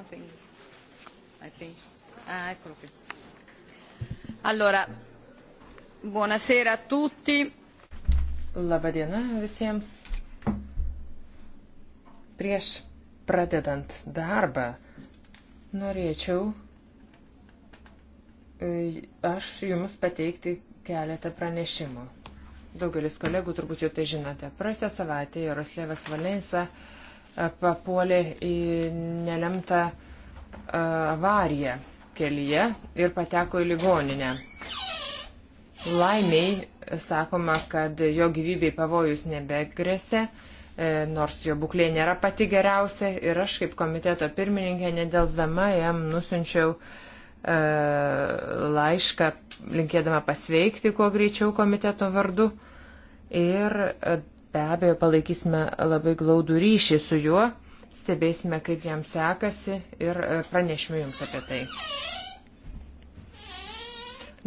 nothing, I think. Ah, eccolo qui. Allora, buonasera a tutti. Labadiena visiems. Prieš pradedant darbą norėčiau e, aš jums pateikti keletą pranešimų. Daugelis kolegų turbūt jau tai žinote. Praėjusią savaitę Jaroslėvas Valensa papuolė į nelemtą avariją kelyje ir pateko į ligoninę. Laimiai sakoma, kad jo gyvybei pavojus nebegrėsė, e, nors jo būklė nėra pati geriausia ir aš kaip komiteto pirmininkė nedelsdama jam nusinčiau e, laišką linkėdama pasveikti kuo greičiau komiteto vardu. Ir e, Be abejo, palaikysime labai glaudų ryšį su juo, stebėsime, kaip jam sekasi ir e, pranešime jums apie tai.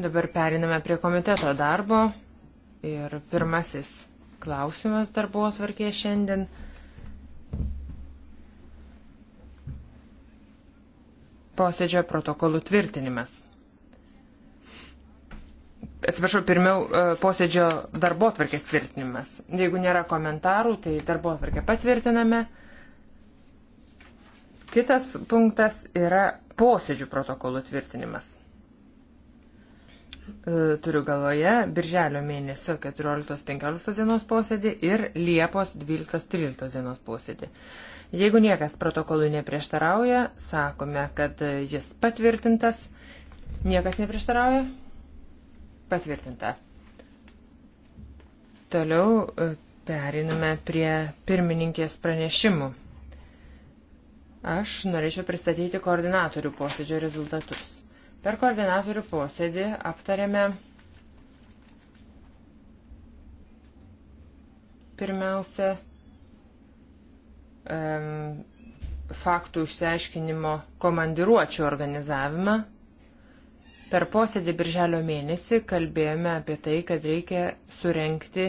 Dabar periname prie komiteto darbo ir pirmasis klausimas darbo atvarkė šiandien. Posėdžio protokolų tvirtinimas atsiprašau, pirmiau e, posėdžio darbo tvarkės tvirtinimas. Jeigu nėra komentarų, tai darbo tvarkę patvirtiname. Kitas punktas yra posėdžių protokolų tvirtinimas. E, turiu galvoje birželio mėnesio 14-15 dienos posėdį ir liepos 12-13 dienos posėdį. Jeigu niekas protokolui neprieštarauja, sakome, kad jis patvirtintas. Niekas neprieštarauja? Patvirtinta. Toliau e, periname prie pirmininkės pranešimų. Aš norėčiau pristatyti koordinatorių posėdžio rezultatus. Per koordinatorių posėdį aptarėme pirmiausia um, faktų išsiaiškinimo komandiruočio organizavimą Per posėdį birželio mėnesį kalbėjome apie tai, kad reikia surenkti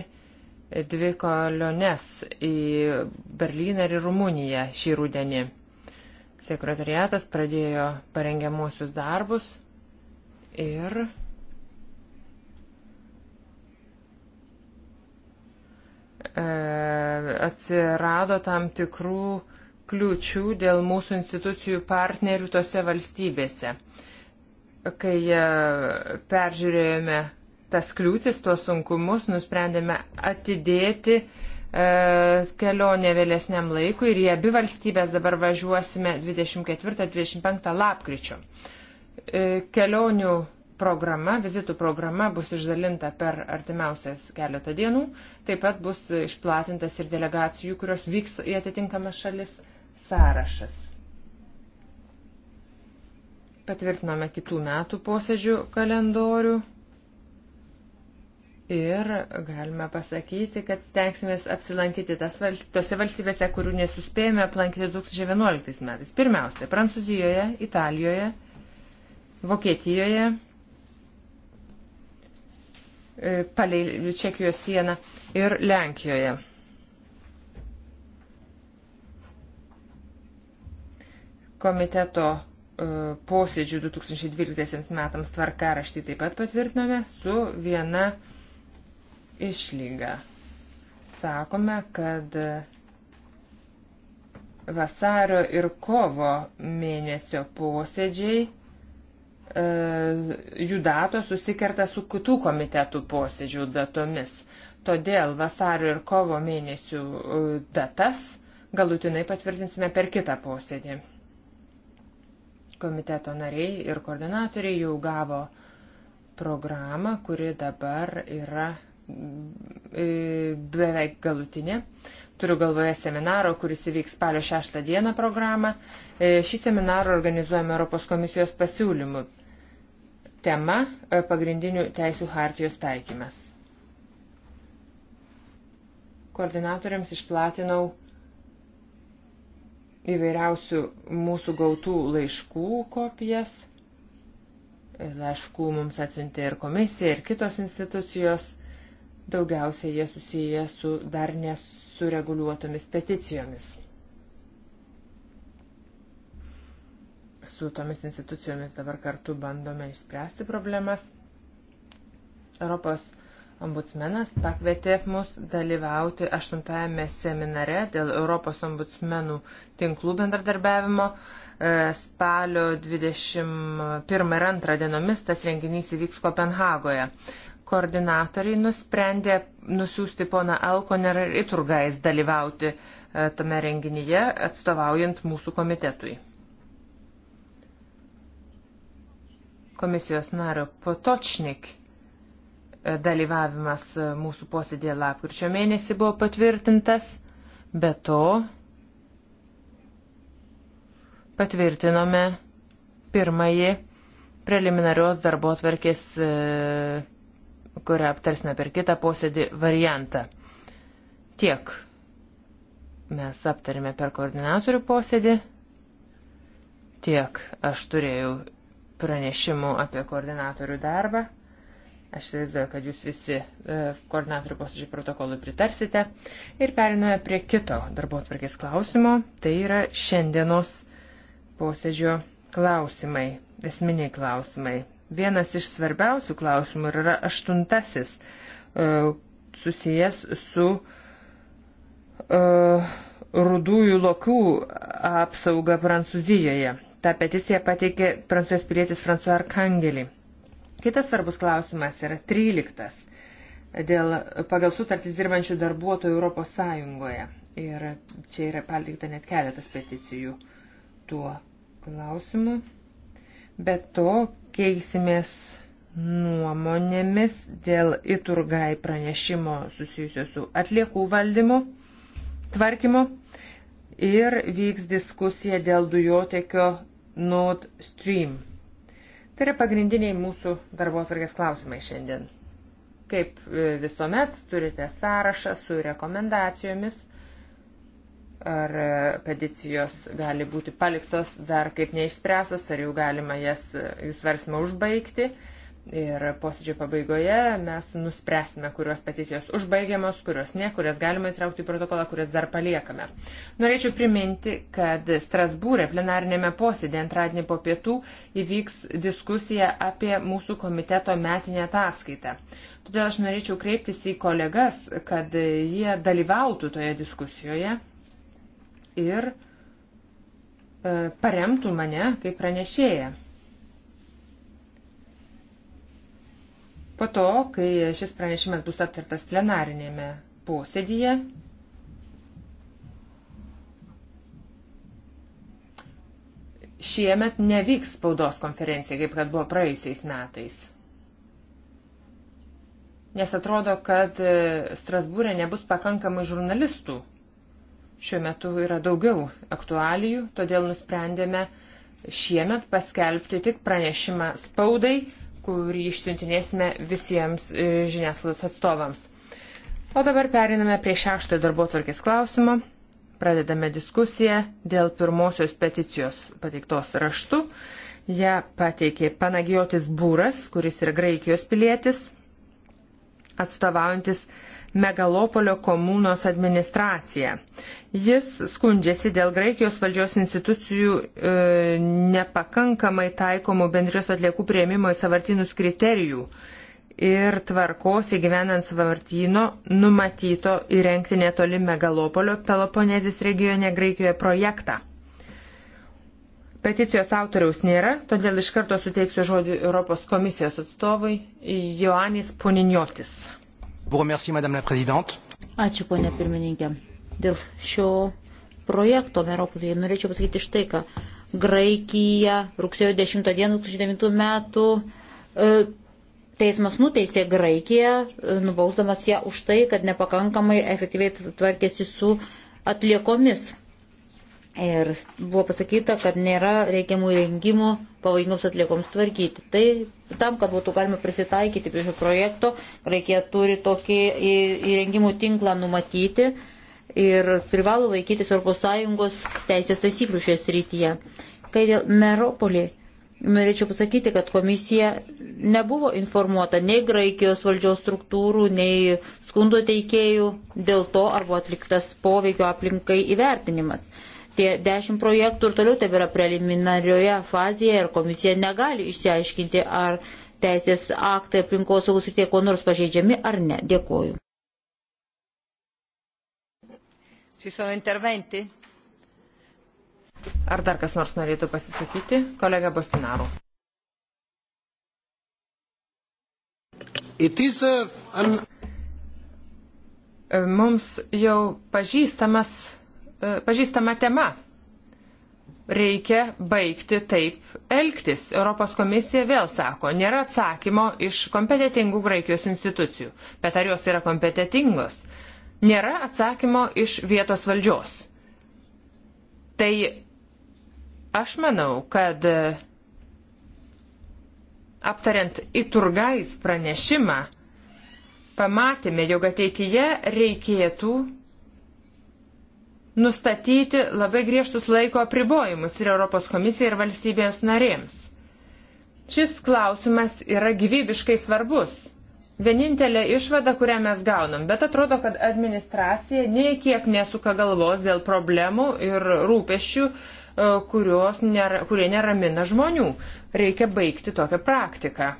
dvi koliones į Berlyną ir į Rumuniją šį rudenį. Sekretariatas pradėjo parengiamuosius darbus ir e, atsirado tam tikrų kliučių dėl mūsų institucijų partnerių tose valstybėse kai e, peržiūrėjome tas kliūtis, tuos sunkumus, nusprendėme atidėti e, kelionė vėlesniam laikui ir į abi valstybės dabar važiuosime 24-25 lapkričio. E, kelionių programa, vizitų programa bus išdalinta per artimiausias keletą dienų, taip pat bus išplatintas ir delegacijų, kurios vyks į atitinkamas šalis sąrašas. Patvirtinome kitų metų posėdžių kalendorių ir galime pasakyti, kad stengsimės apsilankyti valst... tose valstybėse, kurių nesuspėjome aplankyti 2011 metais. Pirmiausia, Prancūzijoje, Italijoje, Vokietijoje, e, palei Čekijos sieną ir Lenkijoje. Komiteto E, posėdžių 2012 metams tvarkaraštį taip pat patvirtinome su viena išlyga. Sakome, kad vasario ir kovo mėnesio posėdžiai e, jų datos susikerta su kitų komitetų posėdžių datomis. Todėl vasario ir kovo mėnesių e, datas galutinai patvirtinsime per kitą posėdį. Komiteto nariai ir koordinatoriai jau gavo programą, kuri dabar yra mm, e, beveik galutinė. Turiu galvoje seminaro, kuris įvyks spalio 6 dieną programą. E, šį seminarą organizuojame Europos komisijos pasiūlymų. Tema e, - pagrindinių teisų hartijos taikymas. Koordinatoriams išplatinau įvairiausių mūsų gautų laiškų kopijas. Laiškų mums atsiuntė ir komisija, ir kitos institucijos. Daugiausiai jie susiję su dar nesureguliuotomis peticijomis. Su tomis institucijomis dabar kartu bandome išspręsti problemas. Europos Ombudsmenas pakvietė mus dalyvauti aštuntajame seminare dėl Europos ombudsmenų tinklų bendradarbiavimo. E, spalio 21 ir 2 dienomis tas renginys įvyks Kopenhagoje. Koordinatoriai nusprendė nusiųsti poną Alkoner ir Iturgais dalyvauti e, tame renginyje, atstovaujant mūsų komitetui. Komisijos nario Potočnik dalyvavimas e, mūsų posėdėje lapkričio mėnesį buvo patvirtintas, be to patvirtinome pirmąjį preliminarios darbo atverkės, e, kurią aptarsime per kitą posėdį, variantą. Tiek mes aptarėme per koordinatorių posėdį, tiek aš turėjau pranešimų apie koordinatorių darbą. Aš įsivaizduoju, kad jūs visi e, koordinatorių posėdžių protokolui pritarsite. Ir periname prie kito darbo atvarkės klausimo. Tai yra šiandienos posėdžio klausimai, esminiai klausimai. Vienas iš svarbiausių klausimų yra aštuntasis e, susijęs su uh, rudųjų lokių apsauga Prancūzijoje. Ta peticija pateikė prancūzijos pilietis Fransuo Arkangelį. Kitas svarbus klausimas yra 13 dėl pagal sutartys dirbančių darbuotojų Europos Sąjungoje. Ir čia yra palikta net keletas peticijų tuo klausimu. Be to keisimės nuomonėmis dėl įturgai pranešimo susijusio su atliekų valdymu, tvarkymu ir vyks diskusija dėl dujotekio Nord Stream Tai yra pagrindiniai mūsų darbo atvarkės klausimai šiandien. Kaip e, visuomet turite sąrašą su rekomendacijomis, ar e, peticijos gali būti paliktos dar kaip neišspręstos, ar jau galima jas e, jūs versmą užbaigti. Ir posėdžio pabaigoje mes nuspręsime, kurios peticijos užbaigiamos, kurios ne, kurias galima įtraukti į protokolą, kurias dar paliekame. Norėčiau priminti, kad Strasbūrė plenarinėme posėdė antradienį po pietų įvyks diskusija apie mūsų komiteto metinę ataskaitą. Todėl aš norėčiau kreiptis į kolegas, kad jie dalyvautų toje diskusijoje ir e, paremtų mane kaip pranešėją. Po to, kai šis pranešimas bus aptartas plenarinėme posėdyje, šiemet nevyks spaudos konferencija, kaip kad buvo praėjusiais metais. Nes atrodo, kad e, Strasbūrė nebus pakankamai žurnalistų. Šiuo metu yra daugiau aktualijų, todėl nusprendėme šiemet paskelbti tik pranešimą spaudai kurį išsiuntinėsime visiems e, žiniasklaidos atstovams. O dabar periname prie šeštojo darbo tvarkės klausimo. Pradedame diskusiją dėl pirmosios peticijos pateiktos raštu. Ja pateikė Panagijotis Būras, kuris yra Graikijos pilietis, atstovaujantis Megalopolio komunos administracija. Jis skundžiasi dėl Graikijos valdžios institucijų e, nepakankamai taikomų bendrijos atliekų prieimimo į savartinus kriterijų ir tvarkos įgyvenant savartino numatyto įrengti netoli Megalopolio Peloponezės regione Graikijoje projektą. Peticijos autoriaus nėra, todėl iš karto suteiksiu žodį Europos komisijos atstovui Joanis Puniniotis. Ačiū, ponė pirmininkė. Dėl šio projekto Meropolėje tai norėčiau pasakyti štai ką. Graikija rugsėjo 10 dieną 2009 metų e, teismas nuteisė Graikiją, e, nubausdamas ją už tai, kad nepakankamai efektyviai tvarkėsi su atliekomis. Ir buvo pasakyta, kad nėra reikiamų įrengimų pavojingoms atliekoms tvarkyti. Tai tam, kad būtų galima prisitaikyti prie šio projekto, Graikija turi tokį įrengimų tinklą numatyti ir privalo laikytis ES teisės taisyklių šioje srityje. Kai dėl Meropolį, norėčiau pasakyti, kad komisija nebuvo informuota nei Graikijos valdžios struktūrų, nei skundo teikėjų dėl to, ar buvo atliktas poveikio aplinkai įvertinimas. Tie dešimt projektų ir toliau taip yra preliminarioje fazėje ir komisija negali išsiaiškinti, ar teisės aktai aplinkosaugos ir tie, ko nors pažeidžiami ar ne. Dėkoju. Ar dar kas nors norėtų pasisakyti? Kolega Bostinaru. Uh, an... Mums jau pažįstamas E, pažįstama tema. Reikia baigti taip elgtis. Europos komisija vėl sako, nėra atsakymo iš kompetitingų Graikijos institucijų. Bet ar jos yra kompetitingos? Nėra atsakymo iš vietos valdžios. Tai aš manau, kad e, aptariant įturgais pranešimą, pamatėme, jog ateityje reikėtų nustatyti labai griežtus laiko apribojimus ir Europos komisijai ir valstybės narėms. Šis klausimas yra gyvybiškai svarbus. Vienintelė išvada, kurią mes gaunam, bet atrodo, kad administracija nei kiek nesuka galvos dėl problemų ir rūpešių, e, nėra, kurie neramina žmonių. Reikia baigti tokią praktiką.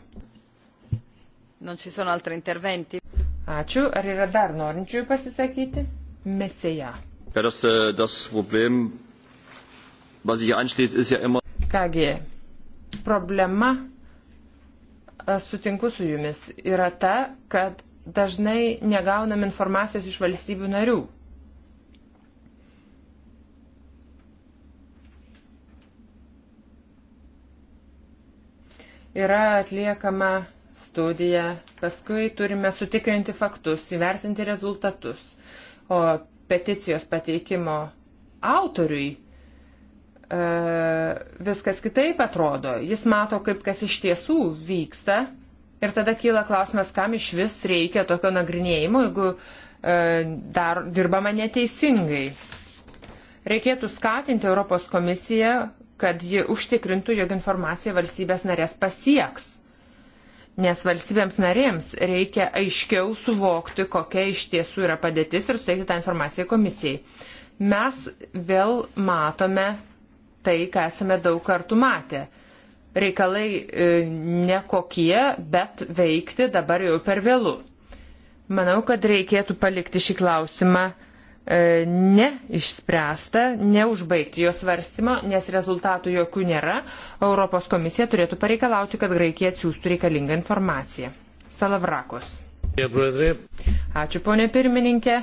Ačiū. Ar yra dar norinčiųjų pasisakyti? Mesėja. Ja, das, äh, das Problem, was sich anschließt, ist ja immer. Kągi, problema, aš äh, sutinku su jumis, yra ta, kad dažnai negaunam informacijos iš valstybių narių. Yra atliekama studija, paskui turime sutikrinti faktus, įvertinti rezultatus. O peticijos pateikimo autoriui e, viskas kitaip atrodo. Jis mato, kaip kas iš tiesų vyksta ir tada kyla klausimas, kam iš vis reikia tokio nagrinėjimo, jeigu e, dar dirbama neteisingai. Reikėtų skatinti Europos komisiją, kad ji užtikrintų, jog informacija valstybės narės pasieks nes valstybėms narėms reikia aiškiau suvokti, kokia iš tiesų yra padėtis ir suteikti tą informaciją komisijai. Mes vėl matome tai, ką esame daug kartų matę. Reikalai e, nekokie, bet veikti dabar jau per vėlų. Manau, kad reikėtų palikti šį klausimą E, neišspręsta, neužbaigti jos svarstymo, nes rezultatų jokių nėra, Europos komisija turėtų pareikalauti, kad Graikija atsiųstų reikalingą informaciją. Salavrakos. Ačiū, ponė pirmininkė.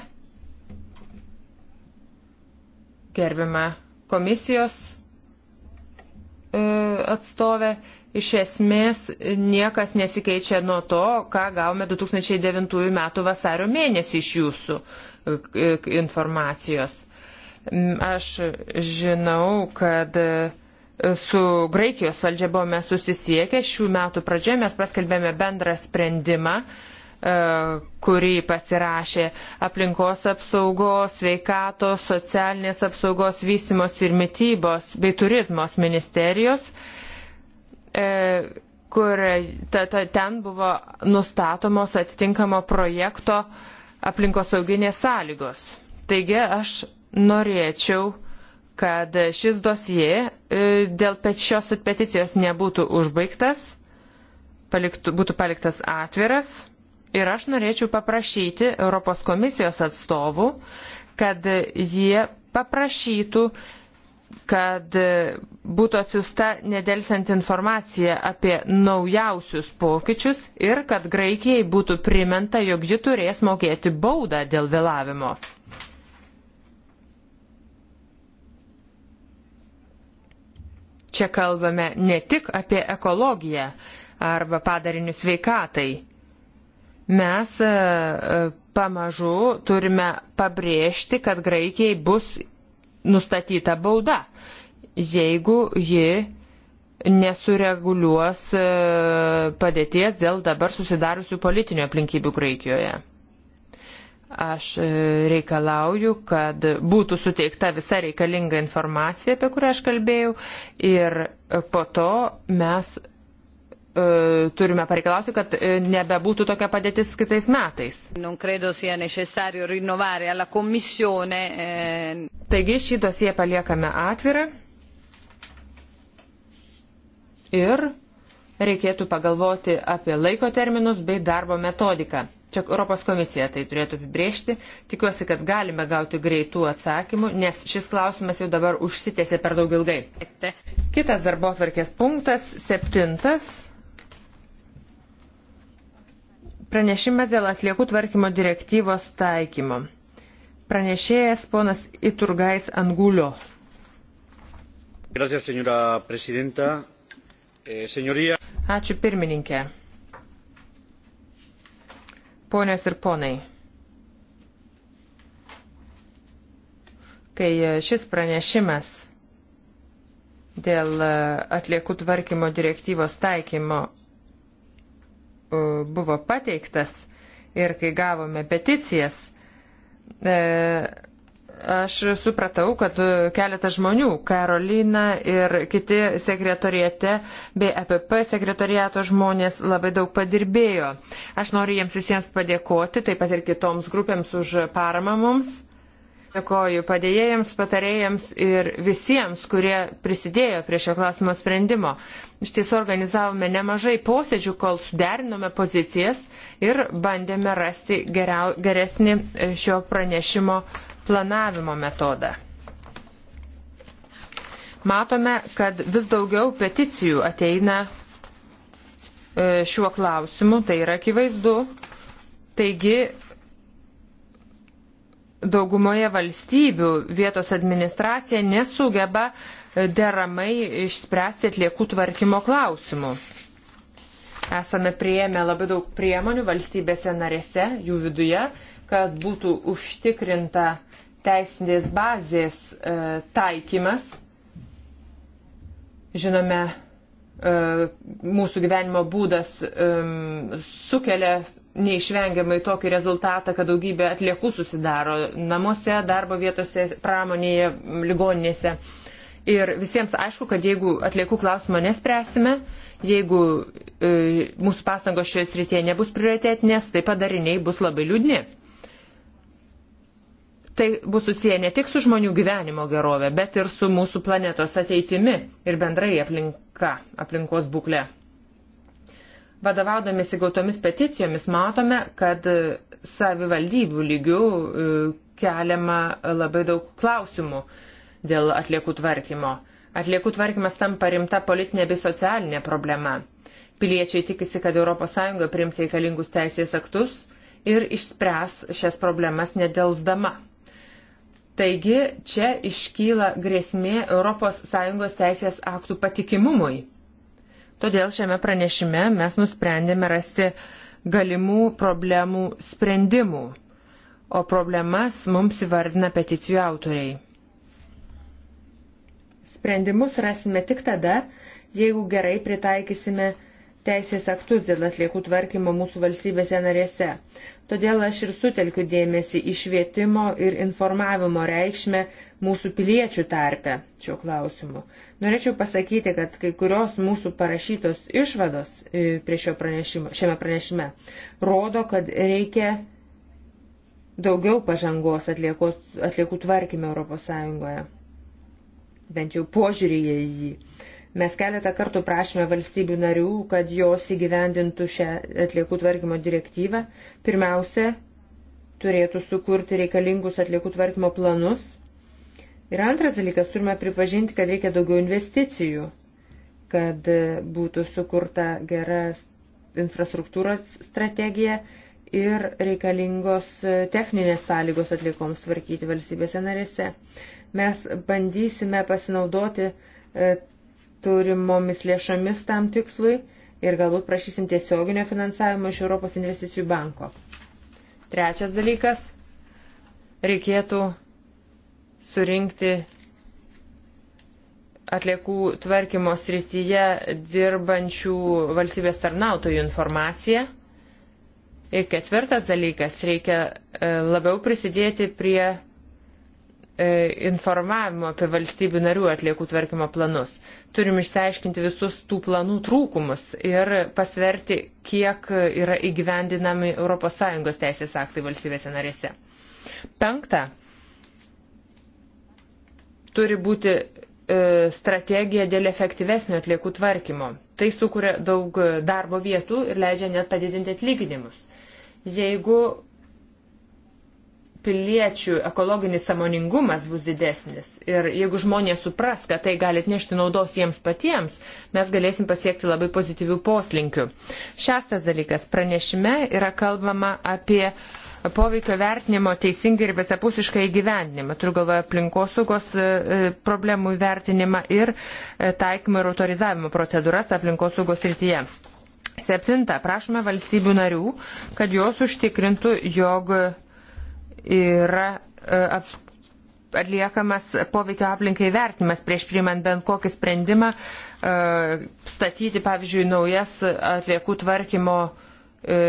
Gerbiama komisijos e, atstovė. Iš esmės niekas nesikeičia nuo to, ką gavome 2009 m. vasario mėnesį iš jūsų. Uh, informacijos. Aš žinau, kad su Graikijos valdžia buvome susisiekę, šių metų pradžioje mes paskelbėme bendrą sprendimą, e, kurį pasirašė aplinkos apsaugos, sveikatos, socialinės apsaugos, vystimos ir mytybos bei turizmos ministerijos, e, kur ta, ta, ten buvo nustatomos atitinkamo projekto uh, aplinkosauginės sąlygos. Taigi aš norėčiau, kad šis dosie e, dėl šios peticijos nebūtų užbaigtas, paliktų, būtų paliktas atviras. Ir aš norėčiau paprašyti Europos komisijos atstovų, kad jie paprašytų kad būtų atsiusta nedelsiant informacija apie naujausius pokyčius ir kad Graikijai būtų primenta, jog ji turės mokėti baudą dėl vėlavimo. Čia kalbame ne tik apie ekologiją arba padarinius veikatai. Mes e, e, pamažu turime pabrėžti, kad Graikijai bus nustatyta bauda, jeigu ji nesureguliuos e, padėties dėl dabar susidariusių politinių aplinkybių Graikijoje. Aš e, reikalauju, kad būtų suteikta visa reikalinga informacija, apie kurią aš kalbėjau, ir po to mes E, turime pareikalauti, kad e, nebebūtų tokia padėtis kitais metais. E, Taigi šį dosiją paliekame atvirą ir reikėtų pagalvoti apie laiko terminus bei darbo metodiką. Čia Europos komisija tai turėtų apibriežti. Tikiuosi, kad galime gauti greitų atsakymų, nes šis klausimas jau dabar užsitėsi per daug ilgai. Kitas darbo tvarkės punktas, septintas Pranešimas dėl atliekų tvarkymo direktyvos taikymo. Pranešėjas ponas Iturgais Angulio. Gracias, señora presidenta. Eh, señoría... Ačiū pirmininkė. Ponios ir ponai. Kai e, šis pranešimas dėl e, atliekų tvarkymo direktyvos taikymo E, buvo pateiktas ir kai gavome peticijas, e, aš supratau, kad keletas žmonių, Karolina ir kiti sekretorijate bei APP e sekretorijato žmonės labai daug padirbėjo. Aš noriu jiems visiems padėkoti, taip pat ir kitoms grupėms už paramą mums. Dėkoju padėjėjams, patarėjams ir visiems, kurie prisidėjo prie šio klausimo sprendimo. Iš tiesų organizavome nemažai posėdžių, kol suderinome pozicijas ir bandėme rasti geriau, geresnį e, šio pranešimo planavimo metodą. Matome, kad vis daugiau peticijų ateina e, šiuo klausimu, tai yra akivaizdu. Taigi daugumoje valstybių vietos administracija nesugeba e, deramai išspręsti atliekų tvarkymo klausimų. Esame prieėmę labai daug priemonių valstybėse narėse, jų viduje, kad būtų užtikrinta teisinės bazės e, taikymas. Žinome, e, mūsų gyvenimo būdas e, sukelia neišvengiamai tokį rezultatą, kad daugybė atliekų susidaro namuose, darbo vietose, pramonėje, ligoninėse. Ir visiems aišku, kad jeigu atliekų klausimą nespręsime, jeigu e, mūsų pastangos šioje srityje nebus prioritetinės, tai padariniai bus labai liūdni. Tai bus susiję ne tik su žmonių gyvenimo gerove, bet ir su mūsų planetos ateitimi ir bendrai aplinka, aplinkos būklė. Vadovaudomis įgautomis peticijomis matome, kad savivaldybių lygių e, keliama labai daug klausimų dėl atliekų tvarkymo. Atliekų tvarkymas tampa rimta politinė bei socialinė problema. Piliečiai tikisi, kad ES priims reikalingus teisės aktus ir išspręs šias problemas nedelsdama. Taigi čia iškyla grėsmė ES teisės aktų patikimumui. Todėl šiame pranešime mes nusprendėme rasti galimų problemų sprendimų, o problemas mums įvardina peticijų autoriai. Sprendimus rasime tik tada, jeigu gerai pritaikysime teisės aktus dėl atliekų tvarkymo mūsų valstybėse narėse. Todėl aš ir sutelkiu dėmesį į švietimo ir informavimo reikšmę mūsų piliečių tarpe šiuo klausimu. Norėčiau pasakyti, kad kai kurios mūsų parašytos išvados e, pranešimo, šiame pranešime rodo, kad reikia daugiau pažangos atliekos, atliekų tvarkyme ES. Bent jau požiūrėje į jį. Mes keletą kartų prašėme valstybių narių, kad jos įgyvendintų šią atliekų tvarkymo direktyvą. Pirmiausia, turėtų sukurti reikalingus atliekų tvarkymo planus. Ir antras dalykas, turime pripažinti, kad reikia daugiau investicijų, kad būtų sukurta gera infrastruktūros strategija ir reikalingos techninės sąlygos atliekoms tvarkyti valstybėse narėse. Mes bandysime pasinaudoti e, turimomis lėšomis tam tikslui ir galbūt prašysim tiesioginio finansavimo iš Europos investicijų banko. Trečias dalykas - reikėtų surinkti atliekų tvarkymo srityje dirbančių valstybės tarnautojų informaciją. Ir ketvirtas dalykas - reikia e, labiau prisidėti prie E, informavimo apie valstybių narių atliekų tvarkymo planus. Turim išsiaiškinti visus tų planų trūkumus ir pasverti, kiek yra įgyvendinami ES teisės aktai valstybėse narėse. Penkta. Turi būti e, strategija dėl efektyvesnio atliekų tvarkymo. Tai sukuria daug darbo vietų ir leidžia net padidinti atlyginimus. Jeigu piliečių ekologinis samoningumas bus didesnis ir jeigu žmonės supras, kad tai gali atnešti naudos jiems patiems, mes galėsim pasiekti labai pozityvių poslinkių. Šeštas dalykas - pranešime yra kalbama apie poveikio vertinimo teisingai ir visapusiškai įgyvendinimą. Turiu galvoje aplinkosaugos e, e, problemų įvertinimą ir e, taikymą ir autorizavimo procedūras aplinkosaugos rytyje. Septinta, prašome valstybių narių, kad jos užtikrintų, jog yra e, atliekamas poveikio aplinkai vertinimas prieš priimant bent kokį sprendimą e, statyti, pavyzdžiui, naujas atliekų tvarkymo e,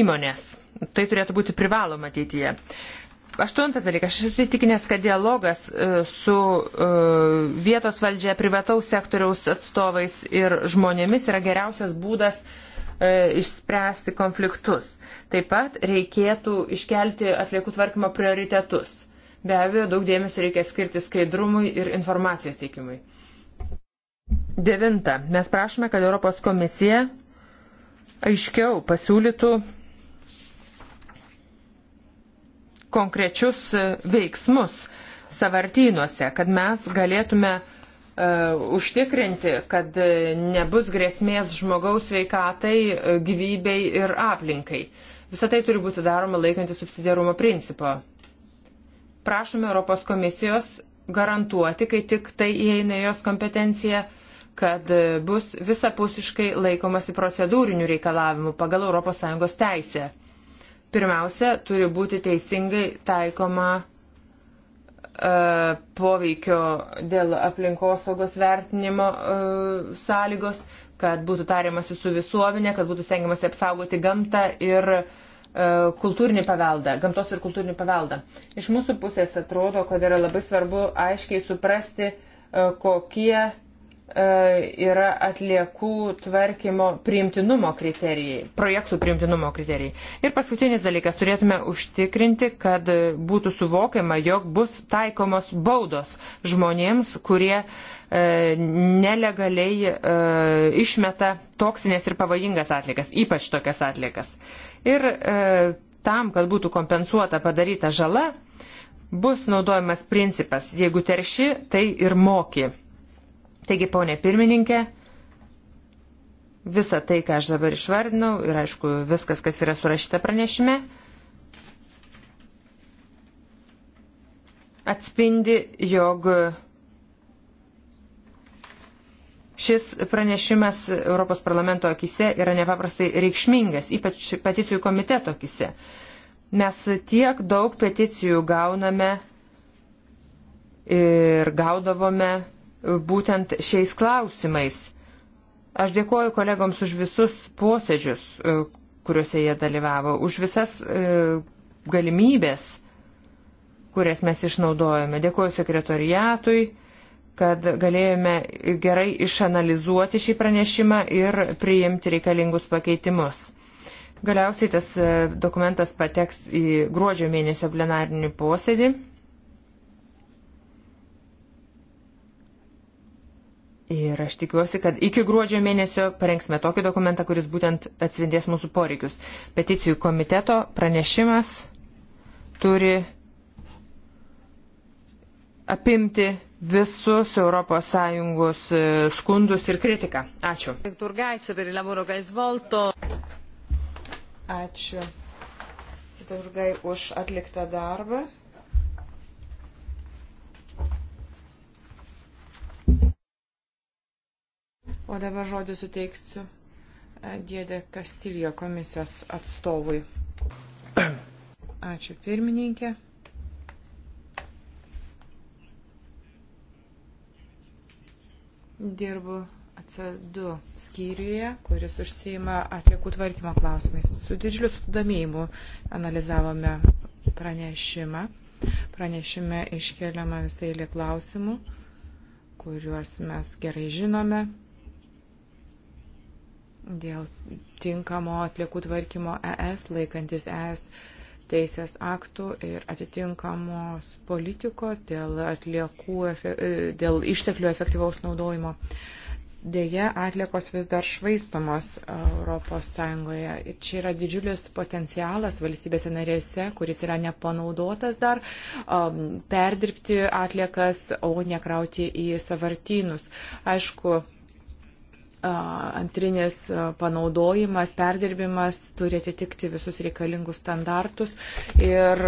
įmonės. Tai turėtų būti privaloma ateityje. Aštuntas dalykas, aš esu įtikinęs, kad dialogas su vietos valdžia, privataus sektoriaus atstovais ir žmonėmis yra geriausias būdas uh, E, išspręsti konfliktus. Taip pat reikėtų iškelti atliekų tvarkymo prioritetus. Be abejo, daug dėmesio reikia skirti skaidrumui ir informacijos teikimui. Devinta. Mes prašome, kad Europos komisija aiškiau pasiūlytų konkrečius veiksmus savartynuose, kad mes galėtume uh, E, užtikrinti, kad nebus grėsmės žmogaus veikatai, e, gyvybei ir aplinkai. Visą tai turi būti daroma laikantis subsidiarumo principo. Prašome Europos komisijos garantuoti, kai tik tai įeina jos kompetencija, kad e, bus visapusiškai laikomasi procedūrinių reikalavimų pagal ES teisę. Pirmiausia, turi būti teisingai taikoma E, poveikio dėl aplinkosaugos vertinimo e, sąlygos, kad būtų tariamasi su visuomenė, kad būtų stengiamasi apsaugoti gamtą ir e, kultūrinį paveldą, gamtos ir kultūrinį paveldą. Iš mūsų pusės atrodo, kad yra labai svarbu aiškiai suprasti, kokie E, yra atliekų tvarkymo priimtinumo kriterijai, projektų priimtinumo kriterijai. Ir paskutinis dalykas, turėtume užtikrinti, kad būtų suvokiama, jog bus taikomos baudos žmonėms, kurie e, nelegaliai e, išmeta toksinės ir pavojingas atliekas, ypač tokias atliekas. Ir e, tam, kad būtų kompensuota padaryta žala, bus naudojamas principas, jeigu terši, tai ir moki Taigi, ponė pirmininkė, visa tai, ką aš dabar išvardinau ir aišku viskas, kas yra surašyta pranešime, atspindi, jog šis pranešimas Europos parlamento akise yra nepaprastai reikšmingas, ypač peticijų komiteto akise. Mes tiek daug peticijų gauname ir gaudavome būtent šiais klausimais. Aš dėkoju kolegoms už visus posėdžius, e, kuriuose jie dalyvavo, už visas e, galimybės, kurias mes išnaudojame. Dėkoju sekretoriatui, kad galėjome gerai išanalizuoti šį pranešimą ir priimti reikalingus pakeitimus. Galiausiai tas e, dokumentas pateks į gruodžio mėnesio plenarinį posėdį. Ir aš tikiuosi, kad iki gruodžio mėnesio parengsime tokį dokumentą, kuris būtent atspindės mūsų poreikius. Peticijų komiteto pranešimas turi apimti visus ES e, skundus ir kritiką. Ačiū. Ačiū. Turgai už atliktą darbą. O dabar žodį suteiksiu e, dėdė Kastilijo komisijos atstovui. Ačiū pirmininkė. Dirbu C2 skyriuje, kuris užsieima atliekų tvarkymo klausimais. Su didžiuliu sudomėjimu analizavome pranešimą. Pranešime iškeliama visai lė klausimų, kuriuos mes gerai žinome dėl tinkamo atliekų tvarkymo ES, laikantis ES teisės aktų ir atitinkamos politikos dėl, atliekų, e, dėl išteklių efektyvaus naudojimo. Deja, atliekos vis dar švaistomos ES. Ir čia yra didžiulis potencialas valstybėse narėse, kuris yra nepanaudotas dar, um, perdirbti atliekas, o nekrauti į savartynus. Aišku, antrinis panaudojimas, perdirbimas turi atitikti visus reikalingus standartus ir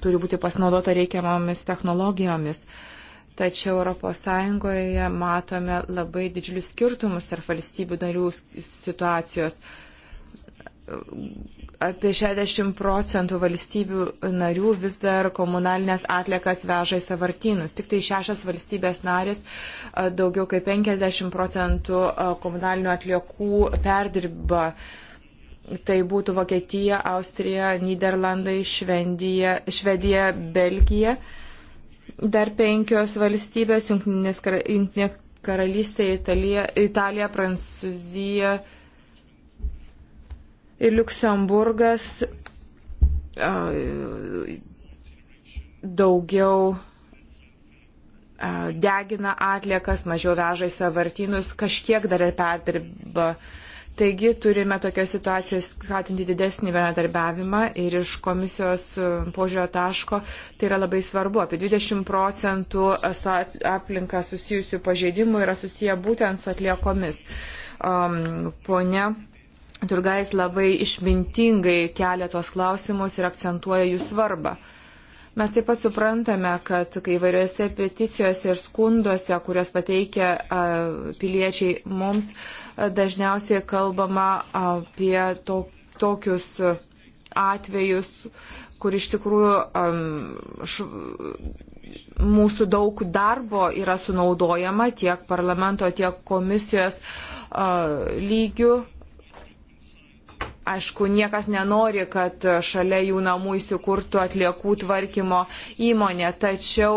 turi būti pasinaudota reikiamomis technologijomis. Tačiau ES matome labai didžiulius skirtumus tarp valstybių narių situacijos. Uh, apie 60 procentų valstybių narių vis dar komunalinės atliekas veža į savartynus. Tik tai šešios valstybės narės daugiau kaip 50 procentų komunalinių atliekų perdirba. Tai būtų Vokietija, Austrija, Niderlandai, Švendija, Švedija, Belgija. Dar penkios valstybės, Junktinė karalystė, Italija, Italija Prancūzija ir Luksemburgas daugiau degina atliekas, mažiau veža į savartynus, kažkiek dar ir perdirba. Taigi turime tokios situacijos skatinti didesnį bendradarbiavimą ir iš komisijos požiūrio taško tai yra labai svarbu. Apie 20 procentų su aplinka susijusių pažeidimų yra susiję būtent su atliekomis. Um, Pone Turgais labai išmintingai kelia tos klausimus ir akcentuoja jų svarbą. Mes taip pat suprantame, kad kai vairiose peticijose ir skunduose, kurias pateikia piliečiai mums, dažniausiai kalbama apie to, tokius atvejus, kur iš tikrųjų um, š, mūsų daug darbo yra sunaudojama tiek parlamento, tiek komisijos uh, lygių Aišku, niekas nenori, kad šalia jų namų įsikurtų atliekų tvarkymo įmonė, tačiau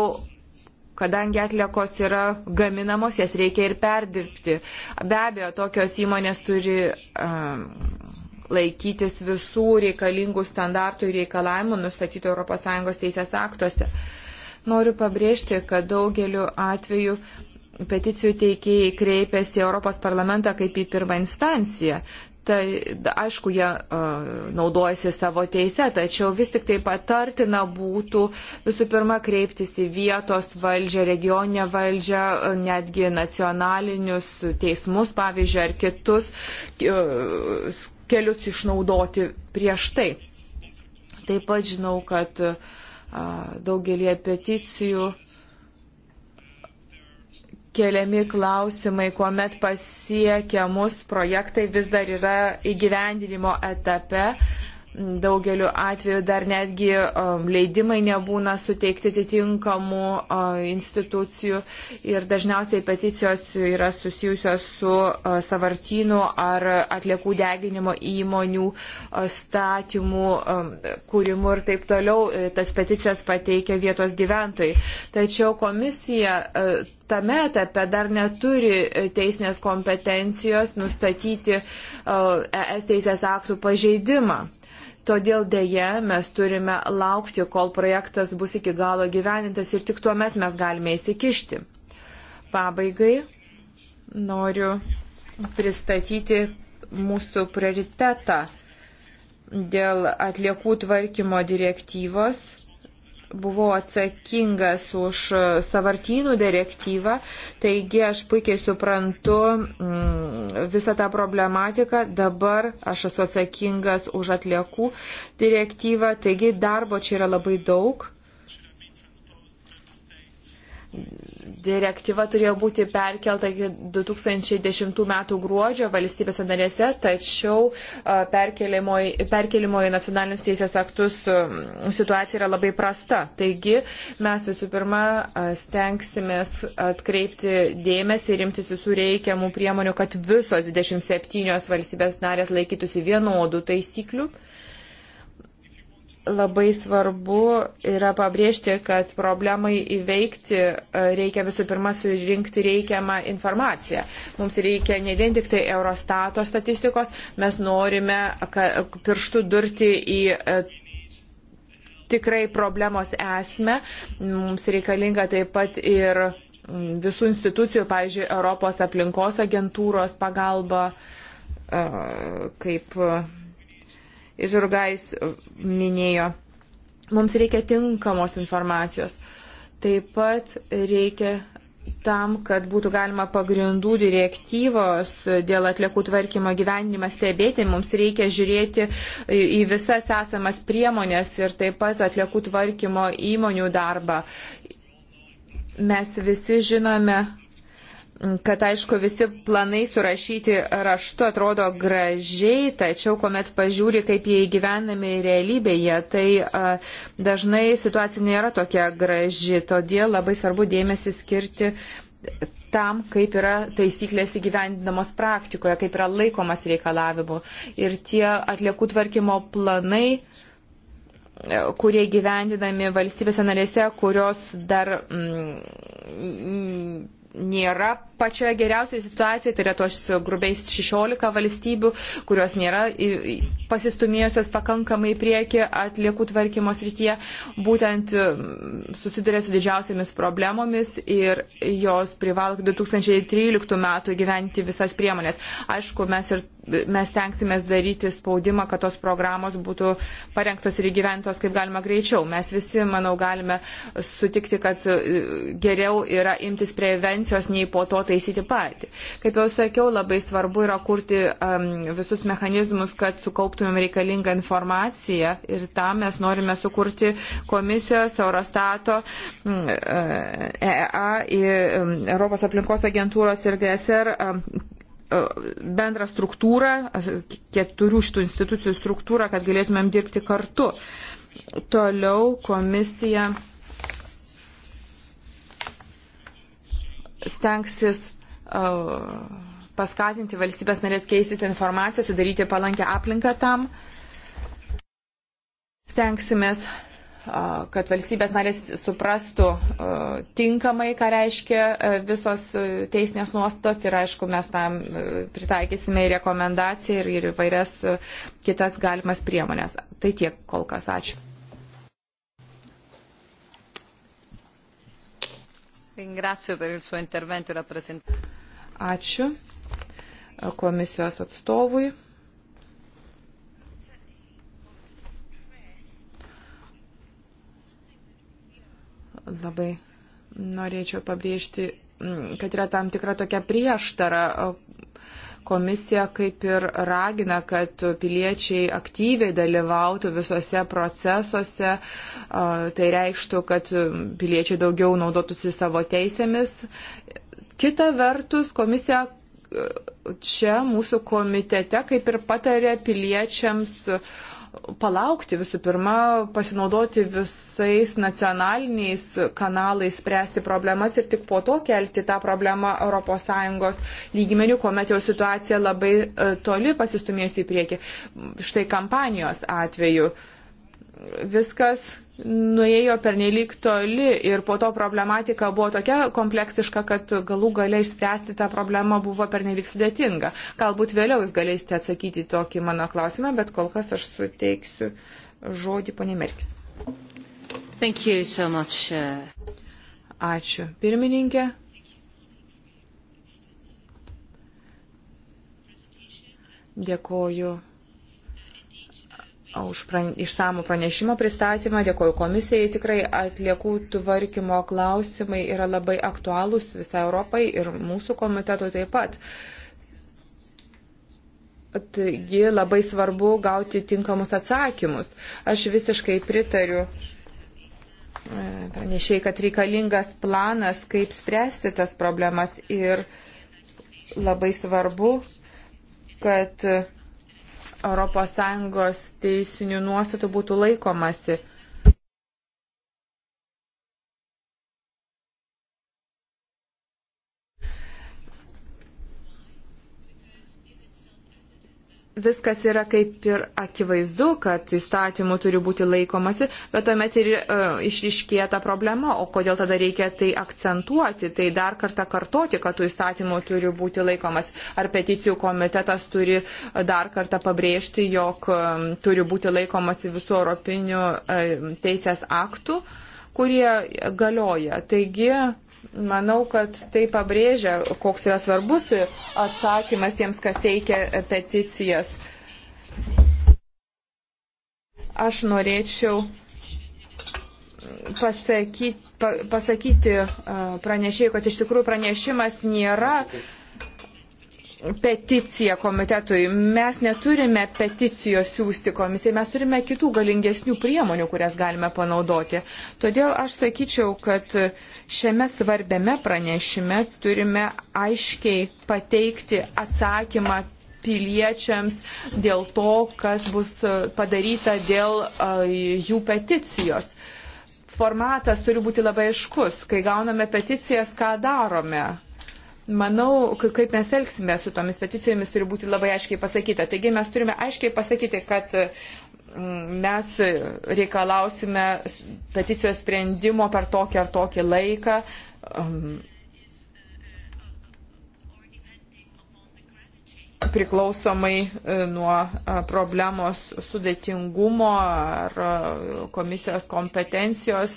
kadangi atliekos yra gaminamos, jas reikia ir perdirbti. Be abejo, tokios įmonės turi um, laikytis visų reikalingų standartų ir reikalavimų nustatytų ES teisės aktuose. Noriu pabrėžti, kad daugeliu atveju peticijų teikėjai kreipiasi Europos parlamentą kaip į pirmą instanciją tai aišku, jie e, naudojasi savo teise, tačiau vis tik tai patartina būtų visų pirma kreiptis į vietos valdžią, regioninę valdžią, e, netgi nacionalinius teismus, pavyzdžiui, ar kitus e, kelius išnaudoti prieš tai. Taip pat žinau, kad daugelie peticijų uh, keliami klausimai, kuomet pasiekia mus projektai vis dar yra įgyvendinimo etape. Daugeliu atveju dar netgi um, leidimai nebūna suteikti atitinkamų uh, institucijų ir dažniausiai peticijos yra susijusios su uh, savartinu ar atliekų deginimo įmonių uh, statymų um, kūrimu ir taip toliau. E, tas peticijas pateikia vietos gyventojai. Tačiau komisija e, tame etape dar neturi e, teisinės kompetencijos nustatyti ES e teisės aktų pažeidimą. Todėl dėje mes turime laukti, kol projektas bus iki galo gyvenintas ir tik tuo met mes galime įsikišti. Pabaigai noriu pristatyti mūsų prioritetą dėl atliekų tvarkymo direktyvos buvau atsakingas už savartynų direktyvą, taigi aš puikiai suprantu mm, visą tą problematiką. Dabar aš esu atsakingas už atliekų direktyvą, taigi darbo čia yra labai daug. Direktyva turėjo būti perkelta iki 2010 m. gruodžio valstybėse narėse, tačiau perkelimo į nacionalinius teisės aktus situacija yra labai prasta. Taigi mes visų pirma stengsimės atkreipti dėmesį ir imtis visų reikiamų priemonių, kad visos 27 valstybės narės laikytųsi vienodų taisyklių labai svarbu yra pabrėžti, kad problemai įveikti e, reikia visų pirma surinkti reikiamą informaciją. Mums reikia ne vien tik tai Eurostato statistikos, mes norime pirštų durti į e, tikrai problemos esmę. Mums reikalinga taip pat ir visų institucijų, pavyzdžiui, Europos aplinkos agentūros pagalba, e, kaip Žurgais minėjo. Mums reikia tinkamos informacijos. Taip pat reikia tam, kad būtų galima pagrindų direktyvos dėl atliekų tvarkymo gyvenimą stebėti, mums reikia žiūrėti į visas esamas priemonės ir taip pat atliekų tvarkymo įmonių darbą. Mes visi žinome, kad aišku visi planai surašyti raštu atrodo gražiai, tačiau kuomet pažiūri, kaip jie įgyvenami realybėje, tai a, dažnai situacija nėra tokia graži, todėl labai svarbu dėmesį skirti tam, kaip yra taisyklės įgyvendinamos praktikoje, kaip yra laikomas reikalavimu. Ir tie atliekų tvarkymo planai e, kurie gyvendinami valstybėse narėse, kurios dar mm, nėra pačioje geriausioje situacijoje, tai yra tos grubiais 16 valstybių, kurios nėra pasistumėjusios pakankamai prieki atliekų tvarkymo srityje, būtent mm, susiduria su didžiausiamis problemomis ir jos privalo 2013 metų gyventi visas priemonės. Aišku, mes ir mes tenksimės daryti spaudimą, kad tos programos būtų parengtos ir įgyventos kaip galima greičiau. Mes visi, manau, galime sutikti, kad e, geriau yra imtis prevencijos, nei po to taisyti patį. Kaip jau sakiau, labai svarbu yra kurti um, visus mechanizmus, kad sukauptumėm reikalingą informaciją ir tam mes norime sukurti komisijos, Eurostato, EEA, Europos aplinkos agentūros ir GSR E, bendrą struktūrą, keturių šitų institucijų struktūrą, kad galėtumėm dirbti kartu. Toliau komisija stengsis e, paskatinti valstybės narės keistis informaciją, sudaryti palankę aplinką tam. Stengsimės kad valstybės narės suprastų tinkamai, ką reiškia visos teisinės nuostatos ir aišku, mes tam pritaikysime ir rekomendaciją ir, ir vairias kitas galimas priemonės. Tai tiek kol kas. Ačiū. E Ačiū komisijos atstovui. Labai norėčiau pabrėžti, mm, kad yra tam tikra tokia prieštara komisija kaip ir ragina, kad piliečiai aktyviai dalyvautų visose procesuose. Tai reikštų, kad piliečiai daugiau naudotųsi savo teisėmis. Kita vertus, komisija e, čia mūsų komitete kaip ir patarė piliečiams uh, palaukti visų pirma, pasinaudoti visais nacionaliniais kanalais, spręsti problemas ir tik po to kelti tą problemą ES lygmenių, kuomet jau situacija labai e, toli pasistumėjusi į priekį. Štai kampanijos atveju viskas nuėjo pernelyg toli ir po to problematika buvo tokia kompleksiška, kad galų gale išspręsti tą problemą buvo pernelyg sudėtinga. Galbūt vėliau jūs galėsite atsakyti tokį mano klausimą, bet kol kas aš suteiksiu žodį ponė Merkis. So much, uh... Ačiū. Pirmininkė. Dėkoju už pran, išsamų pranešimo pristatymą, dėkoju komisijai. Tikrai atliekų tvarkymo klausimai yra labai aktualūs visai Europai ir mūsų komitetui taip pat. Taigi labai svarbu gauti tinkamus atsakymus. Aš visiškai pritariu e, pranešėjai, kad reikalingas planas, kaip spręsti tas problemas ir labai svarbu, kad ES teisinių nuostatų būtų laikomasi. viskas yra kaip ir akivaizdu, kad įstatymų turi būti laikomasi, bet tuomet ir uh, e, išriškėja ta problema, o kodėl tada reikia tai akcentuoti, tai dar kartą kartoti, kad tų įstatymų turi būti laikomas. Ar peticijų komitetas turi e, dar kartą pabrėžti, jog um, turi būti laikomasi visų europinių uh, teisės aktų, kurie galioja. Taigi, uh, Manau, kad tai pabrėžia, koks yra svarbus atsakymas tiems, kas teikia peticijas. Aš norėčiau pasakyti, pasakyti pranešėjai, kad iš tikrųjų pranešimas nėra peticiją komitetui. Mes neturime peticijos siūsti komisijai, mes turime kitų galingesnių priemonių, kurias galime panaudoti. Todėl aš sakyčiau, kad šiame svarbiame pranešime turime aiškiai pateikti atsakymą piliečiams dėl to, kas bus e, padaryta dėl e, jų peticijos. Formatas turi būti labai aiškus. Kai gauname peticijas, ką darome? manau, kaip mes elgsime su tomis peticijomis turi būti labai aiškiai pasakyta. Taigi mes turime aiškiai pasakyti, kad mm, mes reikalausime peticijos sprendimo per tokį ar tokį laiką. priklausomai e, nuo e, problemos sudėtingumo ar e, komisijos kompetencijos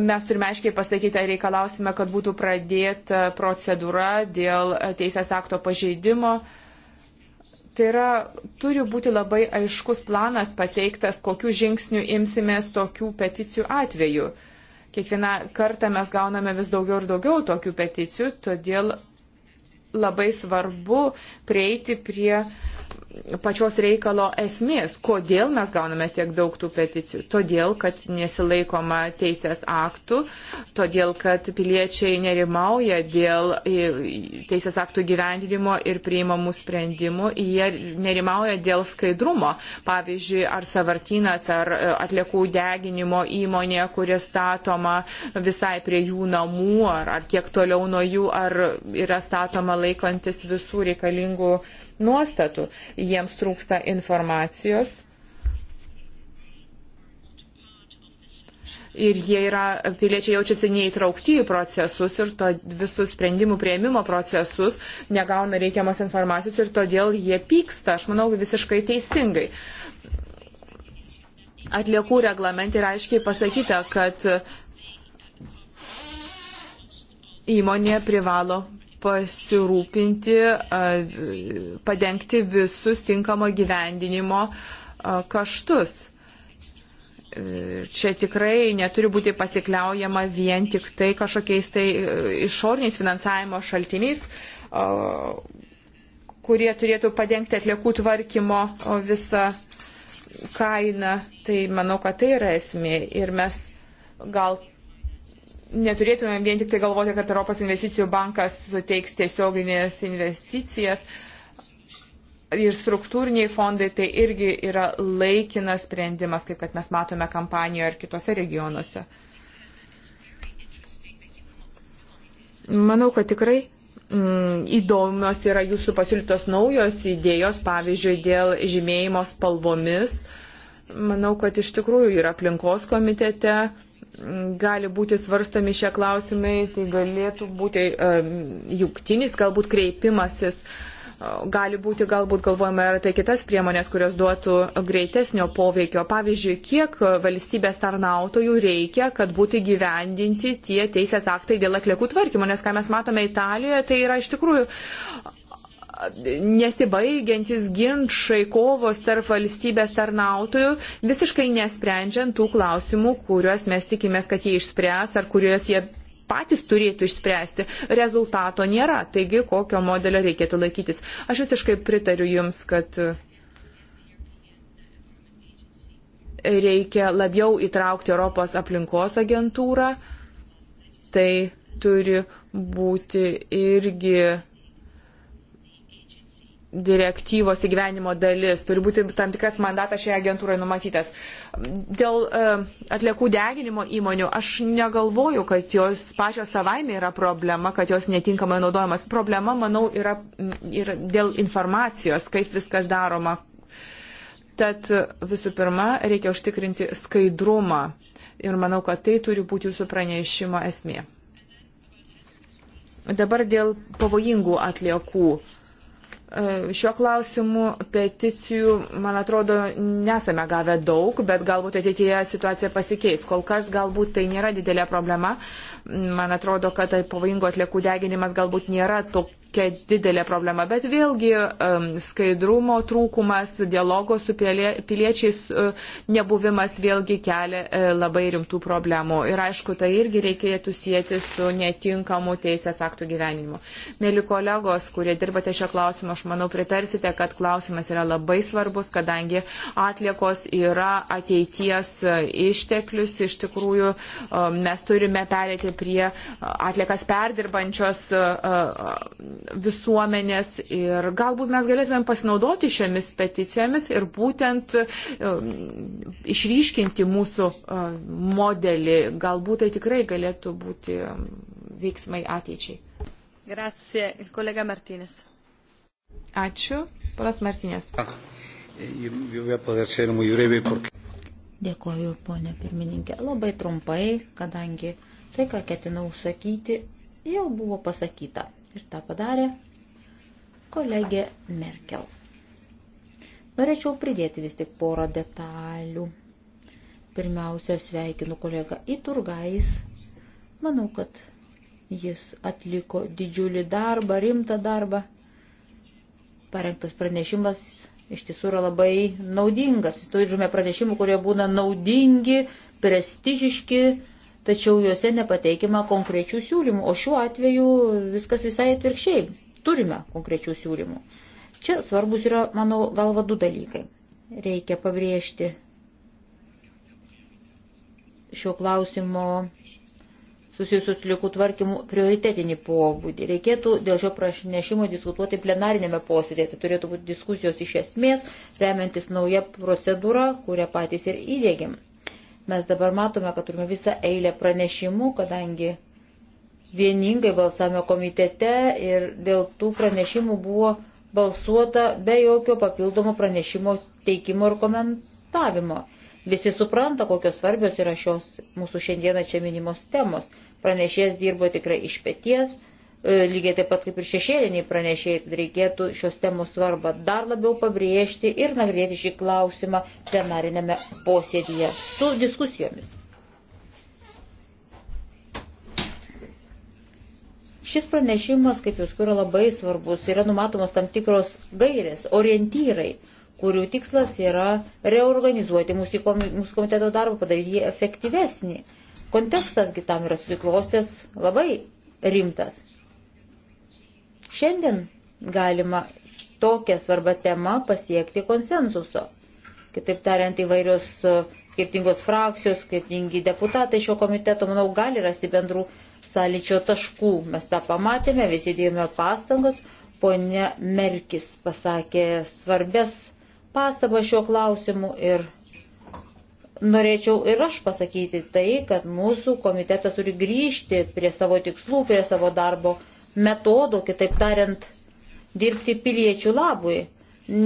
mes turime aiškiai pasakyti, ar reikalausime, kad būtų pradėta procedūra dėl teisės akto pažeidimo. Tai yra, turi būti labai aiškus planas pateiktas, kokiu žingsniu imsimės tokių peticijų atveju. Kiekvieną kartą mes gauname vis daugiau ir daugiau tokių peticijų, todėl labai svarbu prieiti prie pačios reikalo esmės, kodėl mes gauname tiek daug tų peticijų. Todėl, kad nesilaikoma teisės aktų, todėl, kad piliečiai nerimauja dėl e, teisės aktų gyvendinimo ir priimamų sprendimų, jie nerimauja dėl skaidrumo. Pavyzdžiui, ar savartinas, ar e, atliekų deginimo įmonė, kuri statoma visai prie jų namų, ar, ar kiek toliau nuo jų, ar yra statoma laikantis visų reikalingų nuostatų jiems trūksta informacijos. ir jie yra, piliečiai jaučiasi neįtraukti į procesus ir to visus sprendimų prieimimo procesus, negauna reikiamos informacijos ir todėl jie pyksta, aš manau, visiškai teisingai. Atliekų reglamentai yra aiškiai pasakyta, kad įmonė privalo pasirūpinti, padengti visus tinkamo gyvendinimo kaštus. E, čia tikrai neturi būti pasikliaujama vien tik tai kažkokiais tai e, išorniais finansavimo šaltiniais, kurie turėtų padengti atliekų tvarkymo visą kainą. Tai manau, kad tai yra esmė. Ir mes gal neturėtumėm vien tik tai galvoti, kad Europos investicijų bankas suteiks tiesioginės investicijas. Ir struktūriniai fondai tai irgi yra laikinas sprendimas, kaip kad mes matome kampanijoje ar kitose regionuose. Manau, kad tikrai mm, įdomios yra jūsų pasiūlytos naujos idėjos, pavyzdžiui, dėl žymėjimo spalvomis. Manau, kad iš tikrųjų yra aplinkos komitete gali būti svarstomi šie klausimai, tai galėtų būti juktinis galbūt kreipimasis, gali būti galbūt galvojama ir apie kitas priemonės, kurios duotų greitesnio poveikio. Pavyzdžiui, kiek valstybės tarnautojų reikia, kad būtų gyvendinti tie teisės aktai dėl atliekų tvarkymo, nes ką mes matome Italijoje, tai yra iš tikrųjų nesibaigiantis ginčiai, kovos tarp valstybės tarnautojų, visiškai nesprendžiant tų klausimų, kuriuos mes tikimės, kad jie išspręs ar kuriuos jie patys turėtų išspręsti. Rezultato nėra, taigi kokio modelio reikėtų laikytis. Aš visiškai pritariu Jums, kad reikia labiau įtraukti Europos aplinkos agentūrą. Tai turi būti irgi direktyvos įgyvenimo dalis, turi būti tam tikras mandatas šiai agentūrai numatytas. Dėl e, atliekų deginimo įmonių aš negalvoju, kad jos pačios savaime yra problema, kad jos netinkamai naudojamas. Problema, manau, yra, yra dėl informacijos, kaip viskas daroma. Tad visų pirma, reikia užtikrinti skaidrumą ir manau, kad tai turi būti jūsų pranešimo esmė. Dabar dėl pavojingų atliekų E, Šiuo klausimu peticijų, man atrodo, nesame gavę daug, bet galbūt ateityje situacija pasikeis. Kol kas galbūt tai nėra didelė problema. Man atrodo, kad tai pavojingo atliekų deginimas galbūt nėra tokia tokia didelė problema. Bet vėlgi skaidrumo trūkumas, dialogo su piliečiais e, nebuvimas vėlgi kelia e, labai rimtų problemų. Ir aišku, tai irgi reikėtų sieti su netinkamu teisės aktų gyvenimu. Mėly kolegos, kurie dirbate šio klausimo, aš manau, pritarsite, kad klausimas yra labai svarbus, kadangi atliekos yra ateities e, išteklius. Iš tikrųjų, mes turime perėti prie atliekas perdirbančios visuomenės ir galbūt mes galėtumėm pasinaudoti šiomis peticijomis ir būtent um, išryškinti mūsų um, modelį. Galbūt tai tikrai galėtų būti um, veiksmai ateičiai. Grazie, kolega Martinės. Ačiū, panas Martinės. Dėkuoju, ponė pirmininkė. Labai trumpai, kadangi tai, ką ketinau sakyti, jau buvo pasakyta ir tą padarė kolegė Merkel. Norėčiau pridėti vis tik porą detalių. Pirmiausia, sveikinu kolegą Iturgais. Manau, kad jis atliko didžiulį darbą, rimtą darbą. Parengtas pranešimas iš tiesų yra labai naudingas. Turime pranešimų, kurie būna naudingi, prestižiški, tačiau juose nepateikima konkrečių siūlymų, o šiuo atveju viskas visai atvirkščiai. Turime konkrečių siūlymų. Čia svarbus yra, manau, galva du dalykai. Reikia pabrėžti šio klausimo susijusių atlikų tvarkymų prioritetinį pobūdį. Reikėtų dėl šio pranešimo diskutuoti plenarinėme posėdėje. Tai turėtų būti diskusijos iš esmės, remiantis nauja procedūra, kurią patys ir įdėgiam. Mes dabar matome, kad turime visą eilę pranešimų, kadangi vieningai balsavome komitete ir dėl tų pranešimų buvo balsuota be jokio papildomo pranešimo teikimo ir komentavimo. Visi supranta, kokios svarbios yra šios mūsų šiandieną čia minimos temos. Pranešėjas dirbo tikrai iš pėties, E, lygiai taip pat kaip ir šešėliniai pranešėjai, reikėtų šios temos svarbą dar labiau pabrėžti ir nagrinėti šį klausimą plenarinėme posėdėje su diskusijomis. Šis pranešimas, kaip jūs kur, yra labai svarbus. Yra numatomos tam tikros gairės, orientyrai, kurių tikslas yra reorganizuoti mūsų komiteto darbą, padaryti jį efektyvesnį. Kontekstasgi tam yra susiklostęs labai rimtas. Šiandien galima tokią svarbą temą pasiekti konsensuso. Kitaip tariant, įvairios e, skirtingos frakcijos, skirtingi deputatai šio komiteto, manau, gali rasti bendrų sąlyčio taškų. Mes tą pamatėme, visi dėjome pastangas, ponia Merkis pasakė svarbės pastabas šiuo klausimu ir norėčiau ir aš pasakyti tai, kad mūsų komitetas turi grįžti prie savo tikslų, prie savo darbo metodų, kitaip tariant, dirbti piliečių labui.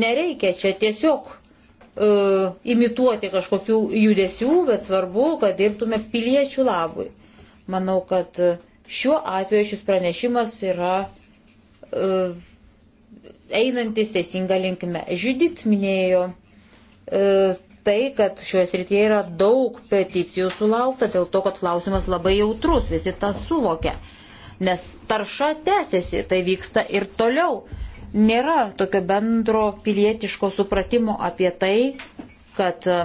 Nereikia čia tiesiog e, imituoti kažkokių judesių, bet svarbu, kad dirbtume piliečių labui. Manau, kad šiuo atveju šis pranešimas yra e, einantis teisinga linkme. Žydit minėjo e, tai, kad šioje srityje yra daug peticijų sulaukta, dėl to, kad klausimas labai jautrus, visi tą suvokia. E, nes tarša tęsiasi, tai vyksta ir toliau. Nėra tokio bendro pilietiško supratimo apie tai, kad e,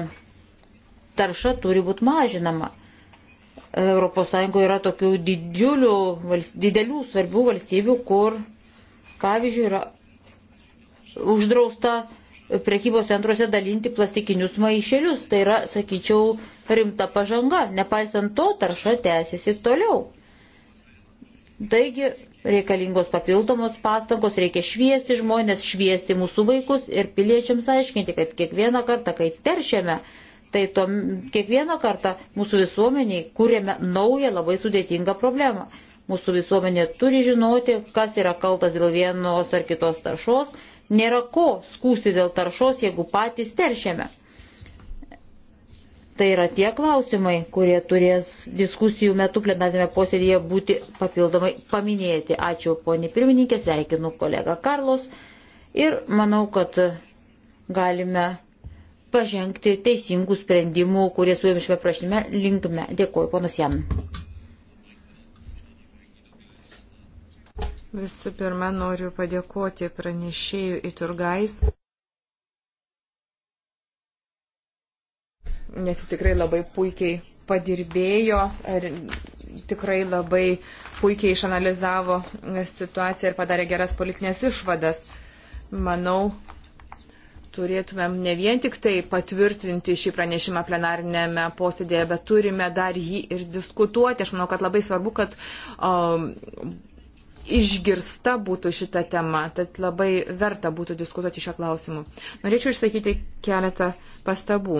tarša turi būti mažinama. ES yra tokių didžiulių, didelių svarbių valstybių, kur, pavyzdžiui, yra uždrausta prekybos centruose dalinti plastikinius maišelius. Tai yra, sakyčiau, rimta pažanga. Nepaisant to, tarša tęsiasi toliau. Taigi reikalingos papildomos pastangos, reikia šviesti žmonės, šviesti mūsų vaikus ir piliečiams aiškinti, kad kiekvieną kartą, kai teršiame, tai to, kiekvieną kartą mūsų visuomeniai kūrėme naują labai sudėtingą problemą. Mūsų visuomenė turi žinoti, kas yra kaltas dėl vienos ar kitos taršos. Nėra ko skūsti dėl taršos, jeigu patys teršiame. Tai yra tie klausimai, kurie turės diskusijų metu plenarėme posėdėje būti papildomai paminėti. Ačiū, poniai pirmininkė, sveikinu kolegą Karlos ir manau, kad galime pažengti teisingų sprendimų, kurie su jums šiame prašyme linkme. Dėkuoju, ponas Jan. Visų pirma, noriu padėkoti pranešėjų į Turgais. nes jis tikrai labai puikiai padirbėjo, tikrai labai puikiai išanalizavo situaciją ir padarė geras politinės išvadas. Manau, turėtumėm ne vien tik tai patvirtinti šį pranešimą plenarinėme posėdėje, bet turime dar jį ir diskutuoti. Aš manau, kad labai svarbu, kad um, išgirsta būtų šita tema, tad labai verta būtų diskutuoti šią klausimą. Norėčiau išsakyti keletą pastabų.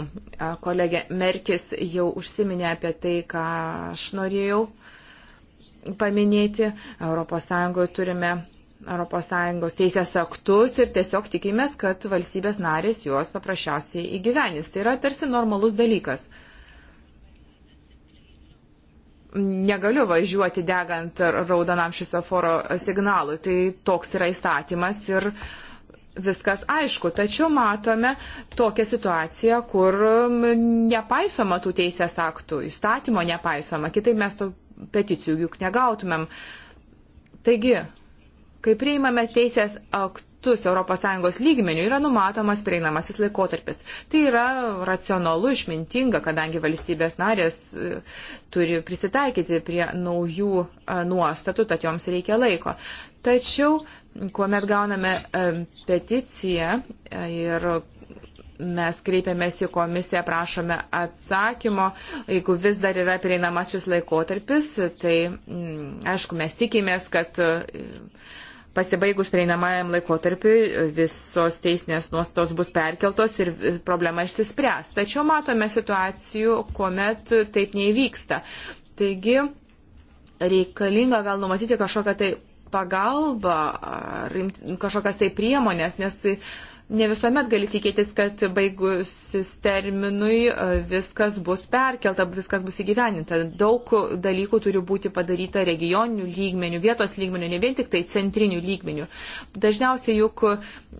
Kolegė Merkis jau užsiminė apie tai, ką aš norėjau paminėti. ES turime ES teisės aktus ir tiesiog tikimės, kad valstybės narės juos paprasčiausiai įgyvenys. Tai yra tarsi normalus dalykas negaliu važiuoti degant raudonam šisoforo signalui. Tai toks yra įstatymas ir viskas aišku. Tačiau matome tokią situaciją, kur nepaisoma tų teisės aktų, įstatymo nepaisoma. Kitaip mes to peticijų juk negautumėm. Taigi, kai priimame teisės aktus, metus ES lygmenių yra numatomas prieinamasis laikotarpis. Tai yra racionalu, išmintinga, kadangi valstybės narės e, turi prisitaikyti prie naujų e, nuostatų, tad joms reikia laiko. Tačiau, kuomet gauname e, peticiją ir mes kreipiamės į komisiją, prašome atsakymo. Jeigu vis dar yra prieinamasis laikotarpis, tai mm, aišku, mes tikimės, kad Pasibaigus prieinamajam laikotarpiui visos teisinės nuostatos bus perkeltos ir problema išsispręs. Tačiau matome situacijų, kuomet taip neįvyksta. Taigi reikalinga gal numatyti kažkokią tai pagalbą, kažkokias tai priemonės, nes ne visuomet gali tikėtis, kad baigusis terminui e, viskas bus perkelta, viskas bus įgyveninta. Daug dalykų turi būti padaryta regioninių lygmenių, vietos lygmenių, ne vien tik tai centrinių lygmenių. Dažniausiai juk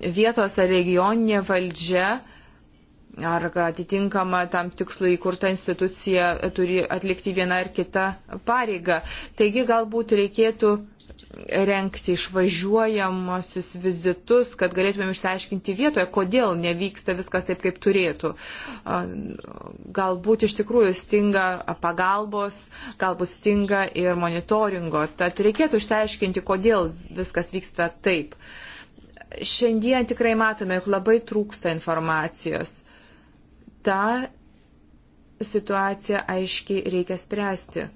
vietos ar regioninė valdžia ar atitinkama tam tikslui įkurta institucija turi atlikti vieną ar kitą pareigą. Taigi galbūt reikėtų renkti išvažiuojamosius vizitus, kad galėtumėm išsiaiškinti vietoje, kodėl nevyksta viskas taip, kaip turėtų. Galbūt iš tikrųjų stinga pagalbos, galbūt stinga ir monitoringo. Tad reikėtų išsiaiškinti, kodėl viskas vyksta taip. Šiandien tikrai matome, jog labai trūksta informacijos. Ta situacija aiškiai reikia spręsti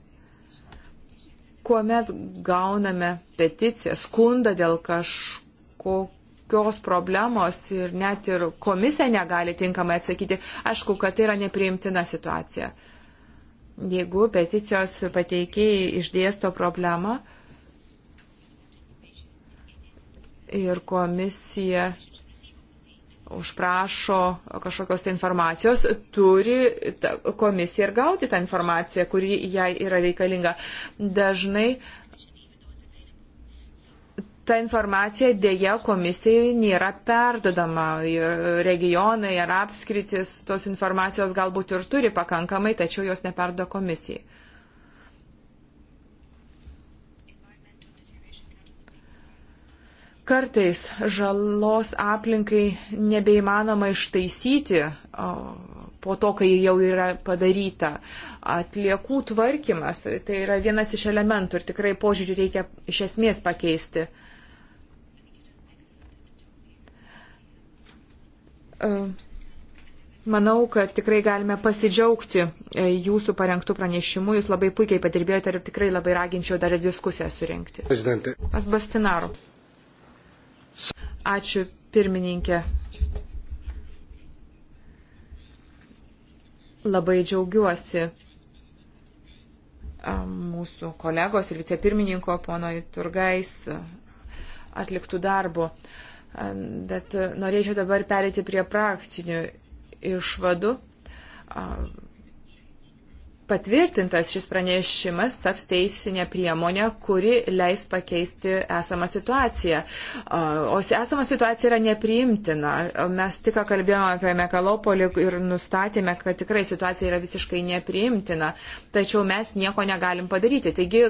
kuomet gauname peticiją, skundą dėl kažkokios problemos ir net ir komisija negali tinkamai atsakyti, aišku, kad tai yra nepriimtina situacija. Jeigu peticijos pateikėjai išdėsto problemą ir komisija užprašo kažkokios tai informacijos, turi komisija ir gauti tą informaciją, kuri jai yra reikalinga. Dažnai ta informacija dėja komisijai nėra perdodama. Regionai ar apskritis tos informacijos galbūt ir turi pakankamai, tačiau jos neperdo komisijai. Kartais žalos aplinkai nebeįmanoma ištaisyti po to, kai jau yra padaryta. Atliekų tvarkymas tai yra vienas iš elementų ir tikrai požiūrį reikia iš esmės pakeisti. E, manau, kad tikrai galime pasidžiaugti e, jūsų parengtų pranešimų. Jūs labai puikiai padirbėjote ir tikrai labai raginčiau dar ir diskusiją surinkti. Prezidentė. Aš Bastinaru. Ačiū pirmininkė. Labai džiaugiuosi mūsų kolegos ir vicepirmininko pono Turgais atliktų darbų. Bet norėčiau dabar perėti prie praktinių išvadų patvirtintas šis pranešimas taps teisinė priemonė, kuri leis pakeisti esamą situaciją. O esama situacija yra nepriimtina. Mes tik kalbėjome apie Mekalopolį ir nustatėme, kad tikrai situacija yra visiškai nepriimtina. Tačiau mes nieko negalim padaryti. Taigi,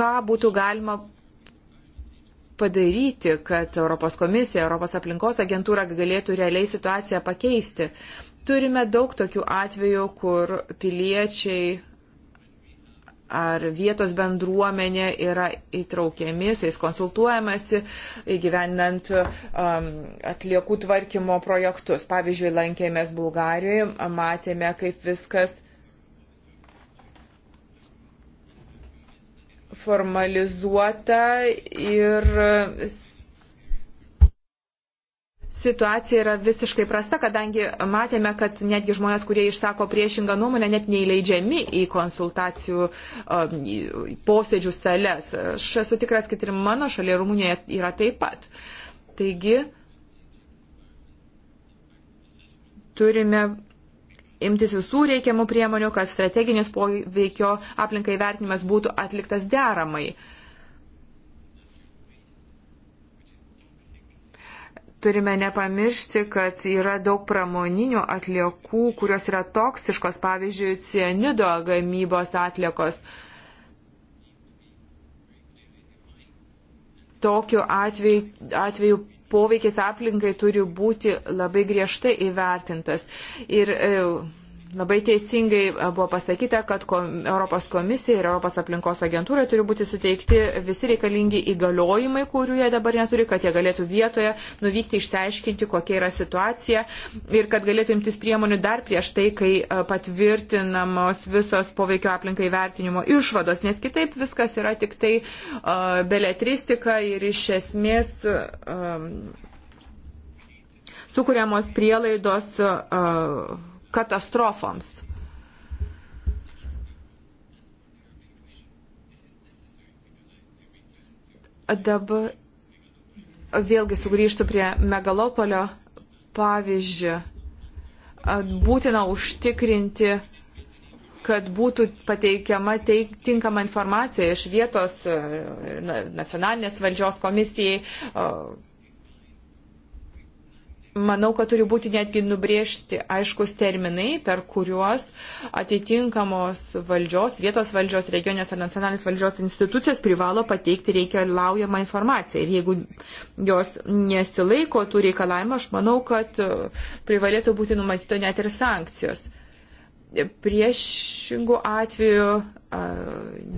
ką būtų galima padaryti, kad Europos komisija, Europos aplinkos agentūra galėtų realiai situaciją pakeisti. Turime daug tokių atvejų, kur piliečiai ar vietos bendruomenė yra įtraukiami, su jais konsultuojamasi, įgyvendinant um, atliekų tvarkymo projektus. Pavyzdžiui, lankėmės Bulgarijoje, matėme, kaip viskas formalizuota ir situacija yra visiškai prasta, kadangi matėme, kad netgi žmonės, kurie išsako priešingą nuomonę, net neįleidžiami į konsultacijų um, posėdžių sales. Aš esu tikras, kad ir mano šalia Rumunijoje yra taip pat. Taigi, turime imtis visų reikiamų priemonių, kad strateginis poveikio aplinkai vertinimas būtų atliktas deramai. Uh, turime nepamiršti, kad yra daug pramoninių atliekų, kurios yra toksiškos, pavyzdžiui, cienido gamybos atliekos. Tokiu atveju, atveju poveikis aplinkai turi būti labai griežtai įvertintas. Ir, e, Labai teisingai e, buvo pasakyta, kad Europos komisija ir Europos aplinkos agentūrai turi būti suteikti visi reikalingi įgaliojimai, kurių jie dabar neturi, kad jie galėtų vietoje nuvykti išsiaiškinti, kokia yra situacija ir kad galėtų imtis priemonių dar prieš tai, kai e, patvirtinamos visos poveikio aplinkai vertinimo išvados, nes kitaip viskas yra tik tai uh, beletristika ir iš esmės. Uh, sukūriamos prielaidos uh, katastrofoms. Dabar vėlgi sugrįžtų prie megalopolio pavyzdžio. Būtina užtikrinti, kad būtų pateikiama teik, tinkama informacija iš vietos nacionalinės valdžios komisijai, manau, kad turi būti netgi nubriežti aiškus terminai, per kuriuos atitinkamos valdžios, vietos valdžios, regionės ar nacionalinės valdžios institucijos privalo pateikti reikalaujamą informaciją. Ir jeigu jos nesilaiko tų reikalavimų, aš manau, kad privalėtų būti numatyto net ir sankcijos. Priešingų atveju a,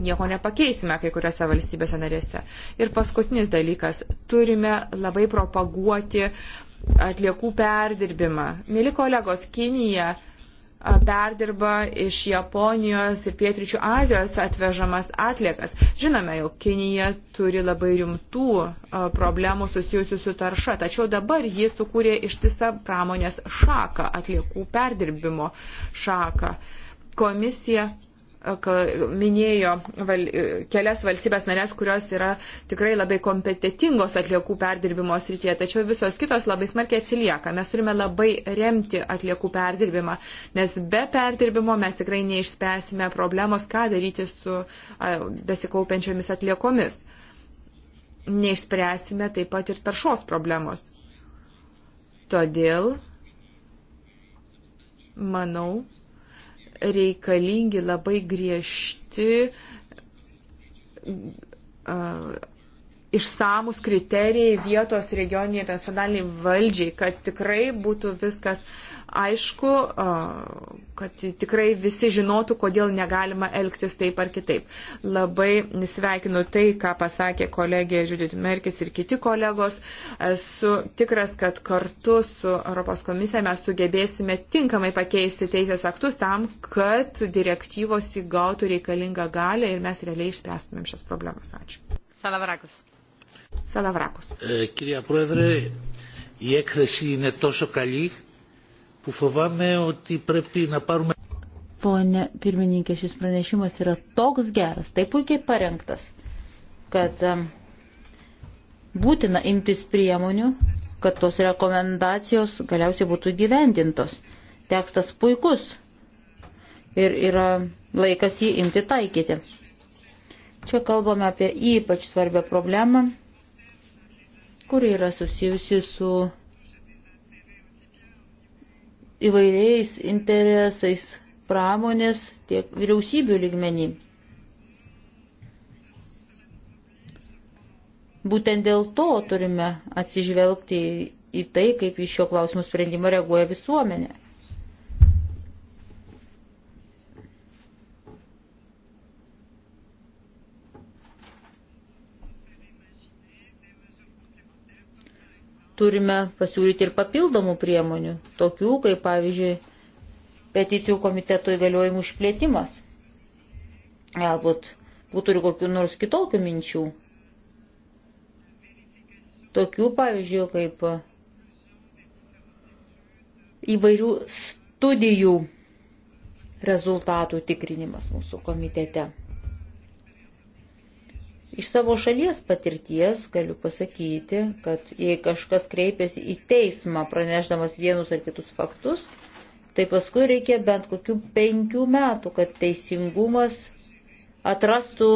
nieko nepakeisime kai kuriuose valstybėse narėse. Ir paskutinis dalykas, turime labai propaguoti uh, atliekų perdirbimą. Mili kolegos, Kinija perdirba iš Japonijos ir Pietričių Azijos atvežamas atliekas. Žinome, jog Kinija turi labai rimtų problemų susijusių su tarša, tačiau dabar jie sukūrė ištisą pramonės šaką, atliekų perdirbimo šaką. Komisija minėjo val, kelias valstybės narės, kurios yra tikrai labai kompetitingos atliekų perdirbimo srityje, tačiau visos kitos labai smarkiai atsilieka. Mes turime labai remti atliekų perdirbimą, nes be perdirbimo mes tikrai neišspręsime problemos, ką daryti su besikaupiančiomis atliekomis. Neišspręsime taip pat ir taršos problemos. Todėl, manau, reikalingi labai griežti uh, išsamus kriterijai vietos regioniniai ir nacionaliniai valdžiai, kad tikrai būtų viskas uh, aišku, kad tikrai visi žinotų, kodėl negalima elgtis taip ar kitaip. Labai sveikinu tai, ką pasakė kolegė Žiūdit Merkis ir kiti kolegos. Esu tikras, kad kartu su Europos komisija mes sugebėsime tinkamai pakeisti teisės aktus tam, kad direktyvos įgautų reikalingą galę ir mes realiai išspręstumėm šias problemas. Ačiū. Salavrakus. Salavrakus. Ε, e, κυρία Πρόεδρε, η έκθεση είναι τόσο καλή που φοβάμαι ότι πρέπει να πάρουμε. Pone pirmininkė, šis pranešimas yra toks geras, taip puikiai parengtas, kad būtina imtis priemonių, kad tos rekomendacijos galiausiai būtų gyvendintos. Tekstas puikus ir yra laikas jį imti taikyti. Čia kalbame apie ypač svarbę problemą, kuri yra susijusi su įvairiais interesais pramonės, tiek vyriausybių lygmenį. Būtent dėl to turime atsižvelgti į tai, kaip iš šio klausimų sprendimo reaguoja visuomenė. turime pasiūlyti ir papildomų priemonių, tokių kaip, pavyzdžiui, peticijų komiteto įgaliojimų išplėtimas. Galbūt būtų ir kokių nors kitokių minčių. Tokių, pavyzdžiui, kaip įvairių studijų rezultatų tikrinimas mūsų komitete. Iš savo šalies patirties galiu pasakyti, kad jei kažkas kreipiasi į teismą pranešdamas vienus ar kitus faktus, tai paskui reikia bent kokių penkių metų, kad teisingumas atrastų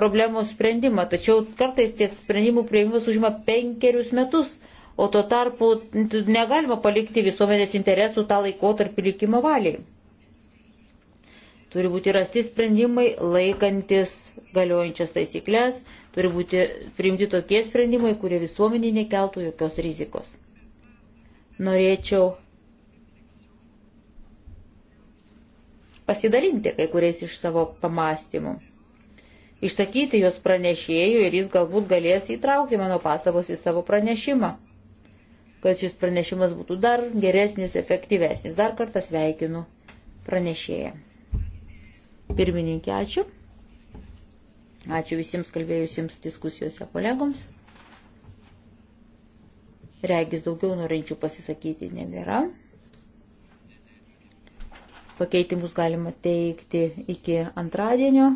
problemos sprendimą. Tačiau kartais ties sprendimų prieimimas užima penkerius metus, o tuo tarpu negalima palikti visuomenės interesų tą laikotarpį likimo valiai. Turi būti rasti sprendimai laikantis galiojančias taisyklės, turi būti priimti tokie sprendimai, kurie visuomeniai nekeltų jokios rizikos. Norėčiau pasidalinti kai kuriais iš savo pamastymų. Išsakyti jos pranešėjų ir jis galbūt galės įtraukti mano pastabos į savo pranešimą, kad šis pranešimas būtų dar geresnis, efektyvesnis. Dar kartą sveikinu pranešėją. Pirmininkė, ačiū. Ačiū visiems kalbėjusiems diskusijose kolegoms. Regis daugiau norinčių pasisakyti nebėra. Pakeitimus galima teikti iki antradienio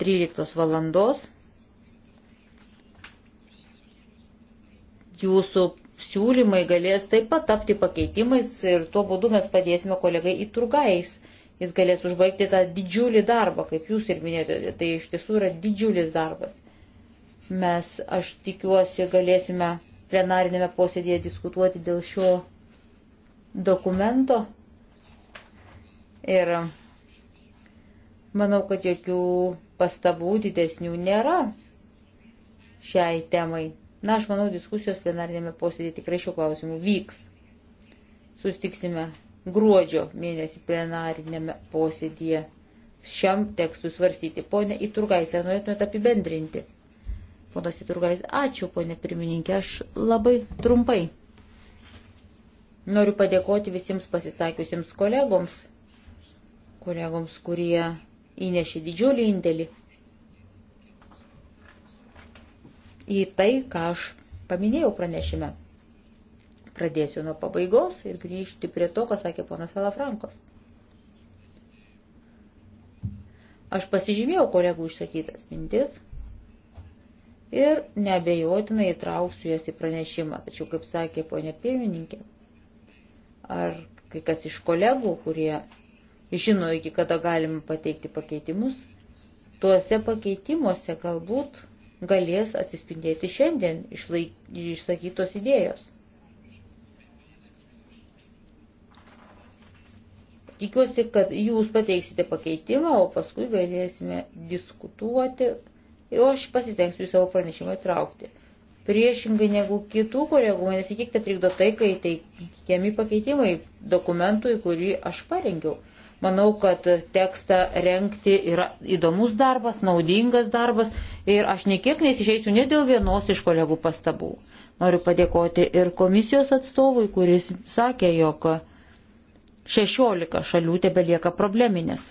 13 valandos. Jūsų siūlymai galės taip pat tapti pakeitimais ir tuo būdu mes padėsime kolegai į turgais. Jis galės užbaigti tą didžiulį darbą, kaip jūs ir minėjote, tai iš tiesų yra didžiulis darbas. Mes, aš tikiuosi, galėsime plenarinėme posėdėje diskutuoti dėl šio dokumento. Ir manau, kad jokių pastabų didesnių nėra šiai temai. Na, aš manau, diskusijos plenarinėme posėdėje tikrai šiuo klausimu vyks. Sustiksime gruodžio mėnesį plenarinėme posėdėje šiam tekstui svarstyti. Pone Iturgais, ar norėtumėte apibendrinti? Ponas Iturgais, ačiū, ponė pirmininkė, aš labai trumpai. Noriu padėkoti visiems pasisakiusiems kolegoms, kolegoms, kurie įnešė didžiulį indėlį. į tai, ką aš paminėjau pranešime. Pradėsiu nuo pabaigos ir grįžti prie to, ką sakė ponas Alafrankos. Aš pasižymėjau kolegų išsakytas mintis ir nebejotinai įtrauksiu jas į pranešimą. Tačiau, kaip sakė ponė pirmininkė, ar kai kas iš kolegų, kurie žino, iki kada galima pateikti pakeitimus, tuose pakeitimuose galbūt galės atsispindėti šiandien išlaik, išsakytos idėjos. Tikiuosi, kad jūs pateiksite pakeitimą, o paskui galėsime diskutuoti, o aš pasitengsiu į savo pranešimą įtraukti. Priešingai negu kitų kolegų, manęs įtikta trikdo tai, kai teikiami pakeitimai dokumentui, kurį aš parengiau. Manau, kad tekstą renkti yra įdomus darbas, naudingas darbas ir aš niekiek nesižeisiu ne dėl vienos iš kolegų pastabų. Noriu padėkoti ir komisijos atstovui, kuris sakė, jog 16 šalių tebelieka probleminės.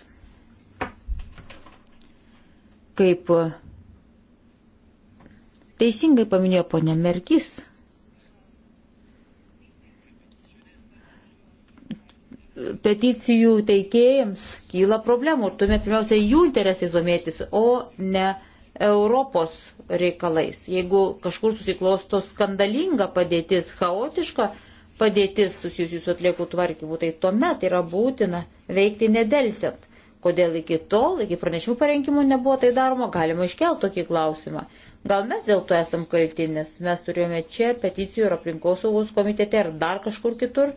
Kaip teisingai paminėjo ponė Merkis, peticijų teikėjams kyla problemų ir turime pirmiausia jų interesais domėtis, o ne Europos reikalais. Jeigu kažkur susiklosto skandalinga padėtis, chaotiška padėtis susijusius su atliekų tvarkymu, tai tuomet yra būtina veikti nedelsiant. Kodėl iki tol, iki pranešimų parengimų nebuvo tai daroma, galima iškelti tokį klausimą. Gal mes dėl to esam kaltinis, mes turėjome čia peticijų ir aplinkosaugos komitete ir dar kažkur kitur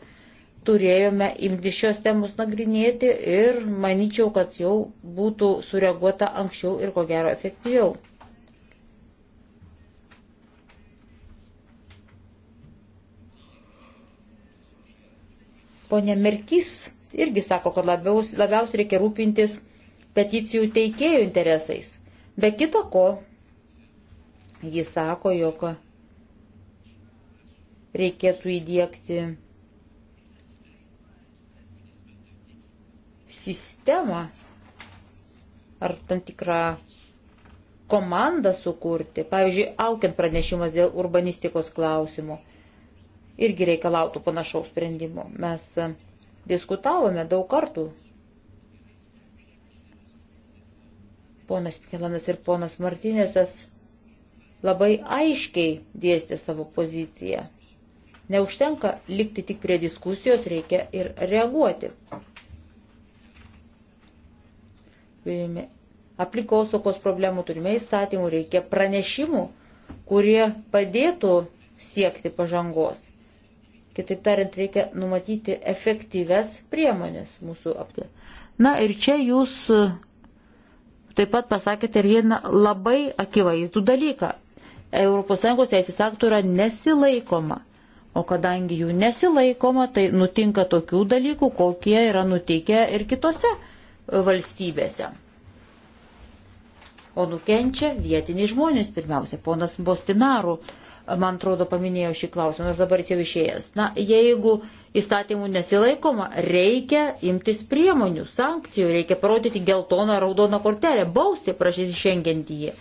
turėjome imti šios temus nagrinėti ir manyčiau, kad jau būtų sureaguota anksčiau ir ko gero efektyviau. Pone Merkis irgi sako, kad labiausiai, labiausiai reikia rūpintis peticijų teikėjų interesais. Be kita ko, jis sako, jog reikėtų įdėkti sistemą ar tam tikrą komandą sukurti. Pavyzdžiui, aukiant pranešimas dėl urbanistikos klausimų irgi reikalautų panašaus sprendimo. Mes e, diskutavome daug kartų. Ponas Pikelanas ir ponas Martinėsas labai aiškiai dėstė savo poziciją. Neužtenka likti tik prie diskusijos, reikia ir reaguoti turime aplikosaugos problemų, turime įstatymų, reikia pranešimų, kurie padėtų siekti pažangos. Kitaip tariant, reikia numatyti efektyves priemonės mūsų aptė. Na ir čia jūs taip pat pasakėte ir vieną labai akivaizdų dalyką. ES teisės aktų yra nesilaikoma. O kadangi jų nesilaikoma, tai nutinka tokių dalykų, kokie yra nutikę ir kitose valstybėse. O nukenčia vietiniai žmonės pirmiausia. Ponas Bostinaru, man atrodo, paminėjo šį klausimą, nors dabar jis jau išėjęs. Na, jeigu įstatymų nesilaikoma, reikia imtis priemonių, sankcijų, reikia parodyti geltoną, raudoną kortelę, bausti prašys išengiant jį.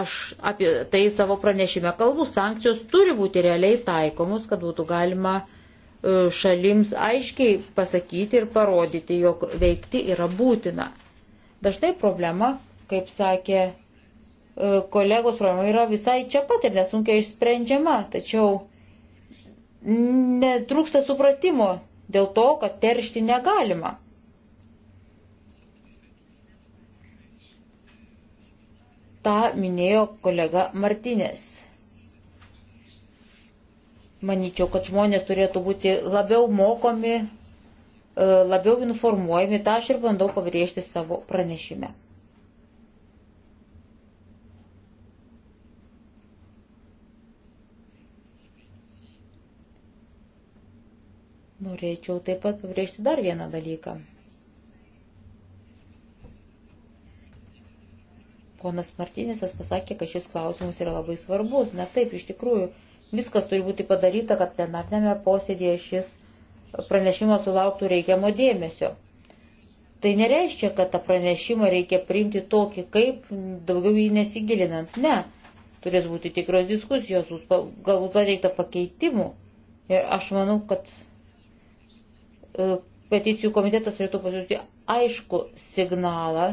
Aš apie tai savo pranešime kalbu, sankcijos turi būti realiai taikomos, kad būtų galima uh, E, šalims aiškiai pasakyti ir parodyti, jog veikti yra būtina. Dažnai problema, kaip sakė e, kolegos, problema yra visai čia pat ir nesunkiai išsprendžiama, tačiau netrūksta supratimo dėl to, kad teršti negalima. Ta minėjo kolega Martinės. Maničiau, kad žmonės turėtų būti labiau mokomi, e, labiau informuojami, tą aš ir bandau pabrėžti savo pranešime. Norėčiau taip pat pabrėžti dar vieną dalyką. Ponas Martinisas pasakė, kad šis klausimas yra labai svarbus. Na taip, iš tikrųjų, Viskas turi būti padaryta, kad plenarnėme posėdėje šis pranešimas sulauktų reikiamo dėmesio. Tai nereiškia, kad tą pranešimą reikia priimti tokį, kaip daugiau jį nesigilinant. Ne, turės būti tikros diskusijos, galbūt pateikta pakeitimų. Ir aš manau, kad e, peticijų komitetas turėtų pasiūsti aišku signalą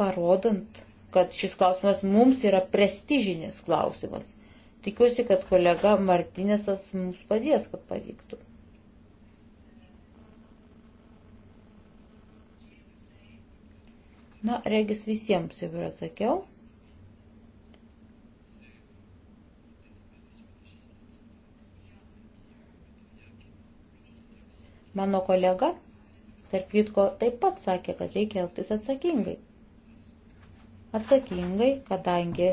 parodant, kad šis klausimas mums yra prestižinis klausimas. Tikiuosi, kad kolega Martinėsas mums padės, kad pavyktų. Na, regis visiems jau ir atsakiau. Mano kolega, tarp kitko, taip pat sakė, kad reikia elgtis atsakingai atsakingai, kadangi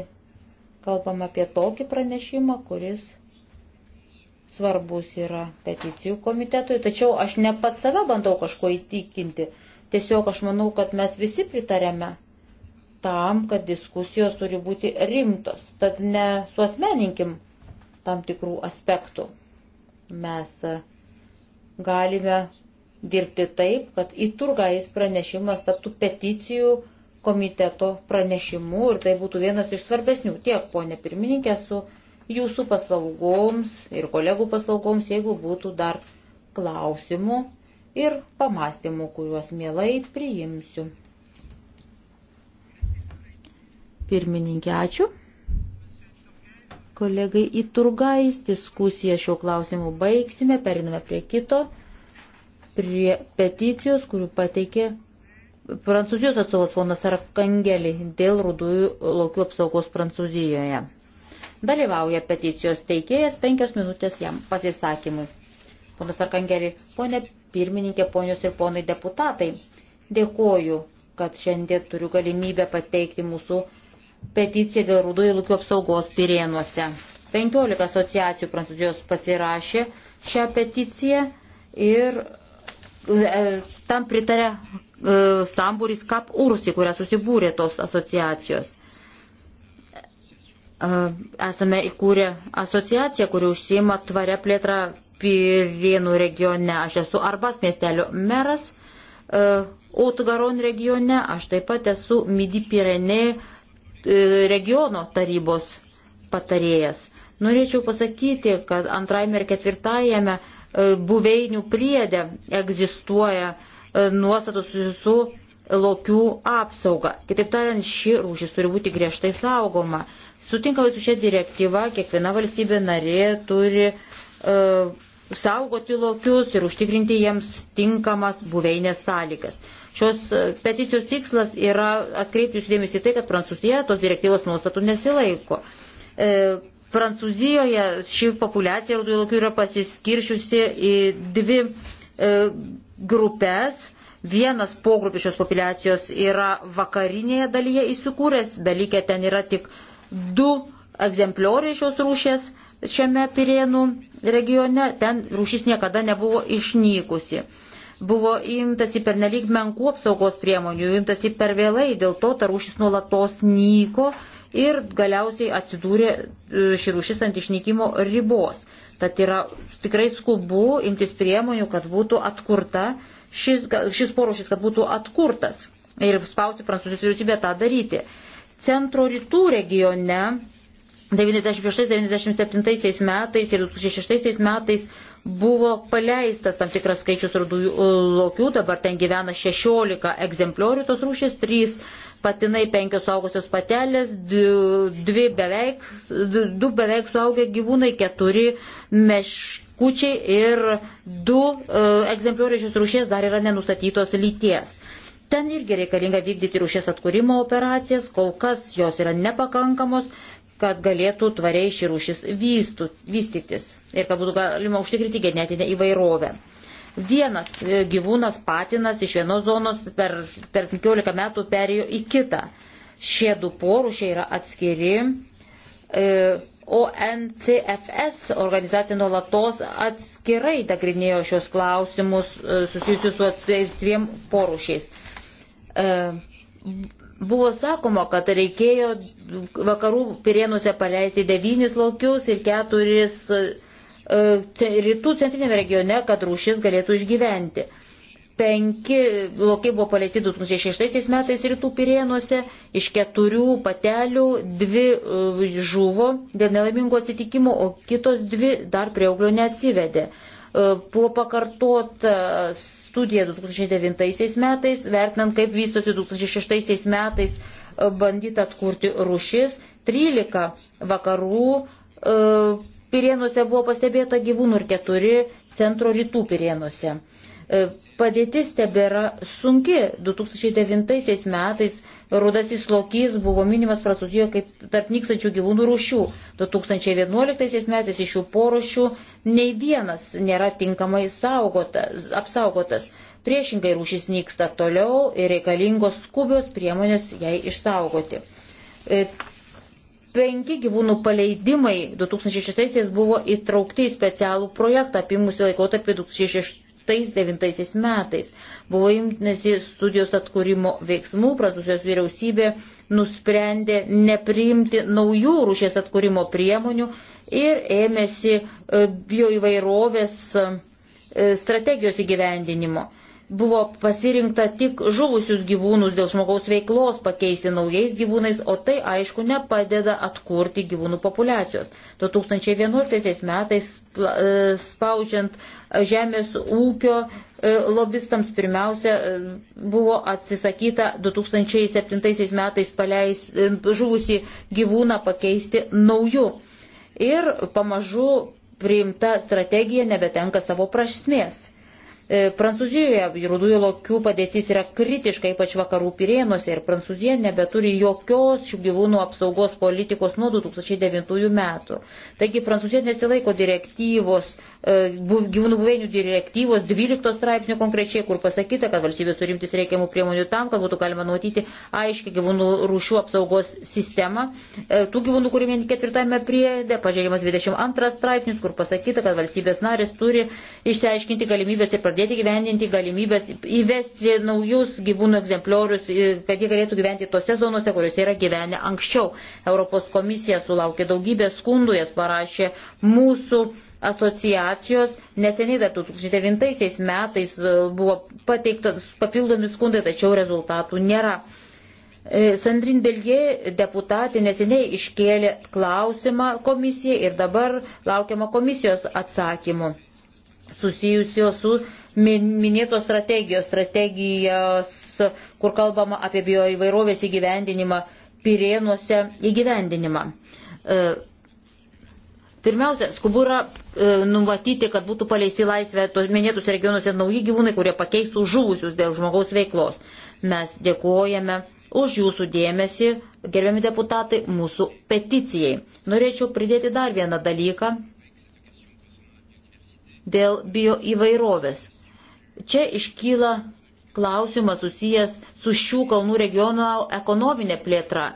kalbam apie tokį pranešimą, kuris svarbus yra peticijų komitetui. Tačiau aš ne pat save bandau kažko įtikinti. Tiesiog aš manau, kad mes visi pritarėme tam, kad diskusijos turi būti rimtos. Tad nesuosmeninkim tam tikrų aspektų. Mes e, galime dirbti taip, kad į turgais pranešimas taptų peticijų komitetui komiteto pranešimu ir tai būtų vienas iš svarbesnių. Tiek, ponė pirmininkė, su jūsų paslaugoms ir kolegų paslaugoms, jeigu būtų dar klausimų ir pamastymų, kuriuos mielai priimsiu. Pirmininkė, ačiū. Kolegai į turgais diskusiją šiuo klausimu baigsime, periname prie kito, prie peticijos, kurių pateikė Prancūzijos atstovas ponas Arkangelį dėl rudųjų laukių apsaugos Prancūzijoje. Dalyvauja peticijos teikėjas penkias minutės jam pasisakymui. Ponas Arkangelį, ponė pirmininkė, ponios ir ponai deputatai, dėkoju, kad šiandien turiu galimybę pateikti mūsų peticiją dėl rudųjų laukių apsaugos Pirėnuose. 15 asociacijų Prancūzijos pasirašė šią peticiją ir e, tam pritarė E, sambūris Kap Urs, į kurią susibūrė tos asociacijos. E, esame įkūrę asociaciją, kuri užsima tvarę plėtrą Pirienų regione. Aš esu Arbas miestelio meras, e, Utgaron regione, aš taip pat esu Midi Pirene regiono tarybos patarėjas. Norėčiau pasakyti, kad antrajame ir ketvirtajame buveinių priedė egzistuoja uh, E, nuostatų su lokių apsauga. Kitaip tariant, ši rūšis turi būti griežtai saugoma. Sutinkamai su šia direktyva kiekviena valstybė narė turi uh, saugoti lokius ir užtikrinti jiems tinkamas buveinės sąlygas. Šios e, peticijos tikslas yra atkreipti jūsų dėmesį tai, kad Prancūzija tos direktyvos nuostatų nesilaiko. E, Prancūzijoje ši populiacija rudųjų lokių yra pasiskiršiusi į dvi e, grupės. Vienas pogrupis šios populiacijos yra vakarinėje dalyje įsikūręs, belikę ten yra tik du egzemplioriai šios rūšės šiame Pirėnų regione, ten rūšis niekada nebuvo išnykusi. Buvo imtasi per nelik menkų apsaugos priemonių, imtasi per vėlai, dėl to ta rūšis nuolatos nyko ir galiausiai atsidūrė e, ši rūšis ant išnykimo ribos. Tad yra tikrai skubu imtis priemonių, kad būtų atkurta šis, šis porušis, kad būtų atkurtas ir spausti prancūzijos vyriausybę tą daryti. Centro rytų regione 96-97 metais ir 2006 metais buvo paleistas tam tikras skaičius rudųjų e, lokių, dabar ten gyvena 16 egzempliorių tos rūšės, 3 patinai penkios suaugusios patelės, dvi beveik, du beveik suaugę gyvūnai, keturi meškučiai ir du e, egzemplioriai šios rūšies dar yra nenustatytos lyties. Ten irgi reikalinga vykdyti rūšies atkūrimo operacijas, kol kas jos yra nepakankamos, kad galėtų tvariai ši rūšis vystytis ir kad būtų galima užtikrinti genetinę įvairovę. E, Vienas e, gyvūnas, patinas iš vienos zonos per, per 15 metų perėjo į kitą. Šie du porušiai yra atskiri. E, ONCFS organizacija nuolatos atskirai nagrinėjo šios klausimus e, susijusius su atsiais dviem porušiais. Buvo sakoma, kad reikėjo vakarų pirėnuose paleisti devynis laukius ir keturis E, rytų centrinėme regione, kad rūšis galėtų išgyventi. Penki lokiai buvo paleisti 2006 metais rytų Pirėnuose, iš keturių patelių dvi e, žuvo dėl nelaimingo atsitikimo, o kitos dvi dar prie auglio neatsivedė. E, buvo pakartota studija 2009 metais, vertinant, kaip vystosi 2006 metais bandyta atkurti rūšis, 13 vakarų Pirėnuose buvo pastebėta gyvūnų ir keturi centro rytų Pirėnuose. E, padėtis tebėra sunki. 2009 metais rudasis lokys buvo minimas Prancūzijoje kaip tarp nykstančių gyvūnų rūšių. 2011 metais iš šių porušių nei vienas nėra tinkamai saugotas, apsaugotas. Priešingai rūšis nyksta toliau ir reikalingos skubios priemonės jai išsaugoti e, Penki gyvūnų paleidimai 2006 buvo įtraukti į specialų projektą apimusi laikotarpį 2006 2009 metais. Buvo imtinasi studijos atkūrimo veiksmų, prancūzijos vyriausybė nusprendė nepriimti naujų rūšės atkūrimo priemonių ir ėmėsi e, bioįvairovės e, strategijos įgyvendinimo buvo pasirinkta tik žuvusius gyvūnus dėl žmogaus veiklos pakeisti naujais gyvūnais, o tai aišku nepadeda atkurti gyvūnų populacijos. 2011 metais e, spaudžiant žemės ūkio e, lobistams pirmiausia e, buvo atsisakyta 2007 metais paleis, žuvusi gyvūną pakeisti nauju. Ir pamažu priimta strategija nebetenka savo prasmės. E, Prancūzijoje rudųjų lokių padėtis yra kritiška, ypač vakarų pirėnuose, ir Prancūzija nebeturi jokios šių gyvūnų apsaugos politikos nuo 2009 metų. Taigi Prancūzija nesilaiko direktyvos E, gyvūnų buveinių direktyvos 12 straipsnio konkrečiai, kur pasakyta, kad valstybės turimtis reikiamų priemonių tam, kad būtų galima nuotyti aiškiai gyvūnų rūšių apsaugos sistemą. E, tų gyvūnų, kurių vien ketvirtame priedė, pažiūrėjimas 22 straipsnis, kur pasakyta, kad valstybės narės turi išsiaiškinti galimybės ir pradėti gyvendinti galimybės įvesti naujus gyvūnų egzempliorius, e, kad jie galėtų gyventi tose zonose, kuriuose yra gyvenę anksčiau. Europos komisija sulaukė daugybės skundų, jas parašė mūsų asociacijos neseniai dar 2009 metais e, buvo pateiktas papildomi skundai, tačiau rezultatų nėra. E, Sandrin Belgie deputatė neseniai iškėlė klausimą komisijai ir dabar laukiama komisijos atsakymų susijusio su minėtos strategijos, strategijos, kur kalbama apie bioįvairovės įgyvendinimą, pirėnuose įgyvendinimą. E, Pirmiausia, skubu yra e, numatyti, kad būtų paleisti laisvę minėtus regionuose nauji gyvūnai, kurie pakeistų žuvusius dėl žmogaus veiklos. Mes dėkojame už jūsų dėmesį, gerbiami deputatai, mūsų peticijai. Norėčiau pridėti dar vieną dalyką dėl bio įvairovės. Čia iškyla klausimas susijęs su šių kalnų regiono ekonominė plėtra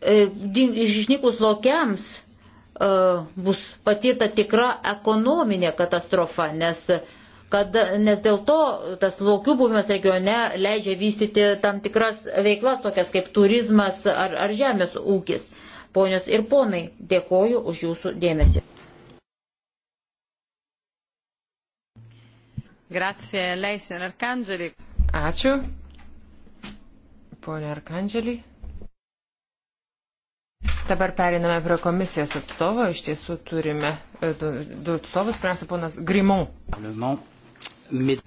E, išnykus lokiams e, bus patirta tikra ekonominė katastrofa, nes, kad, nes dėl to tas laukių buvimas regione leidžia vystyti tam tikras veiklas, tokias kaip turizmas ar, ar žemės ūkis. Ponios ir ponai, dėkoju už jūsų dėmesį. Grazie, Leisin Arkandželį. Ačiū, ponė Arkandželį. Dabar periname prie komisijos atstovo. Iš tiesų turime e, du, du atstovus. Pirmiausia, ponas Grimon. E,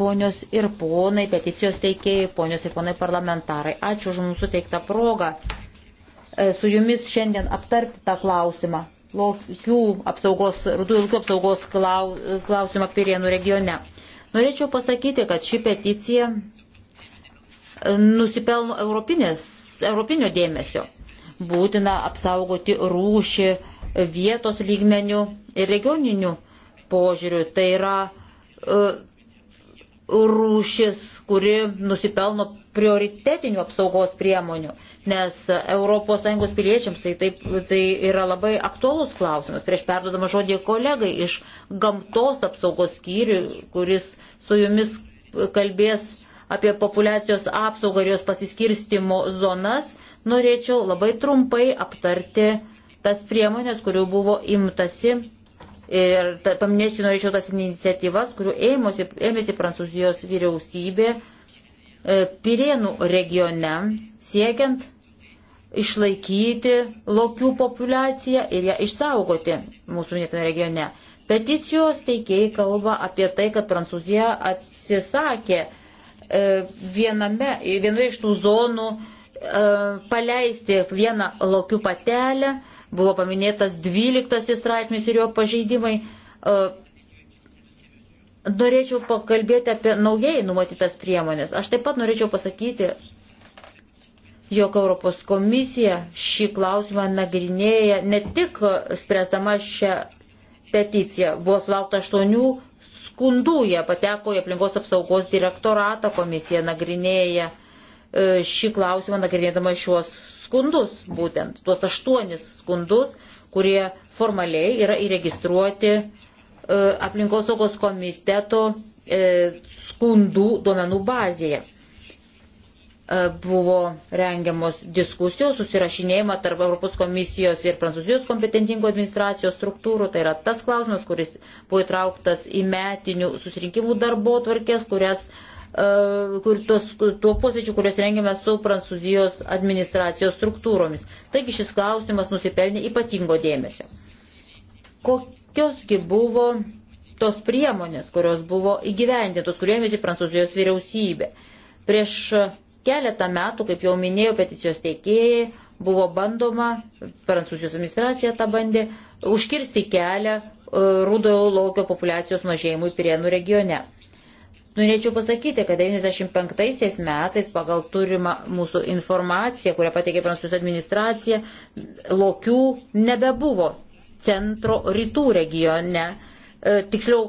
ponios ir ponai, peticijos teikėjai, ponios ir ponai parlamentarai, ačiū už mūsų teiktą progą e, su jumis šiandien aptarti tą klausimą. Laukių apsaugos, rudų ilgių apsaugos klausimą Pirėnų regione. Norėčiau pasakyti, kad ši peticija nusipelno europinės europinio dėmesio. Būtina apsaugoti rūšį vietos lygmenių ir regioninių požiūrių. Tai yra e, rūšis, kuri nusipelno prioritetinių apsaugos priemonių, nes ES piliečiams tai, taip, tai yra labai aktuolus klausimas. Prieš perdodama žodį kolegai iš gamtos apsaugos skyrių, kuris su jumis kalbės apie populacijos apsaugą ir jos pasiskirstimo zonas, norėčiau labai trumpai aptarti tas priemonės, kurių buvo imtasi. Ir paminėti norėčiau tas iniciatyvas, kurių ėmėsi, ėmėsi Prancūzijos vyriausybė e, Pirėnų regione, siekiant išlaikyti lokių populaciją ir ją išsaugoti mūsų minėtame regione. Peticijos teikėjai kalba apie tai, kad Prancūzija atsisakė uh, E, viename, vienoje iš tų zonų e, paleisti vieną laukių patelę, buvo paminėtas 12 straipsnis ir jo pažeidimai. E, norėčiau pakalbėti apie naujai numatytas priemonės. Aš taip pat norėčiau pasakyti, jog Europos komisija šį klausimą nagrinėja ne tik spręsdama šią peticiją. Buvo sulaukta aštuonių skundų, jie pateko į aplinkos apsaugos direktoratą, komisija nagrinėja e, šį klausimą, nagrinėdama šiuos skundus, būtent tuos aštuonis skundus, kurie formaliai yra įregistruoti e, aplinkosaugos komiteto e, skundų duomenų bazėje. E, buvo rengiamos diskusijos, susirašinėjimą tarp Europos komisijos ir Prancūzijos kompetentingo administracijos struktūrų. Tai yra tas klausimas, kuris buvo įtrauktas į metinių susirinkimų darbo tvarkės, kurias, e, kur, tos, tuo posėdžiu, kurias rengiame su Prancūzijos administracijos struktūromis. Taigi šis klausimas nusipelnė ypatingo dėmesio. Kokiosgi buvo tos priemonės, kurios buvo įgyvendintos, kuriuomis į Prancūzijos vyriausybę? Prieš Keletą metų, kaip jau minėjau, peticijos teikėjai buvo bandoma, prancūzijos administracija tą bandė, užkirsti kelią e, rūdojo laukio populiacijos mažėjimui Pirienų regione. Norėčiau pasakyti, kad 95 metais pagal turimą mūsų informaciją, kurią pateikė prancūzijos administracija, lokių nebebuvo centro rytų regione. E, tiksliau,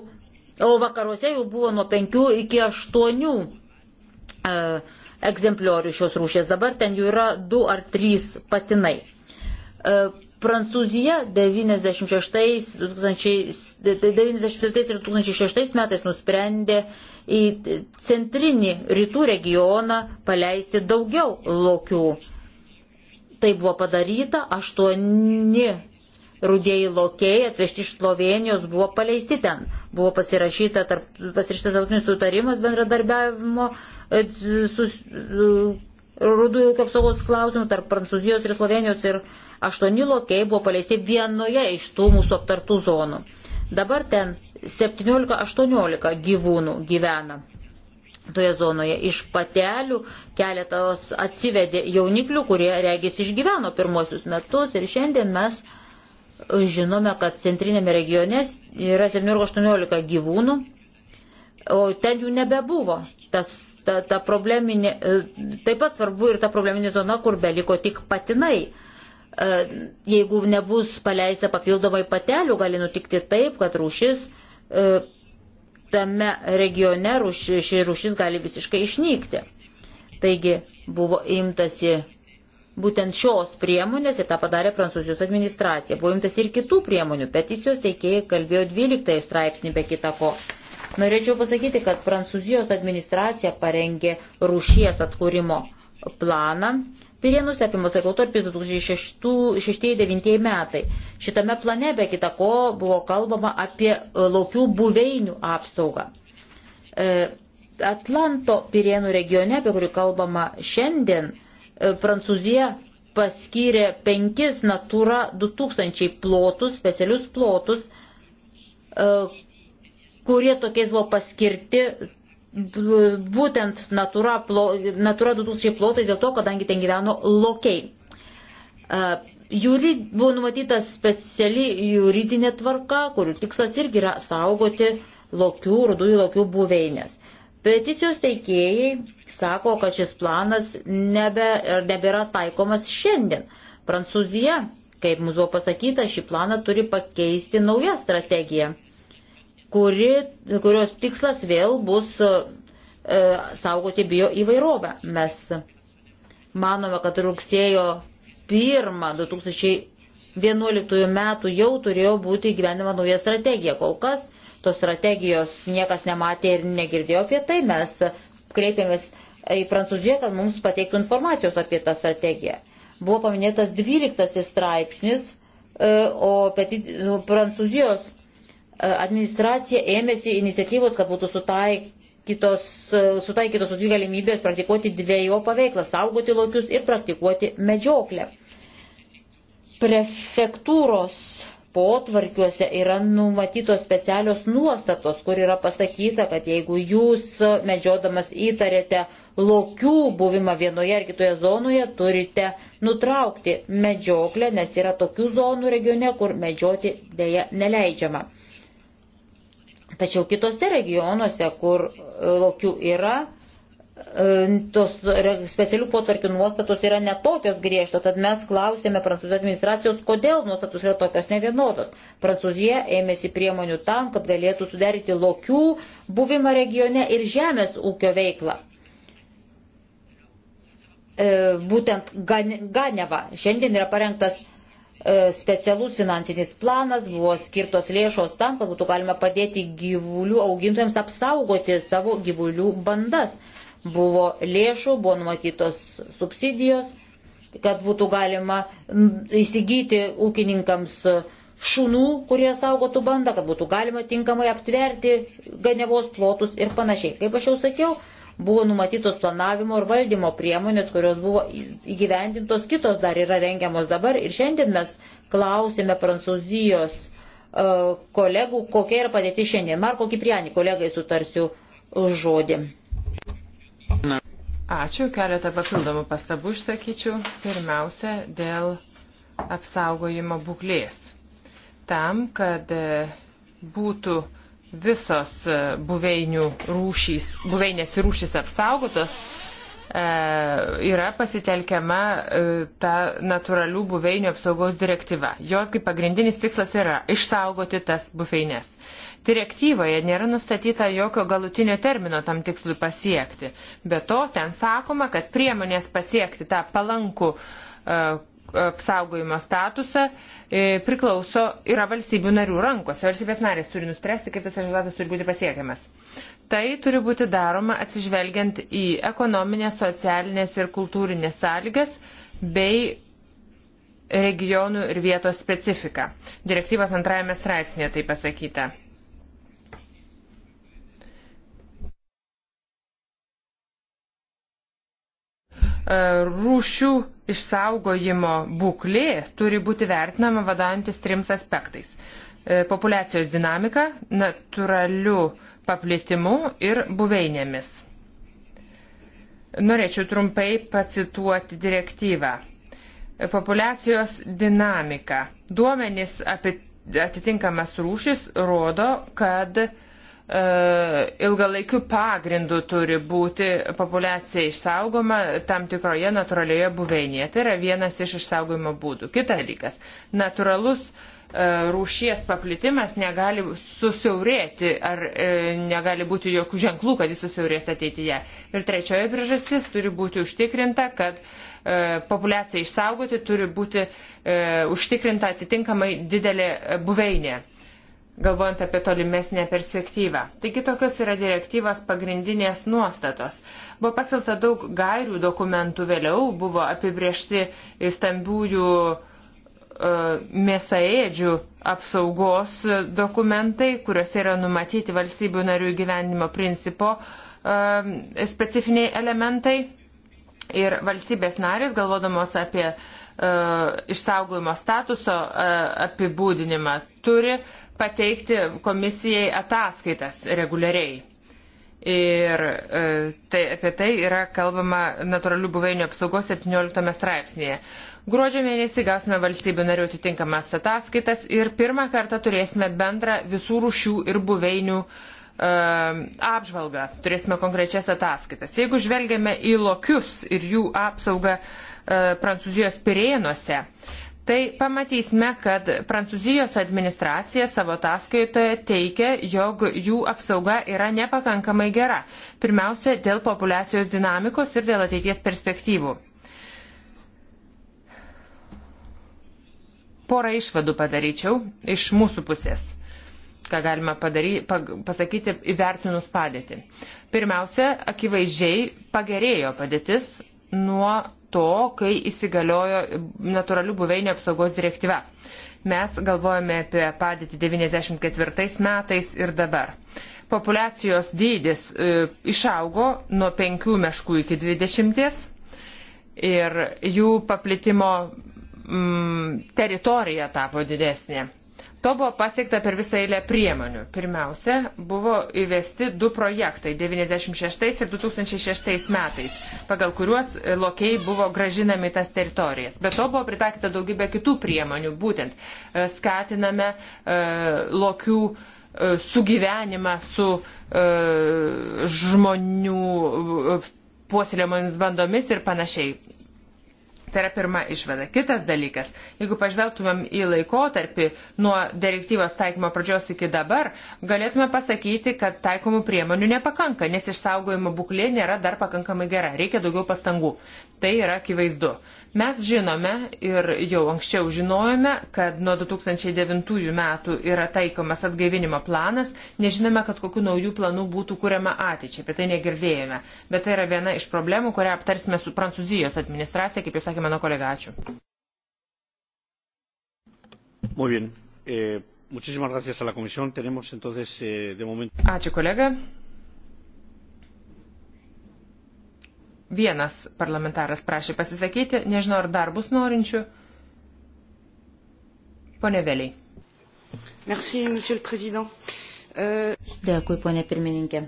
o vakaruose jau buvo nuo 5 iki 8 e, egzempliorių šios rūšės. Dabar ten jų yra du ar trys patinai. E, Prancūzija 1997 ir 2006 metais nusprendė į centrinį rytų regioną paleisti daugiau lokių. Tai buvo padaryta, aštuoni rudėjai lokiai atvežti iš Slovenijos buvo paleisti ten. Buvo pasirašyta tarp, pasirašyta tarptautinis sutarimas bendradarbiavimo E, rudųjų apsaugos klausimų tarp Prancūzijos ir Slovenijos ir aštuoni lokiai buvo paleisti vienoje iš tų mūsų aptartų zonų. Dabar ten 17-18 gyvūnų gyvena toje zonoje. Iš patelių keletos atsivedė jauniklių, kurie regis išgyveno pirmosius metus ir šiandien mes žinome, kad centrinėme regione yra 17-18 gyvūnų, o ten jų nebebuvo. Tas ta, ta probleminė, e, taip pat svarbu ir ta probleminė zona, kur beliko tik patinai. E, jeigu nebus paleista papildomai patelių, gali nutikti taip, kad rūšis e, tame regione rūš, ši rūšis gali visiškai išnykti. Taigi buvo imtasi būtent šios priemonės ir tą padarė Prancūzijos administracija. Buvo imtasi ir kitų priemonių. Peticijos teikėjai kalbėjo 12 straipsnį be kitako. ko Norėčiau pasakyti, kad Prancūzijos administracija parengė rūšies atkūrimo planą. Pirienus apimas laikotarpis 2006-2009 metai. Šitame plane be kita ko buvo kalbama apie e, laukių buveinių apsaugą. E, Atlanto Pirienų regione, apie kurį kalbama šiandien, e, Prancūzija paskyrė penkis Natura 2000 plotus, specialius plotus, kurie tokiais buvo paskirti būtent Natura, plo, natura 2000 plotais dėl to, kadangi ten gyveno lokiai. Jūri buvo numatyta speciali juridinė tvarka, kurių tikslas irgi yra saugoti lokių, rudųjų lokių buveinės. Peticijos teikėjai sako, kad šis planas nebe, nebėra taikomas šiandien. Prancūzija, kaip mums buvo pasakyta, šį planą turi pakeisti naują strategiją kuri, kurios tikslas vėl bus e, e, saugoti bio įvairovę. Mes manome, kad rugsėjo 1 2011 metų jau turėjo būti įgyvenima nauja strategija. Kol kas tos strategijos niekas nematė ir negirdėjo apie tai. Mes kreipėmės į Prancūziją, kad mums pateiktų informacijos apie tą strategiją. Buvo paminėtas 12 straipsnis, e, o peti, nu, Prancūzijos E, administracija ėmėsi iniciatyvos, kad būtų sutaikytos, e, sutaikytos dvi galimybės praktikuoti dviejų paveiklą - saugoti laukius ir praktikuoti medžioklę. Prefektūros potvarkiuose yra numatytos specialios nuostatos, kur yra pasakyta, kad jeigu jūs medžiodamas įtarėte lokių buvimą vienoje ar kitoje zonoje, turite nutraukti medžioklę, nes yra tokių zonų regione, kur medžioti dėja neleidžiama. Tačiau kitose regionuose, kur e, laukių yra, e, tos specialių potvarkių nuostatos yra netokios griežtos, tad mes klausėme prancūzijos administracijos, kodėl nuostatos yra tokios nevienodos. Prancūzija ėmėsi priemonių tam, kad galėtų sudaryti lokių buvimą regione ir žemės ūkio veiklą. E, būtent Ganeva. Šiandien yra parengtas E, specialus finansinis planas, buvo skirtos lėšos tam, kad būtų galima padėti gyvulių augintojams apsaugoti savo gyvulių bandas. Buvo lėšų, buvo numatytos subsidijos, kad būtų galima įsigyti ūkininkams šunų, kurie saugotų bandą, kad būtų galima tinkamai aptverti ganevos plotus ir panašiai. Kaip aš jau sakiau, buvo numatytos planavimo ir valdymo priemonės, kurios buvo įgyvendintos, kitos dar yra rengiamos dabar. Ir šiandien mes klausėme prancūzijos e, kolegų, kokia yra padėti šiandien. Marko Kipriani, kolegai sutarsiu žodį. Ačiū, keletą papildomų pastabų išsakyčiau. Pirmiausia, dėl apsaugojimo būklės. Tam, kad e, būtų visos e, buveinių rūšys, buveinės ir rūšys apsaugotos, e, yra pasitelkiama e, ta natūralių buveinių apsaugos direktyva. Jos kaip pagrindinis tikslas yra išsaugoti tas buveinės. Direktyvoje nėra nustatyta jokio galutinio termino tam tikslui pasiekti. Be to, ten sakoma, kad priemonės pasiekti tą palankų e, apsaugojimo statusą e, E, priklauso, yra valstybių narių rankose. Valstybės narės turi nuspręsti, kaip tas rezultatas turi būti pasiekiamas. Tai turi būti daroma atsižvelgiant į ekonominės, socialinės ir kultūrinės sąlygas bei regionų ir vietos specifiką. Direktyvos antrajame straipsnėje tai pasakyta. E, rūšių išsaugojimo būklė turi būti vertinama vadovantis trims aspektais e, - populiacijos dinamika, natūraliu paplitimu ir buveinėmis. Norėčiau trumpai pacituoti direktyvą. E, populiacijos dinamika. Duomenys apie atitinkamas rūšis rodo, kad E, ilgalaikiu pagrindu turi būti populiacija išsaugoma tam tikroje natūralioje buveinėje. Tai yra vienas iš išsaugojimo būdų. Kita dalykas - natūralus e, rūšies paplitimas negali susiaurėti ar e, negali būti jokių ženklų, kad jis susiaurės ateityje. Ir trečioji priežastis turi būti užtikrinta, kad populiacija išsaugoti turi būti užtikrinta atitinkamai didelė buveinė galvojant apie tolimesnę perspektyvą. Taigi tokios yra direktyvos pagrindinės nuostatos. Buvo pasilta daug gairių dokumentų vėliau, buvo apibriešti stambiųjų e, mėsaėdžių apsaugos dokumentai, kuriuose yra numatyti valstybių narių gyvenimo principo e, specifiniai elementai. Ir valstybės narės, galvodamos apie e, išsaugojimo statuso apibūdinimą, turi pateikti komisijai ataskaitas reguliariai. Ir e, tai, apie tai yra kalbama natūralių buveinių apsaugos 17 straipsnėje. Gruodžio mėnesį gausime valstybių narių atitinkamas ataskaitas ir pirmą kartą turėsime bendrą visų rušių ir buveinių uh, apžvalgą. Turėsime konkrečias ataskaitas. Jeigu žvelgiame į lokius ir jų apsaugą uh, Prancūzijos pirėnuose, uh, tai pamatysime, kad Prancūzijos administracija savo ataskaitoje teikia, jog jų apsauga yra nepakankamai gera. Pirmiausia, dėl populacijos dinamikos ir dėl ateities perspektyvų. Porą išvadų padaryčiau iš mūsų pusės, ką galima padary, pasakyti įvertinus padėtį. Pirmiausia, akivaizdžiai pagerėjo padėtis nuo to, kai įsigaliojo natūralių buveinių apsaugos direktyva. Mes galvojame apie padėtį 94 metais ir dabar. Populacijos dydis e, išaugo nuo 5 meškų iki 20 ir jų paplitimo mm, teritorija tapo didesnė. To buvo pasiekta per visą eilę priemonių. Pirmiausia, buvo įvesti du projektai 96 ir 2006 metais, pagal kuriuos e, lokiai buvo gražinami tas teritorijas. Bet to buvo pritaikyta daugybė kitų priemonių, būtent e, skatiname e, lokių sugyvenimą su žmonių puoselėmomis bandomis ir panašiai. Tai yra pirma išvada. Kitas dalykas, jeigu pažvelgtumėm į laikotarpį nuo direktyvos taikymo pradžios iki dabar, galėtume pasakyti, kad taikomų priemonių nepakanka, nes išsaugojimo būklė nėra dar pakankamai gera, reikia daugiau pastangų. Tai yra akivaizdu. Mes žinome ir jau anksčiau žinojome, kad nuo 2009 metų yra taikomas atgaivinimo planas, nežinome, kad kokiu naujų planų būtų kuriama ateičiai, apie tai negirdėjome. Bet tai yra viena iš problemų, kurią aptarsime su Prancūzijos administracija, kaip jau sakė mano kolega, ačiū. Muy bien. Eh, muchísimas gracias a la Comisión. Tenemos entonces eh, de momento. Ačiū kolega. Vienas parlamentaras prašė pasisakyti, nežinau, ar dar bus norinčių. Pone Veliai. Merci, monsieur le président. Euh, Dėkui, ponė pirmininkė.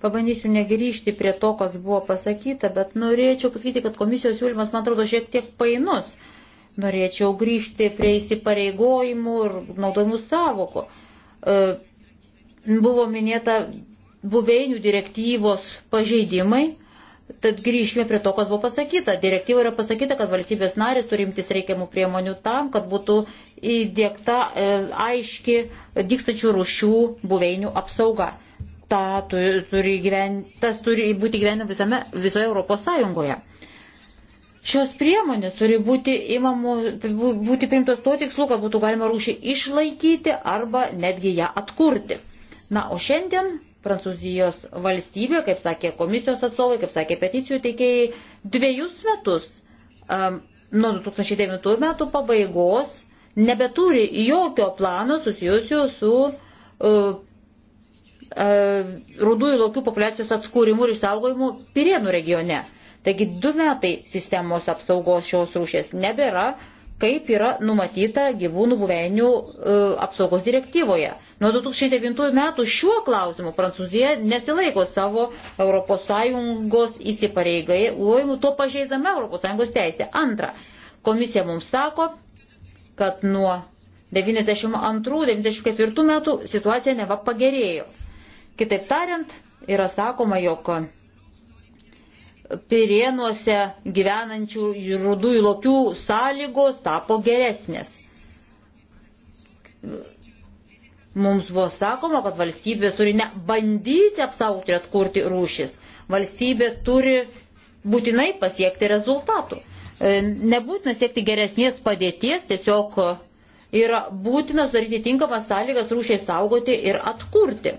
Pabandysiu negryžti prie to, kas buvo pasakyta, bet norėčiau pasakyti, kad komisijos siūlymas, man atrodo, šiek tiek painus. Norėčiau grįžti prie įsipareigojimų ir naudojimų savokų. E, buvo minėta buveinių direktyvos pažeidimai Tad grįžkime prie to, kas buvo pasakyta. Direktyva yra pasakyta, kad valstybės narės turi imtis reikiamų priemonių tam, kad būtų įdėkta e, aiški dykstačių rūšių buveinių apsauga. Ta turi, turi gyven, tas turi būti gyvenama visame, visoje Europos Sąjungoje. Šios priemonės turi būti, imamo, būti primtos tuo tikslu, kad būtų galima rūšį išlaikyti arba netgi ją atkurti. Na, o šiandien Prancūzijos valstybė, kaip sakė komisijos atstovai, kaip sakė peticijų teikėjai, dviejus metus um, nuo 2009 metų pabaigos nebeturi jokio plano susijusio su uh, uh, rudųjų laukių populiacijos atskūrimu ir išsaugojimu Pirėnų regione. Taigi du metai sistemos apsaugos šios rūšės nebėra, uh, kaip yra numatyta gyvūnų buveinių e, apsaugos direktyvoje. Nuo 2009 metų šiuo klausimu Prancūzija nesilaiko savo ES įsipareigojimų, tuo pažeidame ES teisę. Antra, komisija mums sako, kad nuo 92-94 metų situacija neva pagerėjo. Kitaip tariant, yra sakoma, jog pirienuose gyvenančių rudųjų lokių sąlygos tapo geresnės. Mums buvo sakoma, kad valstybė turi ne bandyti apsaugoti ir atkurti rūšis. Valstybė turi būtinai pasiekti rezultatų. E, nebūtina siekti geresnės padėties, tiesiog yra būtina sudaryti tinkamas sąlygas rūšiai saugoti ir atkurti.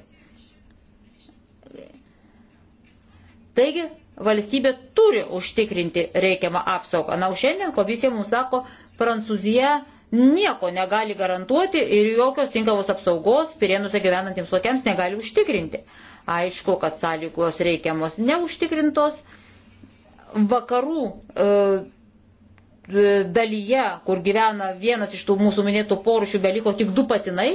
Taigi, valstybė turi užtikrinti reikiamą apsaugą. Na, o šiandien komisija mums sako, Prancūzija nieko negali garantuoti ir jokios tinkamos apsaugos pirienuose gyvenantiems tokiams negali užtikrinti. Aišku, kad sąlygos reikiamos neužtikrintos. Vakarų e, e dalyje, kur gyvena vienas iš tų mūsų minėtų porušių, beliko tik du patinai.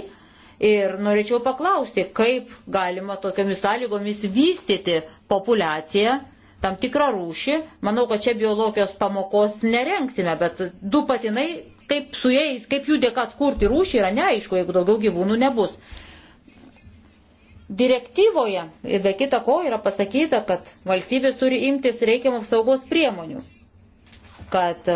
Ir norėčiau paklausti, kaip galima tokiamis sąlygomis vystyti populaciją tam tikrą rūšį. Manau, kad čia biologijos pamokos nerenksime, bet du patinai, kaip su jais, kaip jų dėka atkurti rūšį yra neaišku, jeigu daugiau gyvūnų nebus. Direktyvoje ir be kita ko yra pasakyta, kad valstybės turi imtis reikiamų apsaugos priemonių. Kad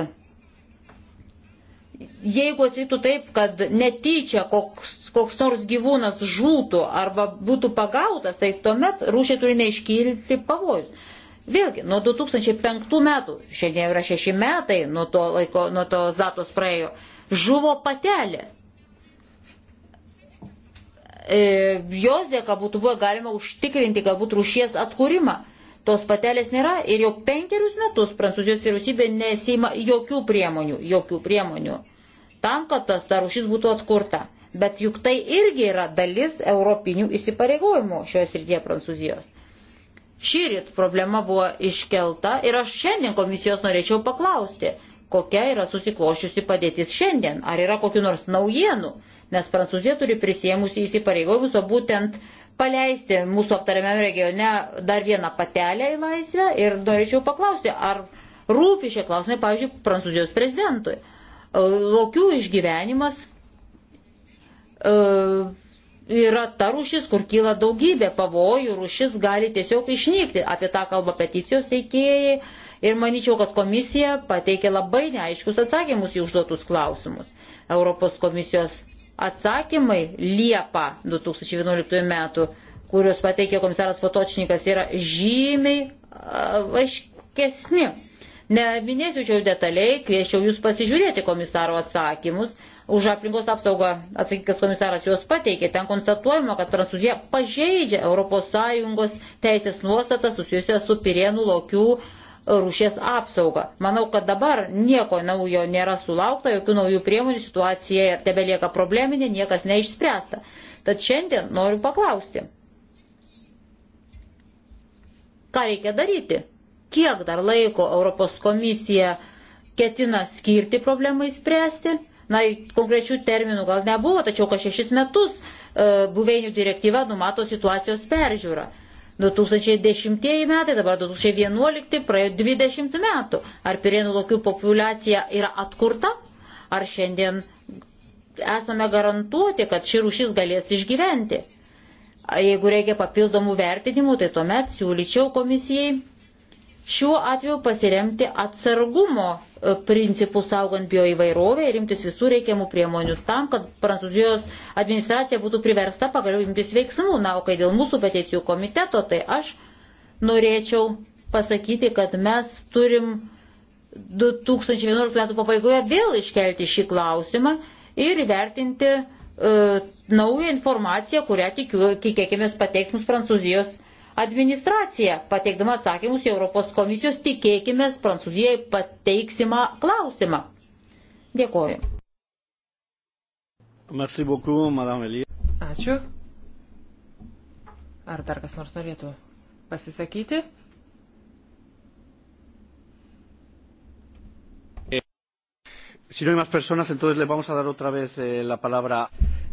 jeigu atsitų taip, kad netyčia koks, koks nors gyvūnas žūtų arba būtų pagautas, tai tuomet rūšiai turi neiškilti pavojus. Vėlgi, nuo 2005 metų, šiandien yra šeši metai, nuo to laiko, nuo to datos praėjo, žuvo patelė. E, jos dėka būtų buvo galima užtikrinti galbūt rušies atkūrimą. Tos patelės nėra ir jau penkerius metus Prancūzijos vyriausybė nesima jokių priemonių, jokių priemonių tam, kad tas ta rušis būtų atkurta. Bet juk tai irgi yra dalis europinių įsipareigojimų šioje srityje Prancūzijos. Šyrit problema buvo iškelta ir aš šiandien komisijos norėčiau paklausti, kokia yra susiklošiusi padėtis šiandien, ar yra kokiu nors naujienų, nes Prancūzija turi prisėmusi įsipareigojimus, o būtent paleisti mūsų aptariamame regione dar vieną patelę į laisvę ir norėčiau paklausti, ar rūpi šie klausimai, pavyzdžiui, Prancūzijos prezidentui. Lokių išgyvenimas. E, yra ta rušis, kur kyla daugybė pavojų, rušis gali tiesiog išnykti. Apie tą kalba peticijos teikėjai ir manyčiau, kad komisija pateikė labai neaiškus atsakymus į užduotus klausimus. Europos komisijos atsakymai Liepa 2011 metų, kuriuos pateikė komisaras Fotočnikas, yra žymiai aiškesni. Neminėsiu čia detaliai, kviečiau jūs pasižiūrėti komisaro atsakymus, už aplinkos apsaugą atsakingas komisaras juos pateikė. Ten konstatuojama, kad Prancūzija pažeidžia ES teisės nuostatas susijusią su pirienų laukių rūšies apsaugą. Manau, kad dabar nieko naujo nėra sulaukta, jokių naujų priemonių situacija tebelieka probleminė, niekas neišspręsta. Tad šiandien noriu paklausti, ką reikia daryti? Kiek dar laiko Europos komisija ketina skirti problemai spręsti? Na, konkrečių terminų gal nebuvo, tačiau kas šešis metus e, buveinių direktyva numato situacijos peržiūrą. 2010 metai, dabar 2011, praėjo 20 metų. Ar pirėnų lokių populiacija yra atkurta? Ar šiandien esame garantuoti, kad ši rūšis galės išgyventi? Jeigu reikia papildomų vertinimų, tai tuomet siūlyčiau komisijai šiuo atveju pasiremti atsargumo e, principų saugant bioįvairovę ir imtis visų reikiamų priemonių tam, kad Prancūzijos administracija būtų priversta pagaliau imtis veiksmų. Na, o kai dėl mūsų peticijų komiteto, tai aš norėčiau pasakyti, kad mes turim 2011 metų pabaigoje vėl iškelti šį klausimą ir įvertinti e, naują informaciją, kurią tikėkime pateiks mums Prancūzijos administracija, pateikdama atsakymus į Europos komisijos, tikėkime, Prancūzijai pateiksimą klausimą. Dėkoju. Merci beaucoup, madame Elie. Ačiū. Ar dar kas nors norėtų pasisakyti? Si no hay más personas, entonces le vamos a dar otra vez eh, la palabra.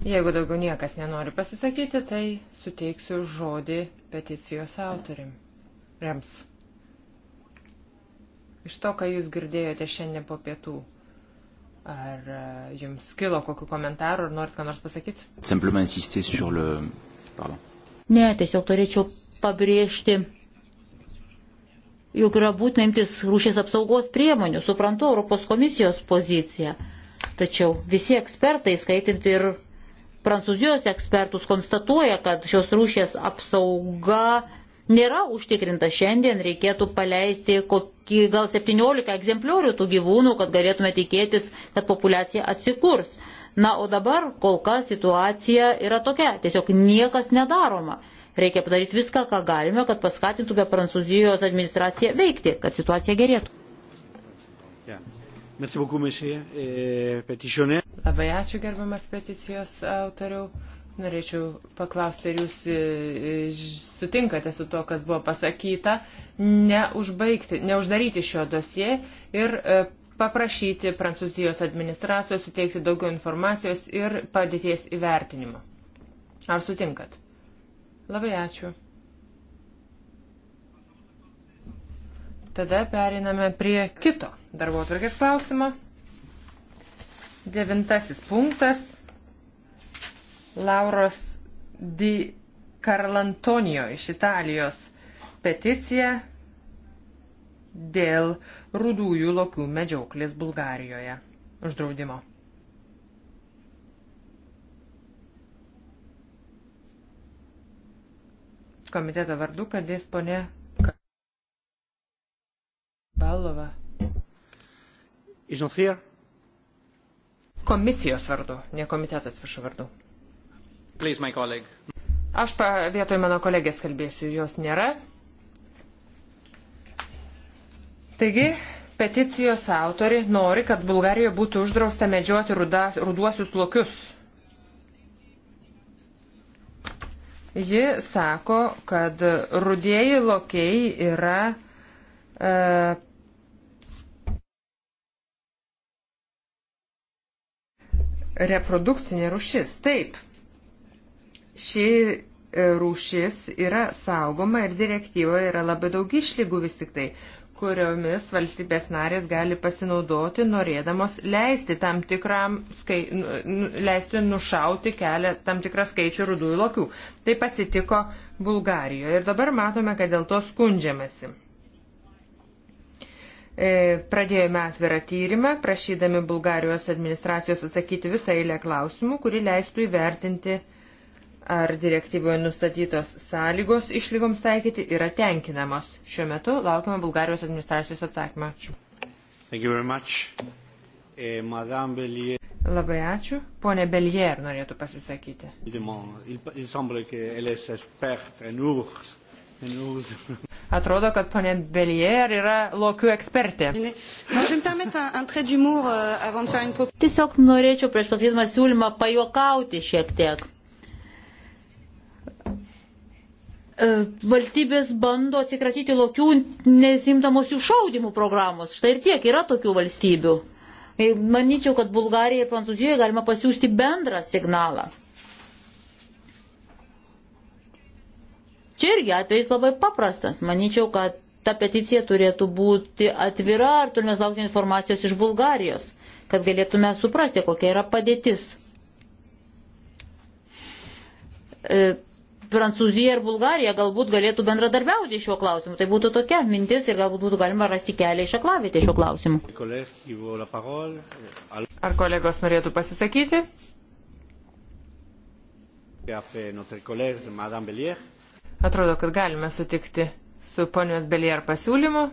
Jeigu daugiau niekas nenori pasisakyti, tai suteiksiu žodį peticijos autoriams. Iš to, ką jūs girdėjote šiandien po pietų, ar e, jums kilo kokiu komentaru, ar norit ką nors pasakyti? Le... Pardon. Ne, tiesiog turėčiau pabrėžti, jog yra būtina imtis rūšės apsaugos priemonių, suprantu Europos komisijos poziciją. Tačiau visi ekspertai, skaitant ir Prancūzijos ekspertus konstatuoja, kad šios rūšės apsauga nėra užtikrinta šiandien, reikėtų paleisti kokį, gal 17 egzempliorių tų gyvūnų, kad galėtume tikėtis, kad populiacija atsikurs. Na, o dabar kol kas situacija yra tokia, tiesiog niekas nedaroma. Reikia padaryti viską, ką galime, kad paskatintume Prancūzijos administraciją veikti, kad situacija gerėtų. Yeah. Merci beaucoup, monsieur, petitionė. Labai ačiū, gerbiamas peticijos autoriau. Norėčiau paklausti, ar jūs e, e, sutinkate su to, kas buvo pasakyta, neužbaigti, neuždaryti šio dosie ir e, paprašyti Prancūzijos administracijos suteikti daugiau informacijos ir padėties įvertinimo. Ar sutinkat? Labai ačiū. Tada periname prie kito darbo atvarkės klausimą. Devintasis punktas. Lauros Di Karlantonio iš Italijos peticija dėl rudųjų lokių medžioklės Bulgarijoje uždraudimo. Komiteto vardu kalbės ponė Balova. He's not here. Komisijos vardu, ne komitetas viršų vardu. Please, my colleague. Aš pa, vietoj mano kolegės kalbėsiu, jos nėra. Taigi, peticijos autori nori, kad Bulgarijoje būtų uždrausta medžioti ruda, ruduosius lokius. Ji sako, kad rudieji lokiai yra e, reprodukcinė rūšis. Taip, ši e, rūšis yra saugoma ir direktyvoje yra labai daug išlygų vis tik tai, kuriomis valstybės narės gali pasinaudoti, norėdamos leisti tam tikram, skai, nu, nu, leisti nušauti kelią tam tikrą skaičių rudųjų lokių. Taip atsitiko Bulgarijoje ir dabar matome, kad dėl to skundžiamasi. E, pradėjome atvirą tyrimą, prašydami Bulgarijos administracijos atsakyti visą eilę klausimų, kuri leistų įvertinti, ar direktyvoje nustatytos sąlygos išlygoms taikyti yra tenkinamos. Šiuo metu laukiame Bulgarijos administracijos atsakymą. Ačiū. E, Labai ačiū. Pone Belier norėtų pasisakyti. Il, il Atrodo, kad ponė Belier yra lokių ekspertė. Euh, Tiesiog norėčiau prieš pasakydamą siūlymą pajokauti šiek tiek. E, valstybės bando atsikratyti lokių nesimdamos jų šaudimų programos. Štai ir tiek yra tokių valstybių. E, manyčiau, kad Bulgarijai ir Prancūzijai galima pasiūsti bendrą signalą. Čia irgi atvejs labai paprastas. Manyčiau, kad ta peticija turėtų būti atvira ar turime laukti informacijos iš Bulgarijos, kad galėtume suprasti, kokia yra padėtis. E, Prancūzija ir Bulgarija galbūt galėtų bendradarbiauti šiuo klausimu. Tai būtų tokia mintis ir galbūt būtų galima rasti kelią iš aklavietę šiuo klausimu. Ar kolegos norėtų pasisakyti? Atrodo, kad galime sutikti su ponios Belier pasiūlymu,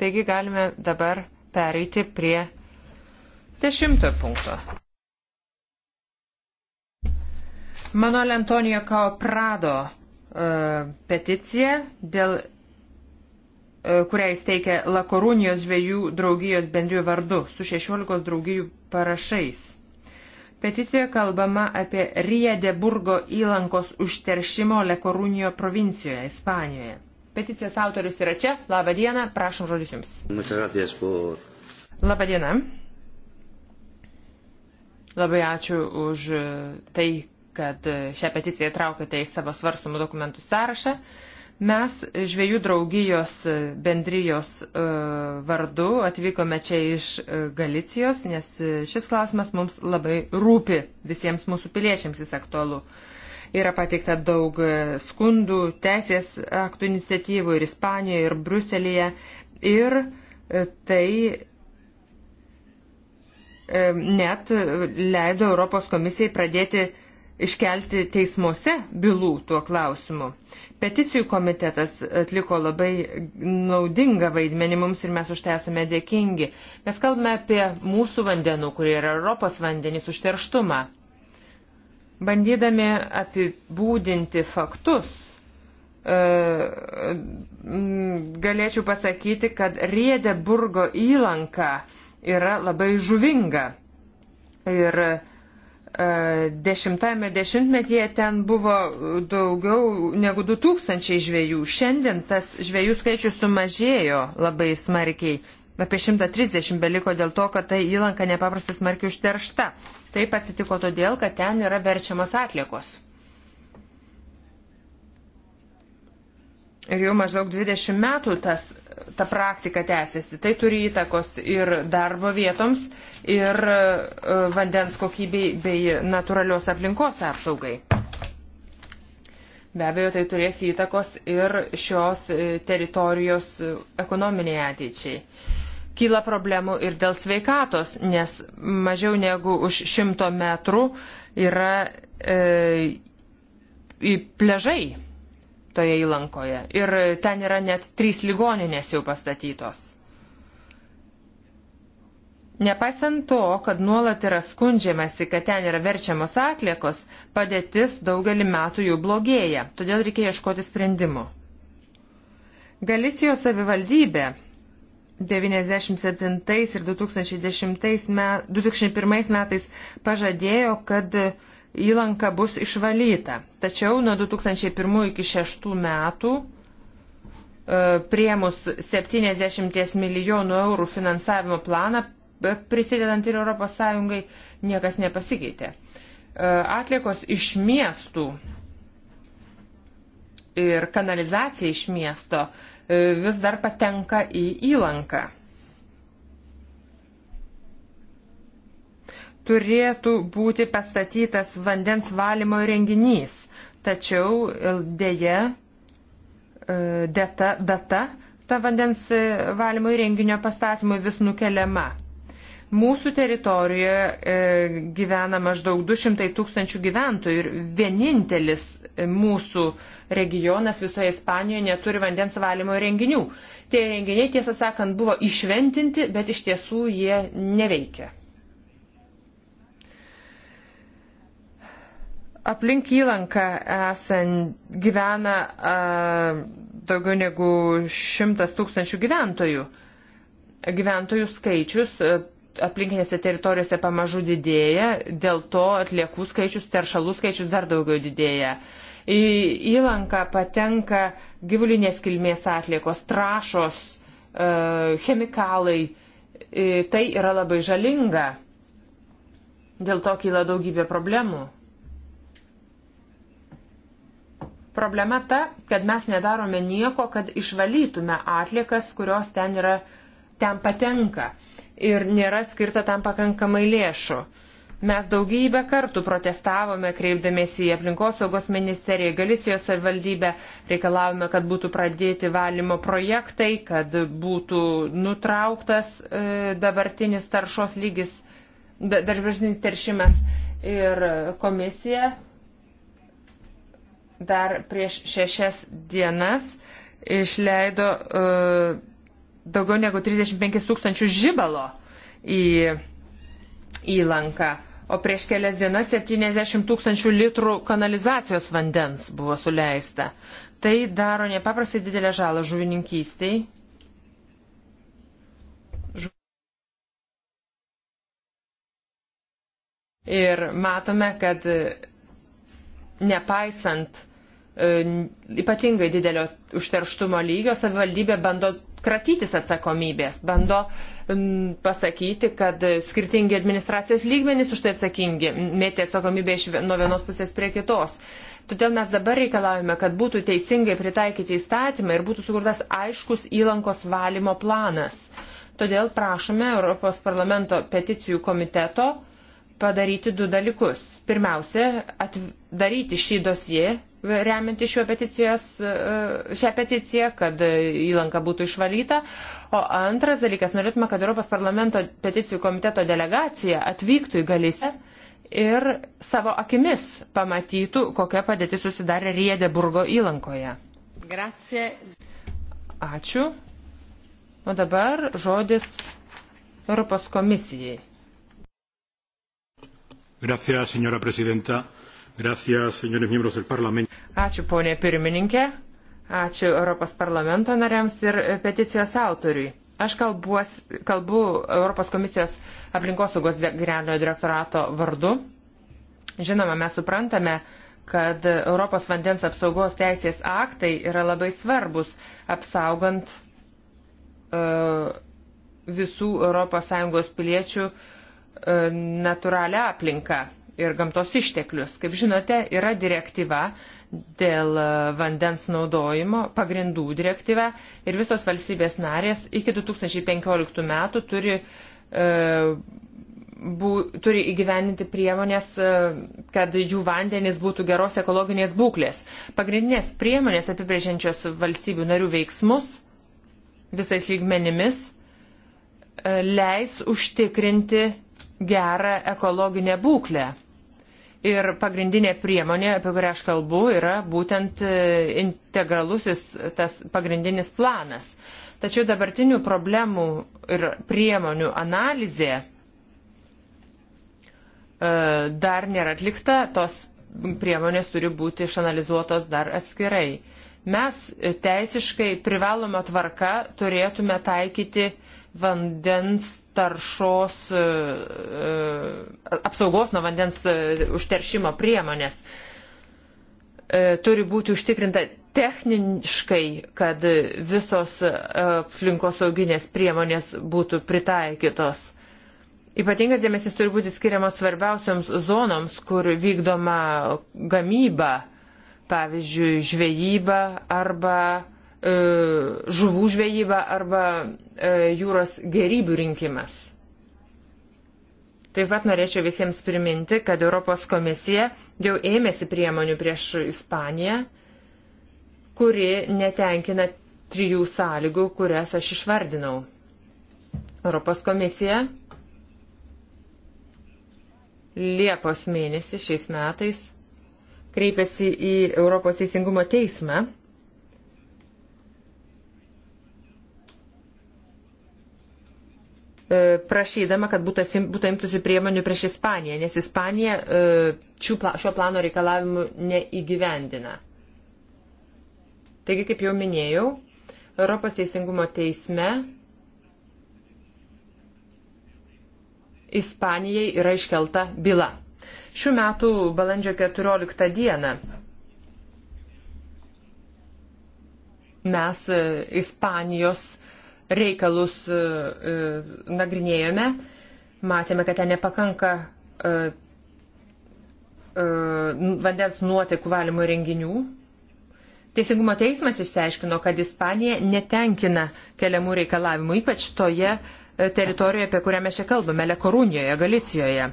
taigi galime dabar pereiti prie dešimtojo punkto. Mano Antonijo Kao Prado uh, peticija dėl e, kurią įsteigė Lakorunijos žvėjų draugijos bendrių vardu su 16 draugijų parašais. Peticijoje kalbama apie Riedeburgo įlankos užteršimo Lekorunijo provincijoje, Ispanijoje. Peticijos autorius yra čia. Labą dieną, prašom žodžius jums. Labą dieną. Labai ačiū už tai, kad šią peticiją traukite į savo svarstumų dokumentų sąrašą. Mes žviejų draugijos bendrijos e, vardu atvykome čia iš e, Galicijos, nes e, šis klausimas mums labai rūpi visiems mūsų piliečiams jis aktualu. Yra pateikta daug skundų, teisės aktų iniciatyvų ir Ispanijoje, ir Bruselėje. Ir tai net leido Europos komisijai pradėti iškelti teismuose bylų tuo klausimu. Peticijų komitetas atliko labai naudingą vaidmenį mums ir mes už tai esame dėkingi. Mes kalbame apie mūsų vandenų, kurie yra Europos vandenys, užterštumą. Bandydami apibūdinti faktus, e, galėčiau pasakyti, kad Riedeburgo įlanka yra labai žuvinga. Ir uh, dešimtame dešimtmetyje ten buvo daugiau negu 2000 žvėjų. Šiandien tas žvėjų skaičius sumažėjo labai smarkiai. Apie 130 beliko dėl to, kad tai įlanka nepaprastai smarkiai užteršta. Taip atsitiko todėl, kad ten yra verčiamas atliekos. Ir jau maždaug 20 metų tas ta praktika tęsiasi. Tai turi įtakos ir darbo vietoms, ir e, vandens kokybei bei natūralios aplinkos apsaugai. Be abejo, tai turės įtakos ir šios e, teritorijos e, ekonominiai ateičiai. Kyla problemų ir dėl sveikatos, nes mažiau negu už šimto metrų yra e, pležai toje įlankoje. Ir ten yra net trys ligoninės jau pastatytos. Nepaisant to, kad nuolat yra skundžiamasi, kad ten yra verčiamos atliekos, padėtis daugelį metų jau blogėja, todėl reikia ieškoti sprendimų. Galisijos savivaldybė 1997 ir 2010 met, 2001 metais pažadėjo, kad įlanka bus išvalyta. Tačiau nuo 2001 iki 2006 metų e, priemus 70 milijonų eurų finansavimo planą, prisidedant ir ES, niekas nepasikeitė. E, Atlikos iš miestų ir kanalizacija iš miesto e, vis dar patenka į įlanką. turėtų būti pastatytas vandens valymo renginys, tačiau e, dėje e, data, data ta vandens e, valymo įrenginio pastatymui vis nukeliama. Mūsų teritorijoje e, gyvena maždaug 200 tūkstančių gyventojų ir vienintelis mūsų regionas visoje Ispanijoje neturi vandens valymo renginių. Tie renginiai, tiesą sakant, buvo išventinti, bet iš tiesų jie neveikia. aplink įlanką esant gyvena a, daugiau negu šimtas tūkstančių gyventojų. Gyventojų skaičius aplinkinėse teritorijose pamažu didėja, dėl to atliekų skaičius, teršalų skaičius dar daugiau didėja. Į įlanką patenka gyvulinės kilmės atliekos, trašos, a, chemikalai. Tai yra labai žalinga. Dėl to kyla daugybė problemų. Problema ta, kad mes nedarome nieko, kad išvalytume atliekas, kurios ten, yra, ten patenka ir nėra skirta tam pakankamai lėšų. Mes daugybę kartų protestavome, kreipdamėsi į aplinkosaugos ministeriją, Galicijos savivaldybę, reikalavome, kad būtų pradėti valymo projektai, kad būtų nutrauktas e, dabartinis taršos lygis, dabartinis teršimas. Ir komisija dar prieš šešias dienas išleido uh, daugiau negu 35 tūkstančių žibalo į įlanką, o prieš kelias dienas 70 tūkstančių litrų kanalizacijos vandens buvo suleista. Tai daro nepaprastai didelę žalą žuvininkystiai. Žu... Ir matome, kad nepaisant E, ypatingai didelio užterštumo lygio savivaldybė bando kratytis atsakomybės, bando pasakyti, kad skirtingi administracijos lygmenys už tai atsakingi, mėtė atsakomybę iš nuo vienos pusės prie kitos. Todėl mes dabar reikalavome, kad būtų teisingai pritaikyti įstatymą ir būtų sukurtas aiškus įlankos valymo planas. Todėl prašome Europos parlamento peticijų komiteto padaryti du dalykus. Pirmiausia, daryti šį dosiją remianti e, šią peticiją, kad įlanka būtų išvalyta. O antras dalykas, norėtume, kad Europos parlamento peticijų komiteto delegacija atvyktų į galise ir savo akimis pamatytų, kokia padėtis susidarė Riedeburgo įlankoje. Grazie. Ačiū. O dabar žodis Europos komisijai. Gracias, señora presidenta. Gracias, señores miembros del Parlamento. Ačiū, ponė pirmininkė. Ačiū Europos parlamento nariams ir e, peticijos autoriui. Aš kalbuos, kalbu Europos komisijos aplinkosaugos generalinio direktorato vardu. Žinoma, mes suprantame, kad Europos vandens apsaugos teisės aktai yra labai svarbus apsaugant uh, visų ES piliečių uh, natūralią aplinką ir gamtos išteklius. Kaip žinote, yra direktyva dėl e, vandens naudojimo, pagrindų direktyva ir visos valstybės narės iki 2015 metų turi, e, bu, turi įgyveninti priemonės, e, kad jų vandenys būtų geros ekologinės būklės. Pagrindinės priemonės apibrėžiančios valstybių narių veiksmus visais lygmenimis e, leis užtikrinti gerą ekologinę būklę. Ir pagrindinė priemonė, apie kurią aš kalbu, yra būtent e, integralusis tas pagrindinis planas. Tačiau dabartinių problemų ir priemonių analizė e, dar nėra atlikta, tos priemonės turi būti išanalizuotos dar atskirai. Mes e, teisiškai privaloma tvarka turėtume taikyti vandens taršos, e, e, apsaugos nuo vandens e, užteršimo priemonės. Turi būti užtikrinta techniškai, kad visos aplinkosauginės priemonės būtų pritaikytos. Ypatingas dėmesys turi būti skiriamas svarbiausioms zonoms, kur vykdoma gamyba, pavyzdžiui, žvejyba arba E, žuvų žvejyba arba e, jūros gerybių rinkimas. Taip pat norėčiau visiems priminti, kad Europos komisija jau ėmėsi priemonių prieš Ispaniją, kuri netenkina trijų sąlygų, kurias aš išvardinau. Europos komisija Liepos mėnesį šiais metais kreipėsi į Europos teisingumo teismą E, prašydama, kad būtų, būtų imtųsi priemonių prieš Ispaniją, nes Ispanija e, pla, šio plano reikalavimų neįgyvendina. Taigi, kaip jau minėjau, Europos Teisingumo teisme Ispanijai yra iškelta byla. Šių metų balandžio 14 dieną mes e, Ispanijos reikalus e, e, nagrinėjome, matėme, kad ten nepakanka e, vandens nuotekų valymo renginių. Teisingumo teismas išsiaiškino, kad Ispanija netenkina keliamų reikalavimų, ypač toje teritorijoje, apie kurią mes čia kalbame, Lekorunijoje, Galicijoje.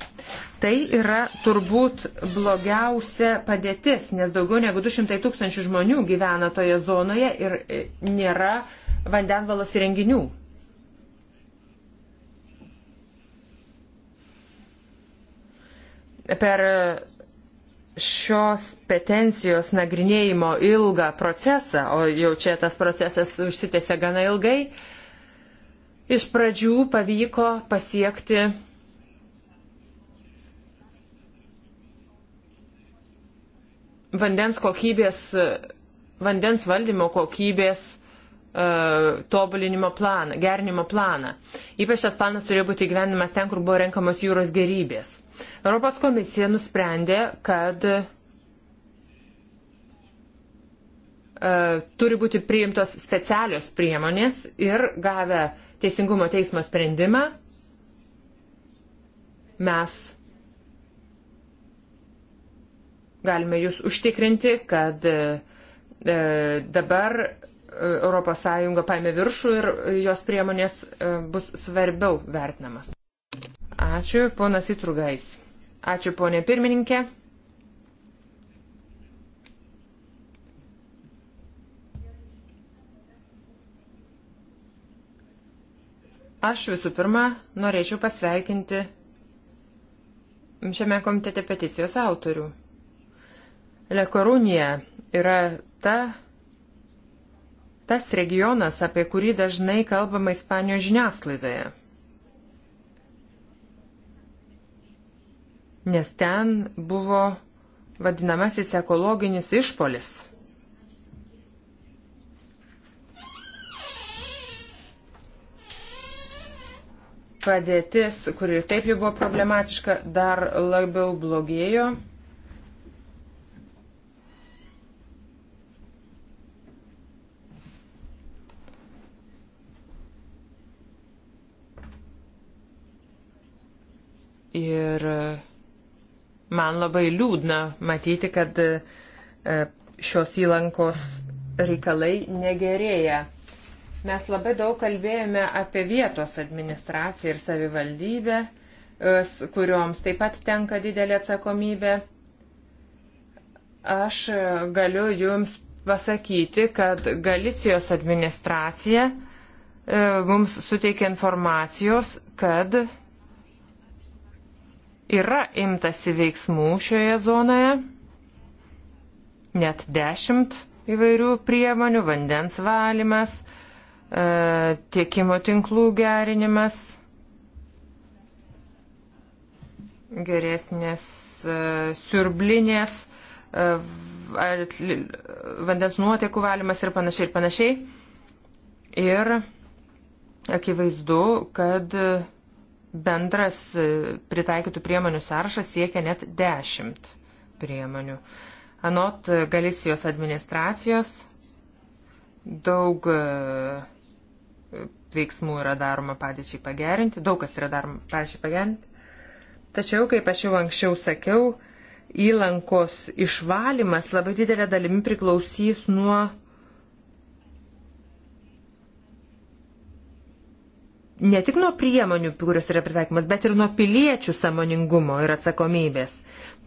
Tai yra turbūt blogiausia padėtis, nes daugiau negu 200 tūkstančių žmonių gyvena toje zonoje ir nėra uh, vandenvalos įrenginių. Per šios petencijos nagrinėjimo ilgą procesą, o jau čia tas procesas užsitęsė gana ilgai, iš pradžių pavyko pasiekti vandens kokybės, vandens valdymo kokybės E, tobulinimo planą, gerinimo planą. Ypač tas planas turėjo būti gyvenimas ten, kur buvo renkamos jūros gerybės. Europos komisija nusprendė, kad e, turi būti priimtos specialios priemonės ir gavę Teisingumo teismo sprendimą mes galime jūs užtikrinti, kad e, dabar ES paėmė viršų ir jos priemonės e, bus svarbiau vertinamas. Ačiū, ponas Itrugais. Ačiū, ponė pirmininkė. Aš visų pirma norėčiau pasveikinti šiame komitete peticijos autorių. Lekorunija yra ta tas regionas, apie kurį dažnai kalbama Ispanijos žiniasklaidoje. Nes ten buvo vadinamasis ekologinis išpolis. Padėtis, kuri ir taip jau buvo problematiška, dar labiau blogėjo. Ir e, man labai liūdna matyti, kad e, šios įlankos reikalai negerėja. Mes labai daug kalbėjome apie vietos administraciją ir savivaldybę, e, kurioms taip pat tenka didelė atsakomybė. Aš galiu Jums pasakyti, kad Galicijos administracija mums suteikia informacijos, kad Yra imtasi veiksmų šioje zonoje, net dešimt įvairių priemonių, vandens valymas, e, tiekimo tinklų gerinimas, geresnės e, siurblinės, e, vandens nuotekų valymas ir panašiai ir panašiai. Ir akivaizdu, kad bendras e, pritaikytų priemonių sąrašas siekia net 10 priemonių. Anot Galisijos administracijos daug e, veiksmų yra daroma padėčiai pagerinti, daug kas yra daroma padėčiai pagerinti. Tačiau, kaip aš jau anksčiau sakiau, įlankos išvalymas labai didelė dalimi priklausys nuo ne tik nuo priemonių, kurios yra pritaikomas, bet ir nuo piliečių samoningumo ir atsakomybės.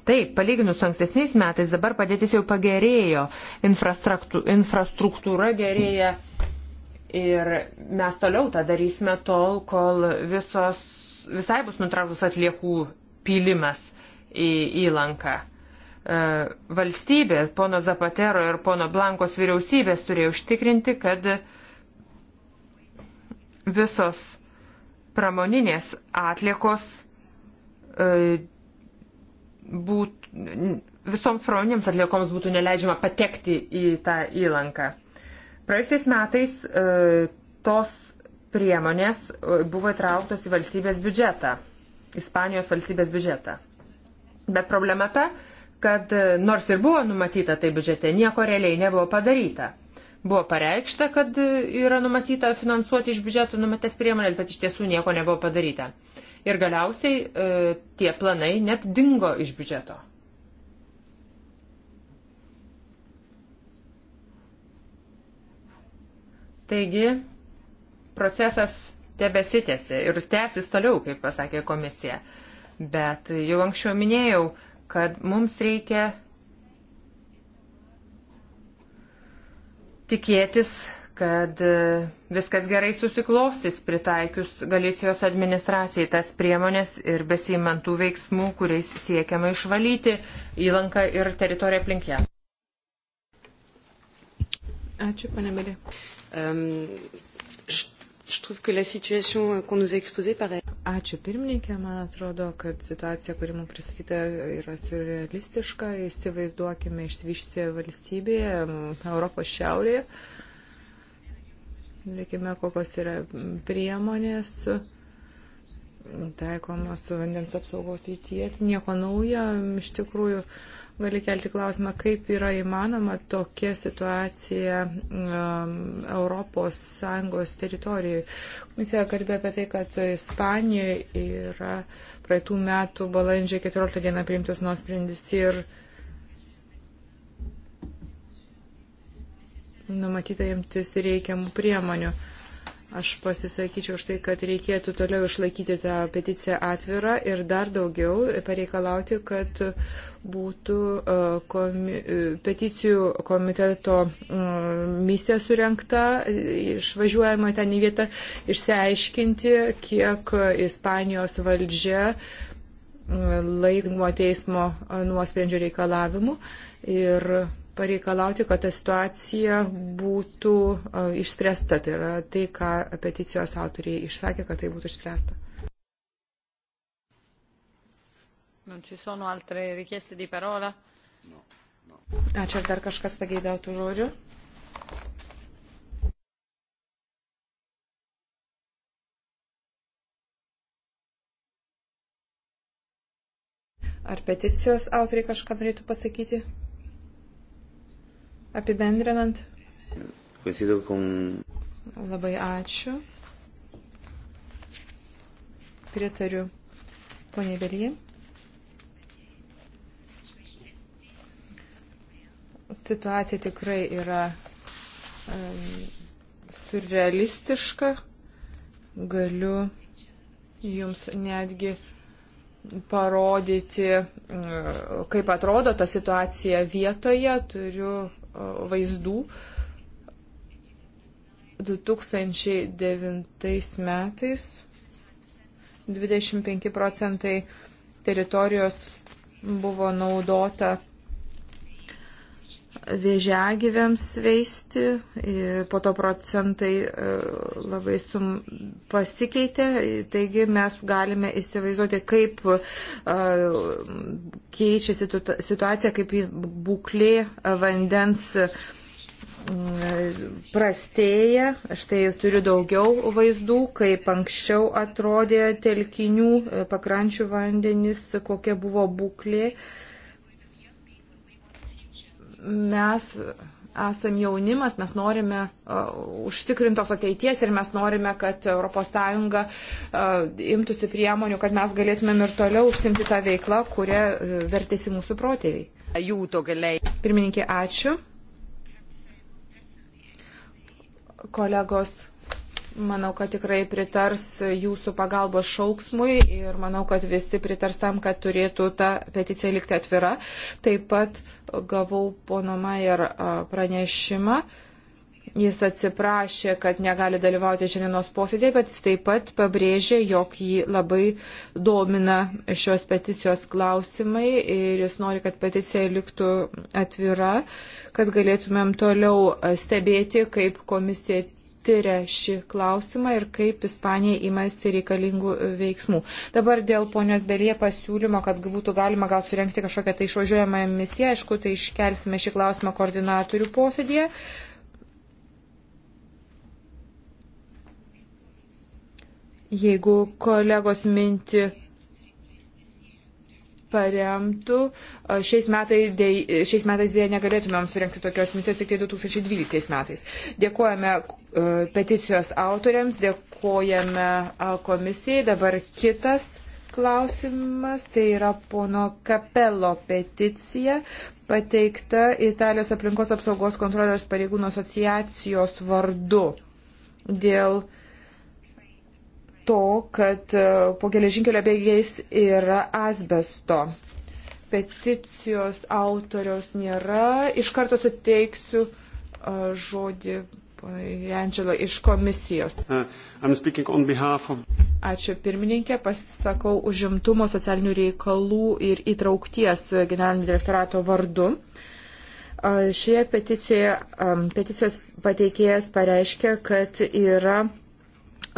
Taip, palyginus su ankstesniais metais, dabar padėtis jau pagerėjo, infrastruktūra gerėja ir mes toliau tą darysime tol, kol visos, visai bus nutrauktas atliekų pylimas į įlanką e, valstybė, pono Zapatero ir pono Blankos vyriausybės turėjo užtikrinti, kad visos pramoninės atliekos e, būt, visoms pramoninėms atliekoms būtų neleidžiama patekti į tą įlanką. Praėjusiais metais e, tos priemonės e, buvo įtrauktos į valstybės biudžetą, Ispanijos valstybės biudžetą. Bet problema ta, kad e, nors ir buvo numatyta tai biudžete, nieko realiai nebuvo padaryta. Buvo pareikšta, kad yra numatyta finansuoti iš biudžeto numatytas priemonės, bet iš tiesų nieko nebuvo padaryta. Ir galiausiai e, tie planai net dingo iš biudžeto. Taigi, procesas tebesitėsi ir tęsis toliau, kaip pasakė komisija. Bet jau anksčiau minėjau, kad mums reikia tikėtis, kad e, viskas gerai susiklostys pritaikius Galicijos administracijai tas priemonės ir besiimantų veiksmų, kuriais siekiama išvalyti įlanką ir teritoriją aplink ją. Ačiū, pane Melė. Um, je, je trouve que la situation qu'on nous a exposée paraît. Ačiū pirmininkė, man atrodo, kad situacija, kuri mums pristatyta, yra surrealistiška. Įsivaizduokime išsivyščioje valstybėje, Europos šiaurėje. Reikime, kokios yra priemonės. Su taikomos vandens apsaugos įtie. Nieko naujo, iš tikrųjų, gali kelti klausimą, kaip yra įmanoma tokia situacija um, ES teritorijoje. Komisija kalbėjo apie tai, kad Ispanijoje yra praeitų metų balandžio 14 dieną priimtas nuosprendis ir numatyta imtis reikiamų priemonių. Uh, Aš pasisakyčiau už tai, kad reikėtų toliau išlaikyti tą peticiją atvirą ir dar daugiau pareikalauti, kad būtų e, komi, e, peticijų komiteto misija surenkta, e, išvažiuojama ten į vietą, išsiaiškinti, kiek Ispanijos valdžia laikmo teismo nuosprendžio reikalavimų ir pareikalauti, kad ta situacija būtų e, išspręsta. Tai yra tai, ką peticijos autoriai išsakė, kad tai būtų išspręsta. Non ci sono altre richieste di parola? No, no. Ačiū, ar dar kažkas pageidautų žodžių? Ar peticijos autoriai kažką norėtų pasakyti? Apibendrinant. Labai ačiū. Pritariu poniai Belyje. Situacija tikrai yra um, surrealistiška. Galiu jums netgi parodyti, kaip atrodo ta situacija vietoje. Turiu vaizdų. 2009 metais 25 procentai teritorijos buvo naudota vėžiagyviams veisti, po to procentai e, labai sum pasikeitė, taigi mes galime įsivaizduoti, kaip e, keičiasi situacija, kaip būklė e, vandens mm, prastėja. Štai turiu daugiau vaizdų, kaip anksčiau atrodė telkinių pakrančių vandenis, kokia buvo būklė. Uh, mes esam jaunimas, mes norime uh, užtikrintos ateities ir mes norime, kad ES uh, imtųsi priemonių, kad mes galėtumėm ir toliau užsimti tą veiklą, kurią uh, e, vertėsi mūsų protėviai. Pirmininkė, ačiū. Kolegos Manau, kad tikrai pritars jūsų pagalbos šauksmui ir manau, kad visi pritars tam, kad turėtų ta peticija likti atvira. Taip pat gavau pono Maier pranešimą. Jis atsiprašė, kad negali dalyvauti šiandienos posėdėje, bet jis taip pat pabrėžė, jog jį labai domina šios peticijos klausimai ir jis nori, kad peticija liktų atvira, kad galėtumėm toliau stebėti, kaip komisija tyria šį klausimą ir kaip Ispanija imasi reikalingų veiksmų. Dabar dėl ponios Belie pasiūlymo, kad būtų galima gal surenkti kažkokią tai išvažiuojamą misiją, aišku, tai iškelsime šį klausimą koordinatorių posėdėje. Jeigu kolegos minti paremtų. Šiais, metai dėj, šiais metais dėja negalėtumėm surenkti tokios misijos tik tai 2012 metais. Dėkojame peticijos autoriams, dėkojame komisijai. Dabar kitas klausimas, tai yra pono Kapelo peticija pateikta Italijos aplinkos apsaugos kontrolės pareigūnų asociacijos vardu dėl to, kad e, po geležinkelio bėgiais yra asbesto. Peticijos autoriaus nėra. Iš karto suteiksiu e, žodį Angelo iš komisijos. Uh, Ačiū pirmininkė, pasisakau užimtumo socialinių reikalų ir įtraukties generalinio direktorato vardu. E, šioje peticijoje um, peticijos pateikėjas pareiškia, kad yra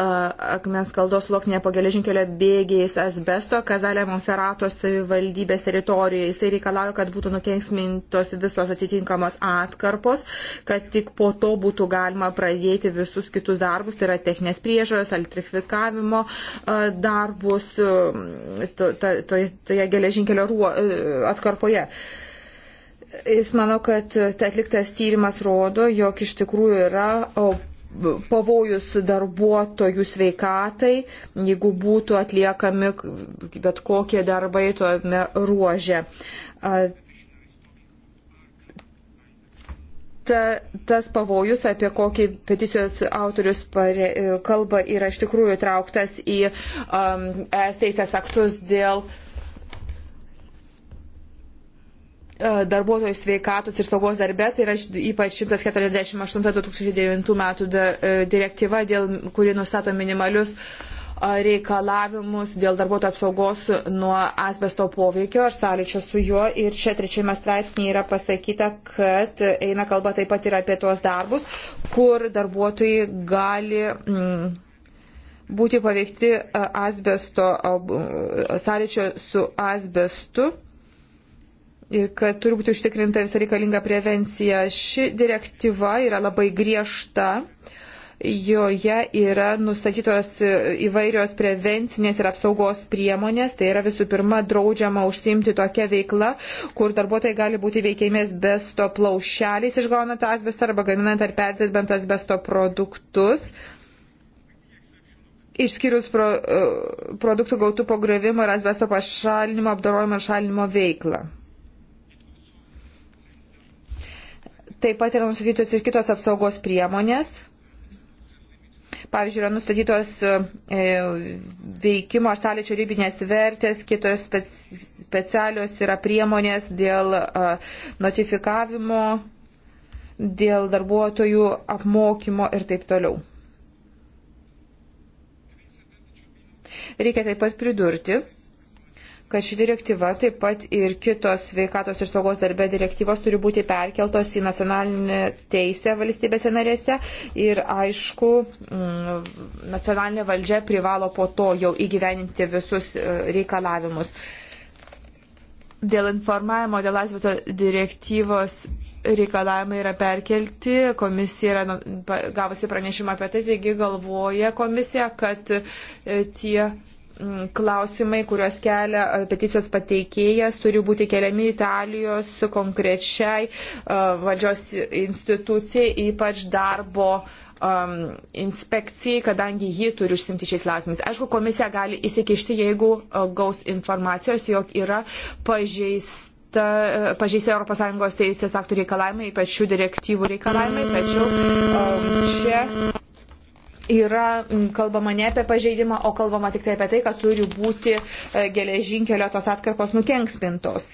akmens kaldos sluoksnėje po geležinkelio bėgiais asbesto Kazalė Monferato savivaldybės teritorijoje. Jisai reikalauja, kad būtų nukenksmintos visos atitinkamos atkarpos, kad tik po to būtų galima pradėti visus kitus darbus, tai yra techninės priežos, elektrifikavimo darbus to, to, to, toje geležinkelio ruo, e, atkarpoje. Jis manau, kad atliktas tyrimas rodo, jog iš tikrųjų yra pavojus darbuotojų sveikatai, jeigu būtų atliekami bet kokie darbai tuome ruožė. Ta, tas pavojus, apie kokį peticijos autorius pare, kalba, yra iš tikrųjų trauktas į um, teisės aktus dėl uh, E, darbuotojų sveikatos ir saugos darbė, tai yra ypač 148-2009 metų e, direktyva, dėl, kuri nustato minimalius e, reikalavimus dėl darbuotojų apsaugos nuo asbesto poveikio ar sąlyčio su juo. Ir čia trečiame straipsnėje yra pasakyta, kad eina kalba taip pat ir apie tuos darbus, kur darbuotojai gali. Mm, būti paveikti asbesto, sąlyčio su asbestu ir kad turi būti užtikrinta visa reikalinga prevencija. Ši direktyva yra labai griežta. Joje yra nustatytos įvairios prevencinės ir apsaugos priemonės. Tai yra visų pirma draudžiama užsimti tokią veiklą, kur darbuotojai gali būti veikėjimės besto plaušeliais išgaunant asbestą arba gaminant ar perdirbant asbesto produktus išskyrus pro, e, produktų gautų po griovimo ir asbesto pašalinimo, apdorojimo ir šalinimo veiklą. Taip pat yra nustatytos ir kitos apsaugos priemonės. Pavyzdžiui, yra nustatytos e, veikimo ar sąlyčio ribinės vertės, kitos specialios yra priemonės dėl e, notifikavimo, dėl darbuotojų apmokymo ir taip toliau. Reikia taip pat pridurti, kad ši direktyva taip pat ir kitos sveikatos ir saugos darbė direktyvos turi būti perkeltos į nacionalinę teisę valstybėse narėse ir aišku, mm, nacionalinė valdžia privalo po to jau įgyveninti visus e, reikalavimus. Dėl informavimo, dėl asvito direktyvos reikalavimai yra perkelti, komisija yra nu, gavusi pranešimą apie tai, taigi galvoja komisija, kad e, tie Mm, klausimai, kuriuos kelia e, peticijos pateikėjas, turi būti keliami Italijos konkrečiai e, valdžios institucijai, ypač darbo um, inspekcijai, kadangi ji turi užsimti šiais klausimais. Aišku, komisija gali įsikišti, jeigu uh, gaus informacijos, jog yra pažeista ta, pažeisė ES teisės aktų reikalavimai, ypač šių direktyvų reikalavimai, tačiau um, čia yra kalbama ne apie pažeidimą, o kalbama tik tai apie tai, kad turi būti e, geležinkelio tos atkarpos nukenksmintos.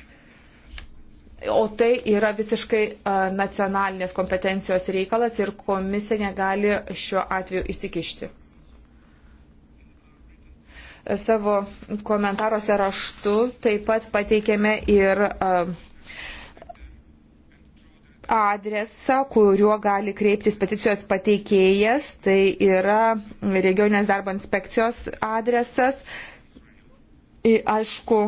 O tai yra visiškai e, nacionalinės kompetencijos reikalas ir komisija negali šiuo atveju įsikišti. E, savo komentaruose raštu taip pat pateikėme ir uh, adresą, kuriuo gali kreiptis peticijos pateikėjas, tai yra regioninės darbo inspekcijos adresas. Aišku,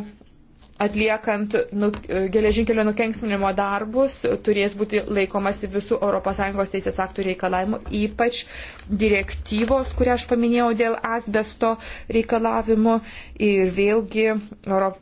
atliekant nu, geležinkelio nukenksminimo darbus turės būti laikomasi visų ES teisės aktų reikalavimų, ypač direktyvos, kurią aš paminėjau dėl asbesto reikalavimų ir vėlgi Europ...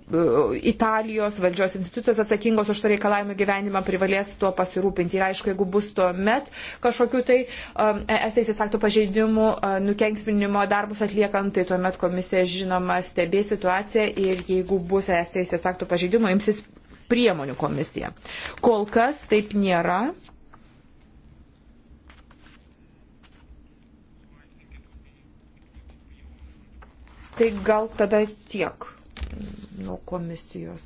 Italijos valdžios institucijos atsakingos už to reikalavimų gyvenimą privalės tuo pasirūpinti. Ir aišku, jeigu bus tuo met kažkokiu tai um, ES teisės aktų pažeidimu uh, nukenksminimo darbus atliekant, tai tuomet komisija žinoma stebės situaciją ir jeigu bus ES teisės teisės aktų pažeidimo imsis priemonių komisija. Kol kas taip nėra. Tai gal tada tiek nuo komisijos.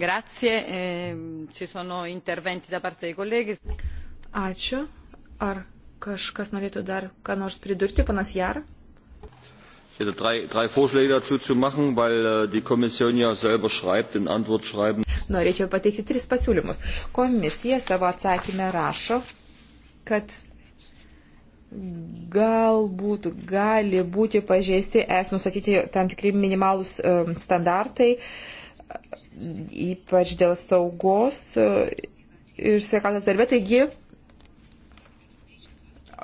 Grazie, eh, ci sono interventi da parte dei colleghi. Ačiū. Ar kažkas norėtų dar ką nors pridurti, panas Jar? hätte drei, drei Vorschläge dazu zu machen, weil äh, die Kommission ja selber schreibt, in Antwort schreiben. Norėčiau pateikti tris pasiūlymus. Komisija savo atsakymę rašo, kad galbūt gali būti pažeisti es nusakyti tam tikri minimalus um, standartai, ypač dėl saugos. Uh, ir sveikatos darbė, taigi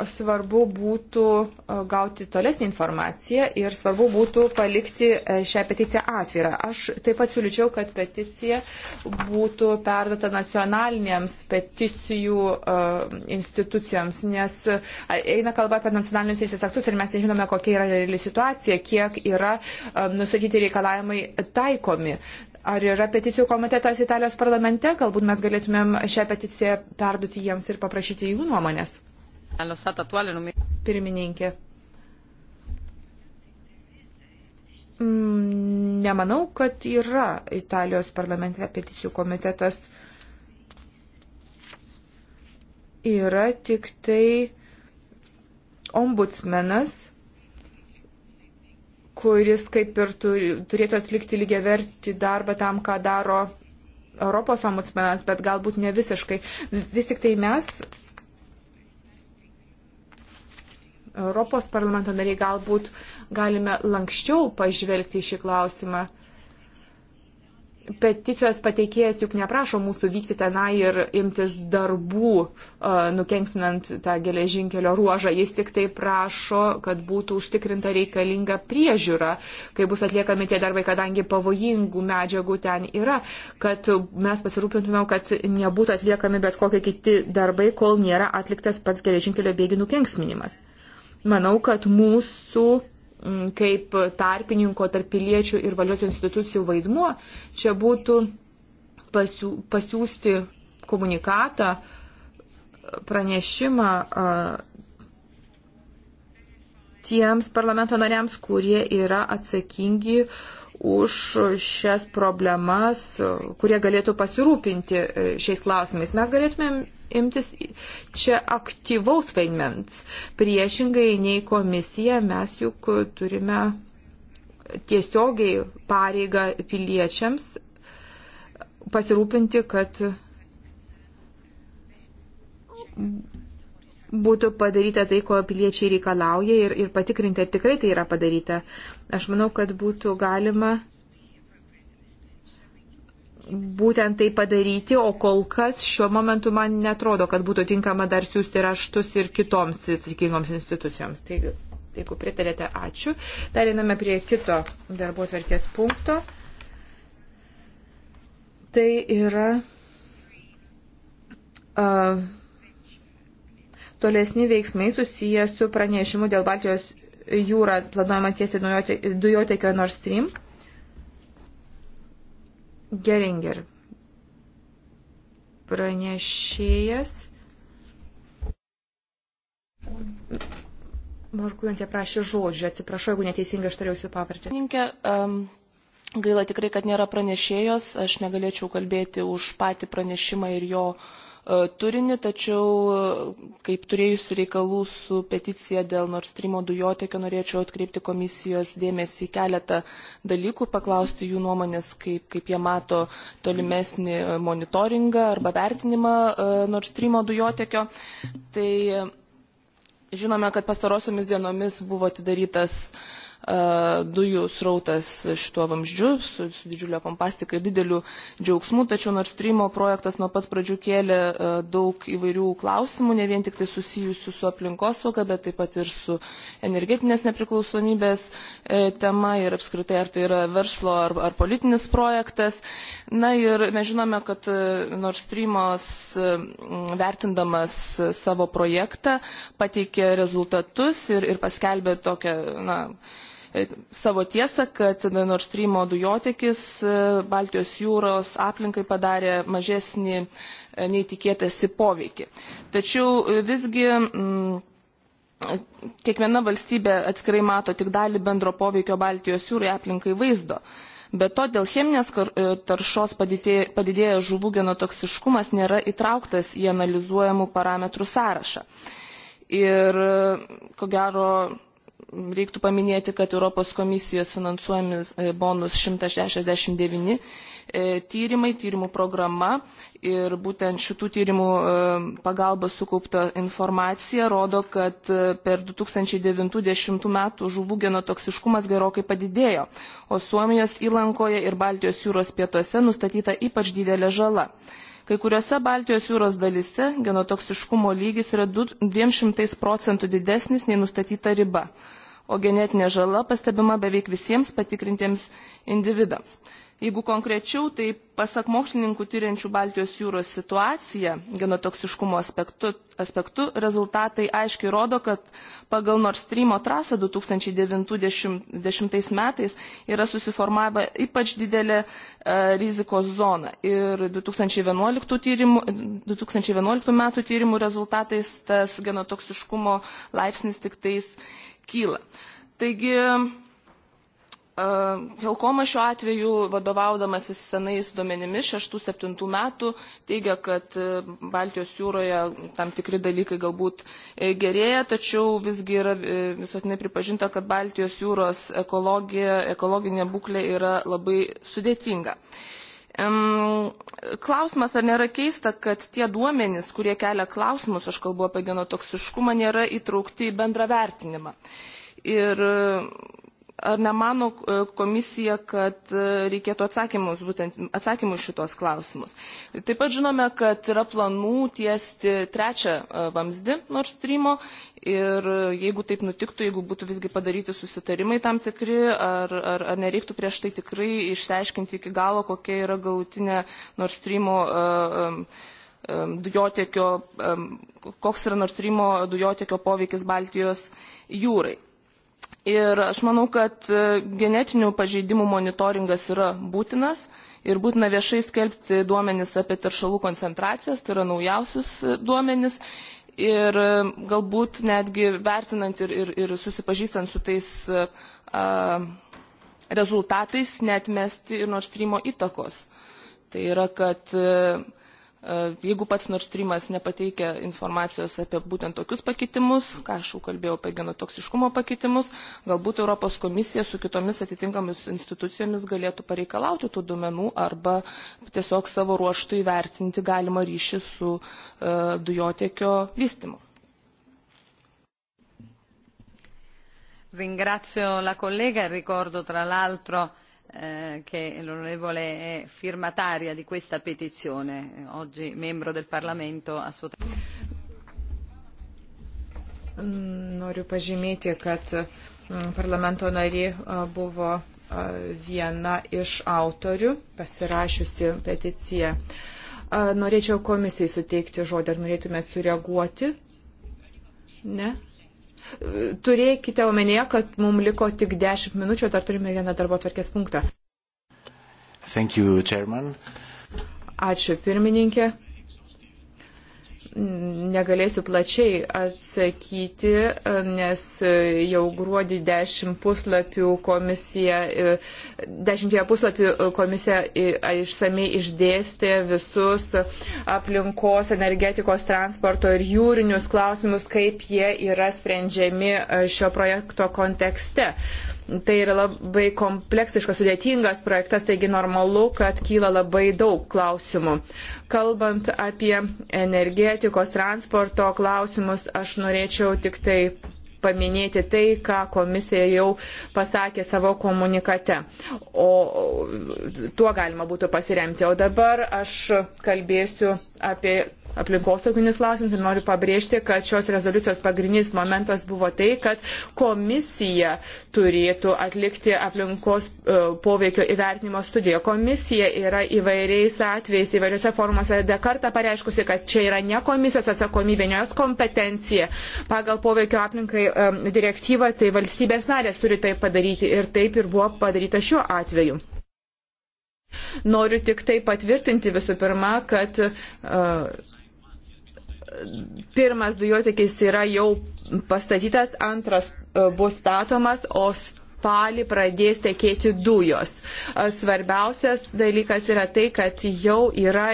svarbu būtų e, gauti tolesnį informaciją ir svarbu būtų palikti e, šią peticiją atvirą. Aš taip pat siūlyčiau, kad peticija būtų perduota nacionalinėms peticijų e, institucijoms, nes eina kalba apie nacionalinius teisės aktus ir mes nežinome, kokia yra reali situacija, kiek yra nusakyti reikalavimai taikomi. Ar yra peticijų komitetas Italijos parlamente? Galbūt mes galėtumėm šią peticiją perduoti jiems ir paprašyti jų nuomonės. Pirmininkė. Mm, nemanau, kad yra Italijos parlamente peticijų komitetas. Yra tik tai ombudsmenas, kuris kaip ir turi, turėtų atlikti lygiai verti darbą tam, ką daro Europos ombudsmenas, bet galbūt ne visiškai. Vis tik tai mes Europos parlamento nariai galbūt galime lankščiau pažvelgti į šį klausimą. Peticijos pateikėjas juk neprašo mūsų vykti tenai ir imtis darbų, nukenksinant tą geležinkelio ruožą. Jis tik tai prašo, kad būtų užtikrinta reikalinga priežiūra, kai bus atliekami tie darbai, kadangi pavojingų medžiagų ten yra, kad mes pasirūpintumėm, kad nebūtų atliekami bet kokie kiti darbai, kol nėra atliktas pats geležinkelio bėgių nukenksminimas manau, kad mūsų kaip tarpininko tarp piliečių ir valios institucijų vaidmuo čia būtų pasiū, pasiūsti komunikatą, pranešimą tiems parlamento nariams, kurie yra atsakingi už šias problemas, kurie galėtų pasirūpinti e, šiais klausimais. Mes galėtumėm imtis čia aktyvaus vaidmens. Priešingai nei komisija, mes juk turime tiesiogiai pareigą piliečiams pasirūpinti, kad būtų padaryta tai, ko piliečiai reikalauja ir, ir patikrinti, ar tikrai tai yra padaryta. Aš manau, kad būtų galima būtent tai padaryti, o kol kas šiuo momentu man netrodo, kad būtų tinkama dar siūsti raštus ir kitoms atsakingoms institucijoms. Taigi, jeigu pritarėte, ačiū. Periname prie kito darbo tvarkės punkto. Tai yra. Uh, tolesni veiksmai susiję su pranešimu dėl Baltijos jūrą planuojama tiesti dujotekio Nord Stream. Geringer. Pranešėjas. Morkūnantė prašė žodžio, atsiprašau, jeigu neteisingai ištariau jūsų pavardę. Um, gaila tikrai, kad nėra pranešėjos, aš negalėčiau kalbėti už patį pranešimą ir jo uh, E, turinį, tačiau e, kaip turėjusi reikalų su peticija dėl Nord Stream dujotekio, norėčiau atkreipti komisijos dėmesį į keletą dalykų, paklausti jų nuomonės, kaip, kaip jie mato tolimesnį e, monitoringą arba vertinimą Nord Stream dujotekio. Tai žinome, kad pastarosiomis dienomis buvo atidarytas uh, E, dujų srautas šituo vamzdžiu su, su didžiulio pompastika ir dideliu džiaugsmu, tačiau Nord Stream projektas nuo pat pradžių kėlė e, daug įvairių klausimų, ne vien tik tai susijusių su aplinkosauga, bet taip pat ir su energetinės nepriklausomybės e, tema ir apskritai ar tai yra verslo ar, ar politinis projektas. Na ir mes žinome, kad Nord Streamas vertindamas savo projektą pateikė rezultatus ir, ir paskelbė tokią na, savo tiesą, kad Nord Stream dujotekis e, Baltijos jūros aplinkai padarė mažesnį e, neįtikėtasi poveikį. Tačiau e, visgi. Mm, kiekviena valstybė atskirai mato tik dalį bendro poveikio Baltijos jūrai aplinkai vaizdo. Be to, dėl cheminės taršos padidėjęs žuvų genotoksiškumas nėra įtrauktas į analizuojamų parametrų sąrašą. Ir ko gero Reiktų paminėti, kad Europos komisijos finansuojami e, bonus 169 e, tyrimai, tyrimų programa ir būtent šitų tyrimų e, pagalba sukaupta informacija rodo, kad e, per 2009-2010 metų žuvų genotoksiškumas gerokai padidėjo, o Suomijos įlankoje ir Baltijos jūros pietuose nustatyta ypač didelė žala. Kai kuriuose Baltijos jūros dalise genotoksiškumo lygis yra 200 procentų didesnis nei nustatyta riba o genetinė žala pastebima beveik visiems patikrintiems individams. Jeigu konkrečiau, tai pasak mokslininkų tyriančių Baltijos jūros situaciją genotoksiškumo aspektu, aspektu rezultatai aiškiai rodo, kad pagal Nord Streamo trasą 2090 metais yra susiformavę ypač didelė e, rizikos zona. Ir 2011, tyrimų, 2011 metų tyrimų rezultatais tas genotoksiškumo laipsnis tik tais kyla. Taigi Helkomas šiuo atveju, vadovaudamasis senais duomenimis 6-7 metų, teigia, kad e, Baltijos jūroje tam tikri dalykai galbūt e, gerėja, tačiau visgi yra e, visuotinai pripažinta, kad Baltijos jūros ekologinė būklė yra labai sudėtinga. Klausimas, ar nėra keista, kad tie duomenys, kurie kelia klausimus, aš kalbu apie genotoksiškumą, nėra įtraukti į bendrą vertinimą. Ir Ar nemano e, komisija, kad e, reikėtų atsakymus, būtent atsakymus šitos klausimus? Taip pat žinome, kad yra planų tiesti trečią e, vamzdį Nord Streamo ir jeigu taip nutiktų, jeigu būtų visgi padaryti susitarimai tam tikri, ar, ar, ar nereiktų prieš tai tikrai išsiaiškinti iki galo, kokia yra gautinė Nord Streamo um, um, dujotiekio, um, koks yra Nord Streamo dujotiekio poveikis Baltijos jūrai. Ir aš manau, kad e, genetinių pažeidimų monitoringas yra būtinas ir būtina viešai skelbti duomenis apie teršalų koncentracijas, tai yra naujausius e, duomenis. Ir e, galbūt netgi vertinant ir, ir, ir susipažįstant su tais a, rezultatais, netmesti ir Nord Stream įtakos. Tai yra, kad E, jeigu pats Nord Streamas nepateikia informacijos apie būtent tokius pakitimus, ką aš jau kalbėjau apie genotoksiškumo pakitimus, galbūt Europos komisija su kitomis atitinkamis institucijomis galėtų pareikalauti tų duomenų arba tiesiog savo ruoštų įvertinti galimą ryšį su e, dujotiekio vystimu. Ringrazio la collega e ricordo tra l'altro eh, che l'onorevole è firmataria di questa petizione, oggi membro del Parlamento a suo tempo. Noriu pažymėti, kad mm, parlamento narė buvo viena iš autorių pasirašiusi peticiją. Norėčiau komisijai suteikti žodį, ar norėtumėt sureaguoti? Ne? turėkite omenyje, kad mums liko tik 10 minučių, dar turime vieną darbo tvarkės punktą. Thank you, chairman. Ačiū pirmininkė negalėsiu plačiai atsakyti, nes jau gruodį 10 puslapių komisija, 10 puslapių komisija išsamei išdėstė visus aplinkos, energetikos, transporto ir jūrinius klausimus, kaip jie yra sprendžiami šio projekto kontekste. Tai yra labai kompleksiškas, sudėtingas projektas, taigi normalu, kad kyla labai daug klausimų. Kalbant apie energetikos, transporto klausimus, aš norėčiau tik tai paminėti tai, ką komisija jau pasakė savo komunikate. O tuo galima būtų pasiremti. O dabar aš kalbėsiu apie aplinkosauginis klausimus ir noriu pabrėžti, kad šios rezoliucijos pagrindinis momentas buvo tai, kad komisija turėtų atlikti aplinkos e, poveikio įvertinimo studiją. Komisija yra įvairiais atvejais, įvairiose formose dekartą pareiškusi, kad čia yra ne komisijos atsakomybė, ne jos kompetencija. Pagal poveikio aplinkai e, direktyvą tai valstybės narės turi tai padaryti ir taip ir buvo padaryta šiuo atveju. Noriu tik tai patvirtinti visų pirma, kad uh, pirmas dujotekis yra jau pastatytas, antras e, bus statomas, o spalį pradės tekėti dujos. E, svarbiausias dalykas yra tai, kad jau yra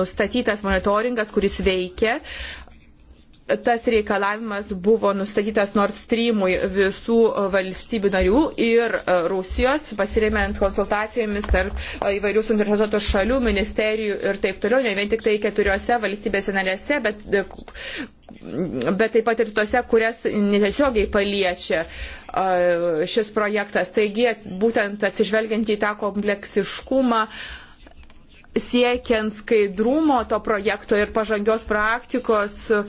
nustatytas monitoringas, kuris veikia tas reikalavimas buvo nustatytas Nord Streamui visų valstybių narių ir e, Rusijos, pasiremiant konsultacijomis tarp e, įvairių suinteresuotų šalių, ministerijų ir taip toliau, ne vien tik tai keturiose valstybėse narėse, bet, e, bet taip pat ir tose, kurias netiesiogiai paliečia šis projektas. Taigi, būtent atsižvelgiant į tą kompleksiškumą, siekiant skaidrumo to projekto ir pažangios praktikos, uh,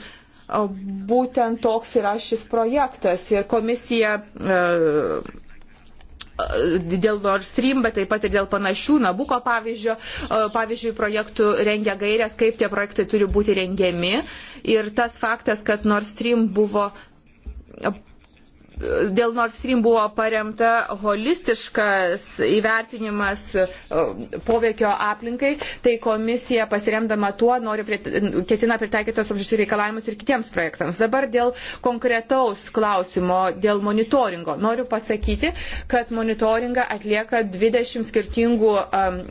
būtent toks yra šis projektas ir komisija e, e, dėl Nord Stream, bet taip pat ir dėl panašių Nabuko pavyzdžio, e, pavyzdžiui, projektų rengia gairias, kaip tie projektai turi būti rengiami. Ir tas faktas, kad Nord Stream buvo dėl Nord Stream buvo paremta holistiškas įvertinimas e, poveikio aplinkai, tai komisija pasiremdama tuo nori prit, ketina pritaikyti tos apžiūrų reikalavimus ir kitiems projektams. Dabar dėl konkretaus klausimo, dėl monitoringo. Noriu pasakyti, kad monitoringą atlieka 20 skirtingų um,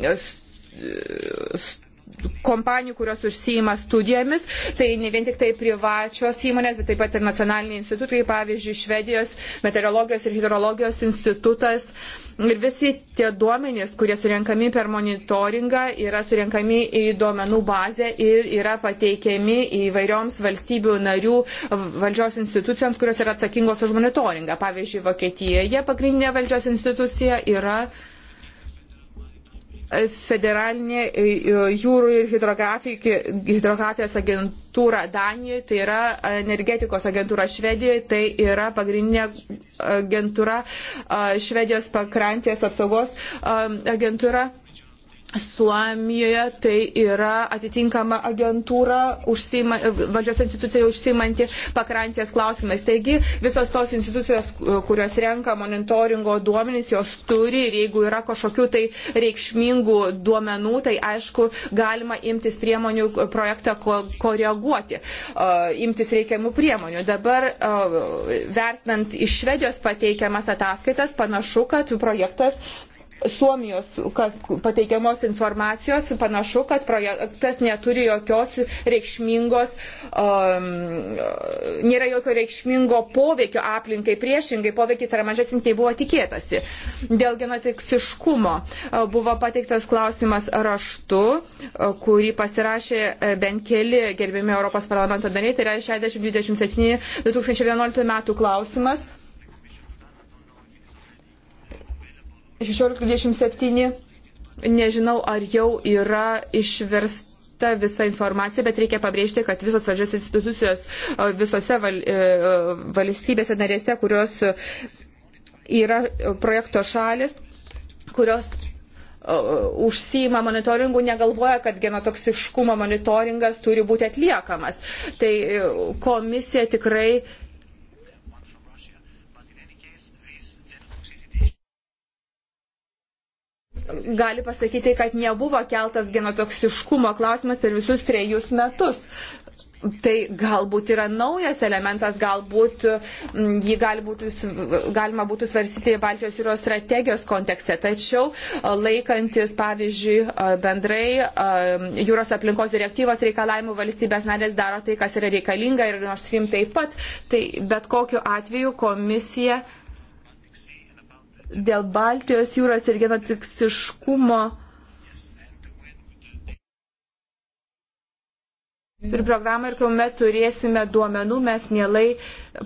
kompanijų, kurios užsijima studijomis, tai ne vien tik tai privačios įmonės, bet taip pat ir nacionaliniai institutai, pavyzdžiui, Švedijos meteorologijos ir hidrologijos institutas. Ir visi tie duomenys, kurie surinkami per monitoringą, yra surinkami į duomenų bazę ir yra pateikiami įvairioms valstybių narių valdžios institucijoms, kurios yra atsakingos už monitoringą. Pavyzdžiui, Vokietijoje pagrindinė valdžios institucija yra federalinė e, e, jūrų ir hidrografijos agentūra Danijoje, tai yra energetikos agentūra Švedijoje, tai yra pagrindinė agentūra Švedijos pakrantės apsaugos agentūra. Suomijoje tai yra atitinkama agentūra, užsima, valdžios institucija užsimanti pakrantės klausimais. Taigi visos tos institucijos, kurios renka monitoringo duomenys, jos turi ir jeigu yra kažkokių tai reikšmingų duomenų, tai aišku, galima imtis priemonių projektą ko, koreguoti, uh, imtis reikiamų priemonių. Dabar uh, vertinant iš Švedijos pateikiamas ataskaitas, panašu, kad projektas Suomijos kas, pateikiamos informacijos panašu, kad projektas neturi jokios reikšmingos, um, nėra jokio reikšmingo poveikio aplinkai, priešingai poveikis yra mažesnis, nei buvo tikėtasi. Dėl genetiksiškumo uh, buvo pateiktas klausimas raštu, uh, kurį pasirašė uh, bent keli gerbimi Europos parlamento nariai, tai yra 6027 2011 metų klausimas. 16.27. Nežinau, ar jau yra išversta pateikta visa informacija, bet reikia pabrėžti, kad visos valdžios institucijos visose val, e, valstybėse narėse, kurios yra projekto šalis, kurios užsima monitoringu, negalvoja, kad genotoksiškumo monitoringas turi būti atliekamas. Tai e, komisija tikrai gali pasakyti, kad nebuvo keltas genotoksiškumo klausimas per visus trejus metus. Tai galbūt yra naujas elementas, galbūt mm, jį gali būtų, galima būtų svarstyti Baltijos jūros strategijos kontekste. Tačiau laikantis, pavyzdžiui, bendrai jūros aplinkos direktyvos reikalavimų valstybės narės daro tai, kas yra reikalinga ir nors trim taip pat, tai bet kokiu atveju komisija dėl Baltijos jūros ir genotiksiškumo ir programą ir kuomet turėsime duomenų, mes mielai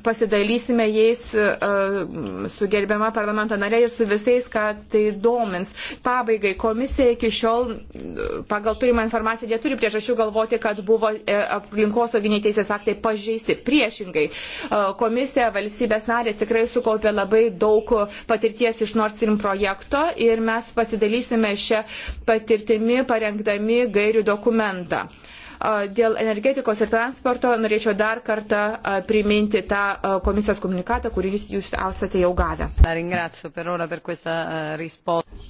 pasidalysime jais e, su gerbiama parlamento narė ir su visais, ką tai domins. Pabaigai, komisija iki šiol e, pagal turimą informaciją neturi priežasčių galvoti, kad buvo e, aplinkosauginiai teisės aktai pažeisti. Priešingai, komisija valstybės narės tikrai sukaupė labai daug patirties iš Nord Stream projekto ir mes pasidalysime šią patirtimį parengdami gairių dokumentą. Uh, Dėl energetikos ir transporto norėčiau dar kartą priminti tą komisijos komunikatą, kurį jūs, jūs esate jau gavę.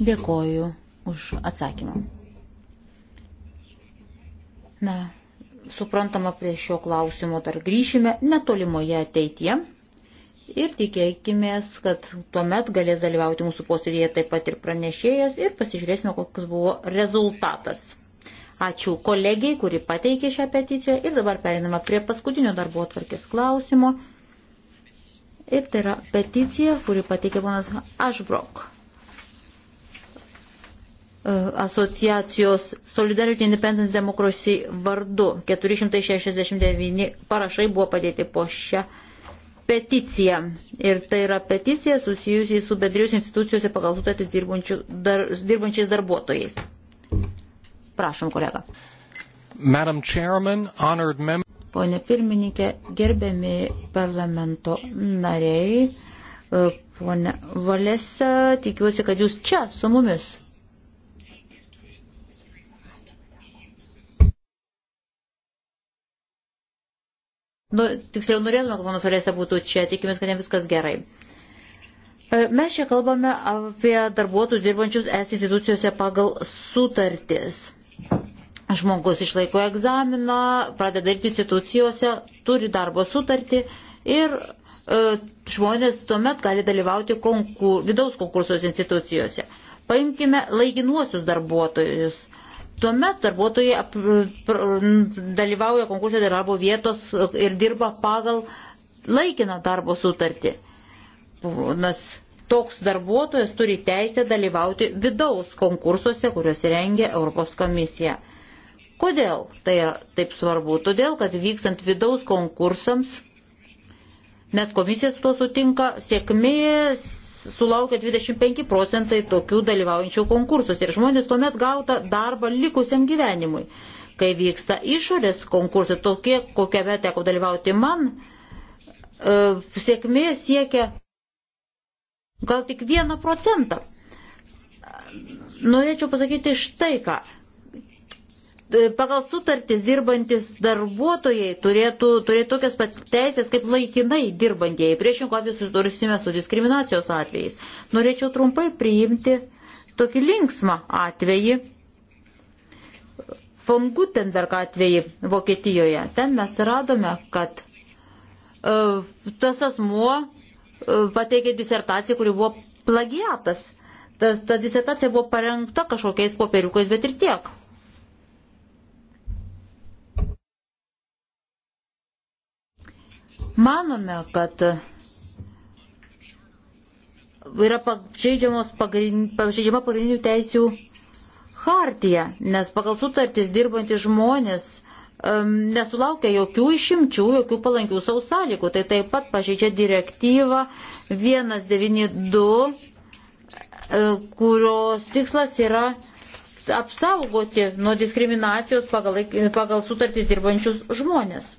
Dėkoju už atsakymą. Na, suprantama, prie šio klausimo dar grįšime netolimoje ateityje. Ir tikėkime, kad tuomet galės dalyvauti mūsų posėdėje taip pat ir pranešėjas ir pasižiūrėsime, koks buvo rezultatas. Ačiū kolegijai, kuri pateikė šią peticiją ir dabar perinama prie paskutinio darbo atvarkės klausimo. Ir tai yra peticija, kuri pateikė ponas Ashbrook e, asociacijos Solidarity Independence Democracy vardu. 469 parašai buvo padėti po šią peticiją. Ir tai yra peticija susijusiai su bedrijos institucijose pagal sutartis dirbančiais darbuotojais. Prašom, kolega. Madam Chairman, honored member. Pone pirmininkė, gerbiami parlamento nariai, e, pone Valesa, tikiuosi, kad jūs čia su mumis. Nu, tiksliau norėtume, kad ponas Valesa būtų čia, tikimės, kad ne viskas gerai. E, mes čia kalbame apie darbuotojus dirbančius es institucijose pagal sutartis. Žmogus išlaiko egzaminą, pradeda dirbti institucijose, turi darbo sutartį ir e, žmonės tuomet gali dalyvauti konkur, vidaus konkursos institucijose. Paimkime laikinuosius darbuotojus. Tuomet darbuotojai ap, pr, dalyvauja konkursė darbo vietos ir dirba pagal laikiną darbo sutartį. Ponas toks darbuotojas turi teisę dalyvauti vidaus konkursuose, kuriuos rengia Europos komisija. Kodėl tai yra taip svarbu? Todėl, kad vykstant vidaus konkursams, net komisija su tuo sutinka, sėkmė sulaukia 25 procentai tokių dalyvaujančių konkursus ir žmonės tuomet gauta darbą likusiam gyvenimui. Kai vyksta išorės konkursai, tokie, kokiame teko dalyvauti man, e, sėkmė siekia gal tik vieną procentą. Norėčiau pasakyti štai ką. Pagal sutartis dirbantis darbuotojai turėtų turėti tokias pat teisės kaip laikinai dirbantieji. Priešinko atveju susidursime su diskriminacijos atvejais. Norėčiau trumpai priimti tokį linksmą atvejį. Von Gutenberg atvejį Vokietijoje. Ten mes radome, kad e, tas asmuo pateikė disertaciją, kuri buvo plagiatas. Ta, ta disertacija buvo parengta kažkokiais popieriukais, bet ir tiek. Manome, kad yra pažeidžiama pagrindinių teisių hartija, nes pagal sutartys dirbantys žmonės nesulaukia jokių išimčių, jokių palankių sausalygų. Tai taip pat pažeidžia direktyvą 192, e, kurios tikslas yra apsaugoti nuo diskriminacijos pagal, pagal sutartys dirbančius žmonės.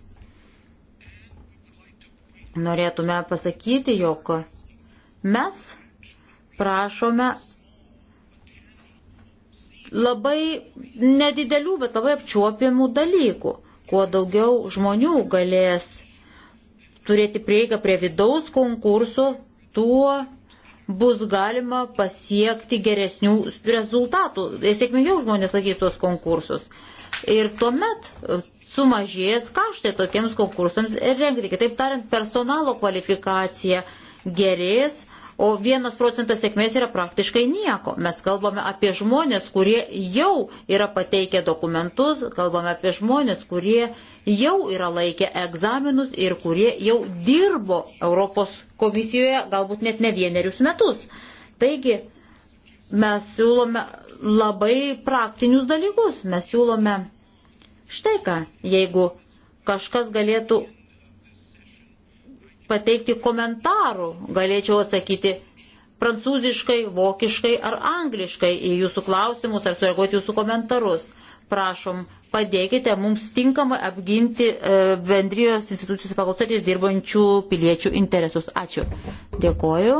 Norėtume pasakyti, jog mes prašome labai nedidelių, bet labai apčiuopiamų dalykų. Kuo daugiau žmonių galės turėti prieigą prie vidaus konkurso, tuo bus galima pasiekti geresnių rezultatų. Sėkmingiau žmonės laikys tuos konkursus. Ir tuomet e, sumažės kaštai tokiems konkursams rengti. Kitaip tariant, personalo kvalifikacija gerės, o vienas procentas sėkmės yra praktiškai nieko. Mes kalbame apie žmonės, kurie jau yra pateikę dokumentus, kalbame apie žmonės, kurie jau yra laikę egzaminus ir kurie jau dirbo Europos komisijoje galbūt net ne vienerius metus. Taigi mes siūlome labai praktinius dalykus. Mes siūlome štai ką, jeigu kažkas galėtų pateikti komentarų, galėčiau atsakyti prancūziškai, vokiškai ar angliškai į jūsų klausimus ar sureaguoti jūsų komentarus. Prašom, padėkite mums tinkamai apginti e, bendrijos institucijos pagal sutartys dirbančių piliečių interesus. Ačiū. Dėkoju.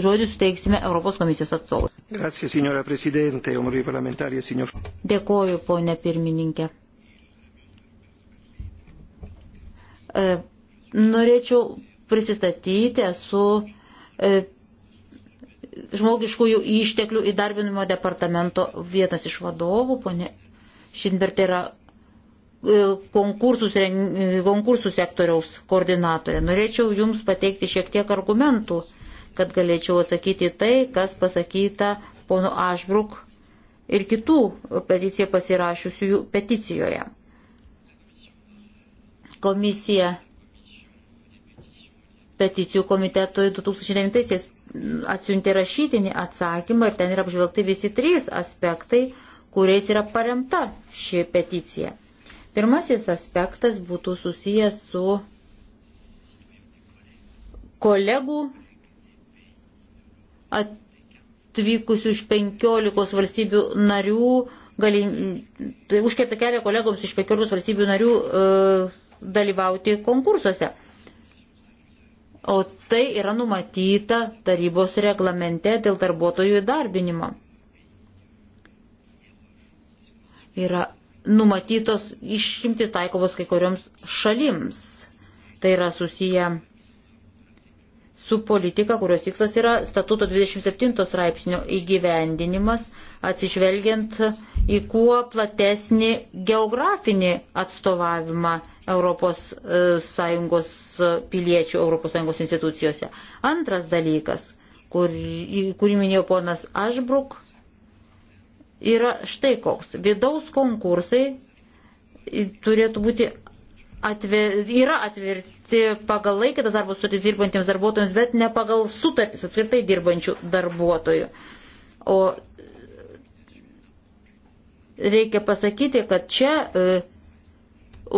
Žodį suteiksime Europos komisijos atstovui. Grazie, signora prezidente, omorui parlamentarė, e signor. Dėkoju, ponė pirmininkė. E, norėčiau prisistatyti, esu e, žmogiškųjų išteklių įdarbinimo departamento vietas iš vadovų, ponė Šinbertė yra e, konkursus, konkursų sektoriaus koordinatorė. Norėčiau Jums pateikti šiek tiek argumentų, kad galėčiau atsakyti tai, kas pasakyta pono Ašbruk ir kitų peticiją pasirašiusiųjų peticijoje. Komisija peticijų komitetui 2009-aisiais atsiuntė rašytinį atsakymą ir ten yra apžvelgti visi trys aspektai, kuriais yra paremta ši peticija. Pirmasis aspektas būtų susijęs su kolegų atvykusių iš 15 valstybių narių, galim, tai užkėta kelią kolegoms iš 15 valstybių narių e, dalyvauti konkursuose o tai yra numatyta tarybos reglamente dėl darbuotojų įdarbinimo. Yra numatytos išimtis taikomos kai kurioms šalims. Tai yra susiję su politika, kurios tikslas yra statuto 27 straipsnio įgyvendinimas, atsižvelgiant į kuo platesnį geografinį atstovavimą ES e, piliečių ES institucijose. Antras dalykas, kur, kurį minėjo ponas Ašbruk, yra štai koks. Vidaus konkursai turėtų būti atver, yra atverti dirbti pagal laikytas darbo sutartį dirbantiems darbuotojams, bet ne pagal sutartis apskritai dirbančių darbuotojų. O e, reikia pasakyti, kad čia e,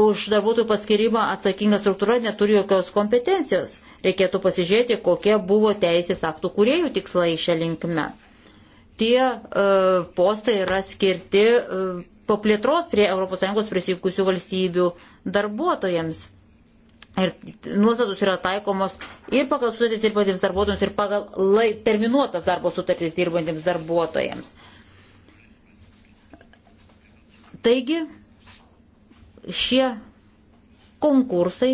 už darbuotojų paskirimą atsakinga struktūra neturi jokios kompetencijos. Reikėtų pasižiūrėti, kokie buvo teisės aktų kuriejų tikslai šią linkme. Tie e, postai yra skirti e, paplėtros prie ES prisikusių valstybių darbuotojams. Ir nuostatus yra taikomos ir pagal sutartis dirbantiems darbuotojams, ir pagal lai, terminuotas darbo sutartis dirbantiems darbuotojams. Taigi, šie konkursai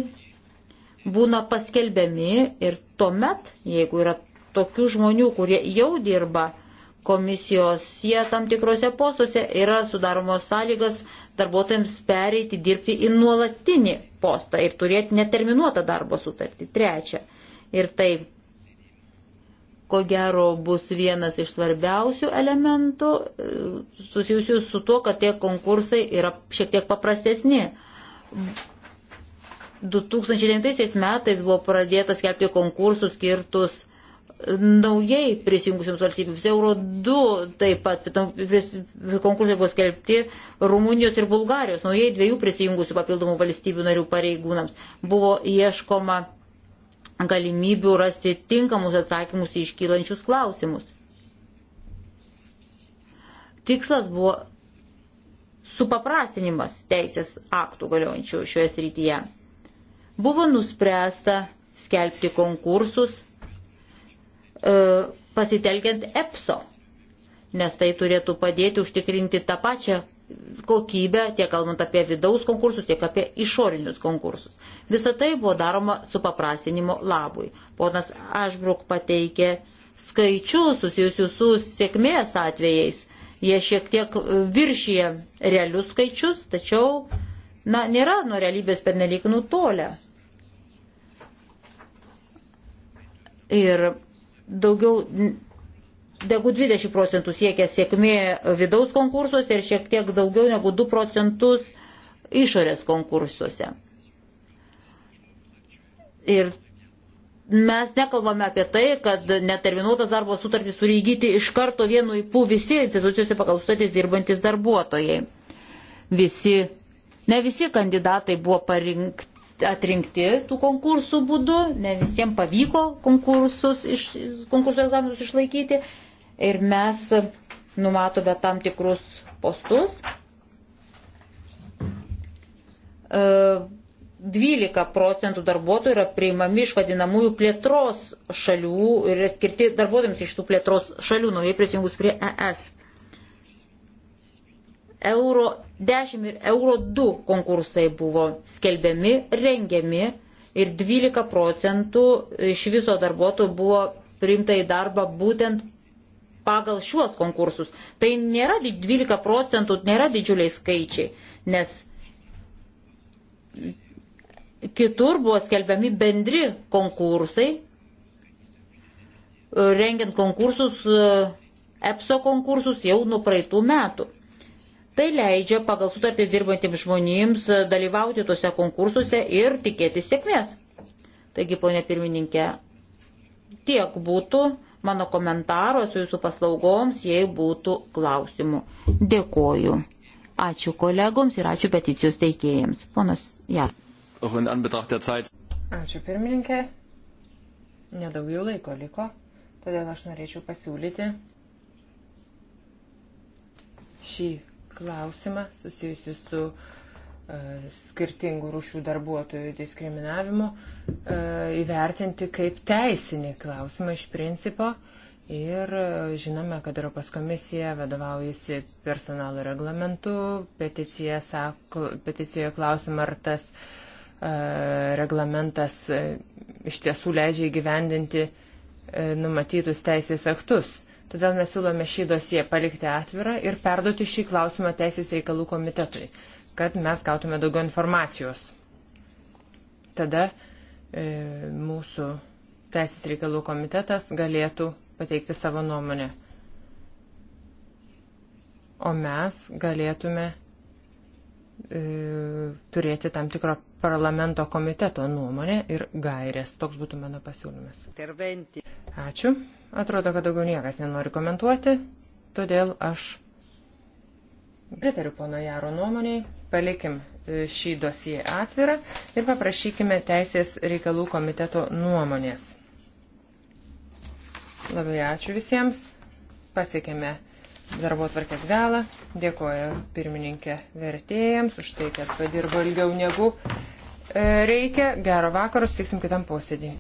būna paskelbiami ir tuomet, jeigu yra tokių žmonių, kurie jau dirba komisijos, jie tam tikrose postuose yra sudaromos sąlygas darbuotojams pereiti dirbti į nuolatinį postą ir turėti neterminuotą darbo sutartį. Trečia. Ir tai, ko gero, bus vienas iš svarbiausių elementų e, susijusių su tuo, kad tie konkursai yra šiek tiek paprastesni. 2009 metais buvo pradėtas skelbti konkursus skirtus naujai prisijungusiams valstybėms. Euro 2 taip pat konkursai buvo skelbti Rumunijos ir Bulgarijos, naujai dviejų prisijungusių papildomų valstybių narių pareigūnams. Buvo ieškoma galimybių rasti tinkamus atsakymus į iškylančius klausimus. Tikslas buvo supaprastinimas teisės aktų galiojančių šioje srityje. Buvo nuspręsta skelbti konkursus E, pasitelkiant EPSO, nes tai turėtų padėti užtikrinti tą pačią kokybę, tiek kalbant apie vidaus konkursus, tiek apie išorinius konkursus. Visą tai buvo daroma su paprasinimo labui. Ponas Ašbruk pateikė skaičius susijusius su sėkmės atvejais. Jie šiek tiek viršyje realius skaičius, tačiau na, nėra nuo realybės pernelyg nutolę. Ir daugiau negu 20 procentų siekia sėkmė vidaus konkursuose ir šiek tiek daugiau negu 2 procentus išorės konkursuose. Ir mes nekalbame apie tai, kad neterminuotas darbo sutartys turi įgyti iš karto vienu įpū visi institucijose pagal sutartys dirbantis darbuotojai. Visi, ne visi kandidatai buvo parinkti atrinkti tų konkursų būdu, ne visiems pavyko konkursus, iš, konkursų egzaminus išlaikyti ir mes numatome tam tikrus postus. 12 e, procentų darbuotojų yra priimami iš vadinamųjų plėtros šalių ir yra skirti darbuotojams iš tų plėtros šalių, naujai prisijungus prie ES. Euro 10 ir euro 2 konkursai buvo skelbiami, rengiami ir 12 procentų iš viso darbuotojų buvo priimta į darbą būtent pagal šiuos konkursus. Tai nėra 12 procentų, nėra didžiuliai skaičiai, nes kitur buvo skelbiami bendri konkursai, rengiant konkursus, e, EPSO konkursus jau nuo praeitų metų. Tai leidžia pagal sutartį dirbantiems žmonėms e, dalyvauti tuose konkursuose ir tikėtis sėkmės. Taigi, ponė pirmininkė, tiek būtų mano komentaro su jūsų paslaugoms, jei būtų klausimų. Dėkoju. Ačiū kolegoms ir ačiū peticijos teikėjams. Ponas Jar. Ačiū pirmininkė. Nedaugiau laiko liko, todėl aš norėčiau pasiūlyti šį klausimą susijusi su uh, skirtingų rūšių darbuotojų diskriminavimu, uh, e, įvertinti kaip teisinį klausimą iš principo. Ir e, žinome, kad Europos komisija vadovaujasi personalo reglamentu, peticija sako, peticijoje klausim, ar tas uh, reglamentas iš tiesų leidžia įgyvendinti numatytus teisės aktus. Todėl mes siūlome šį dosiją palikti atvirą ir perduoti šį klausimą Teisės reikalų komitetui, kad mes gautume daugiau informacijos. Tada e, mūsų Teisės reikalų komitetas galėtų pateikti savo nuomonę. O mes galėtume e, turėti tam tikro parlamento komiteto nuomonę ir gairės. Toks būtų mano pasiūlymas. Ačiū. Atrodo, kad daugiau niekas nenori komentuoti, todėl aš pritariu pono Jaro nuomoniai, palikim e, šį dosiją atvirą ir paprašykime Teisės reikalų komiteto nuomonės. Labai ačiū visiems, pasiekėme darbo tvarkės galą, dėkoju pirmininkė vertėjams už tai, kad padirbo ilgiau negu e, reikia. Gero vakaro, sutiksim kitam posėdį.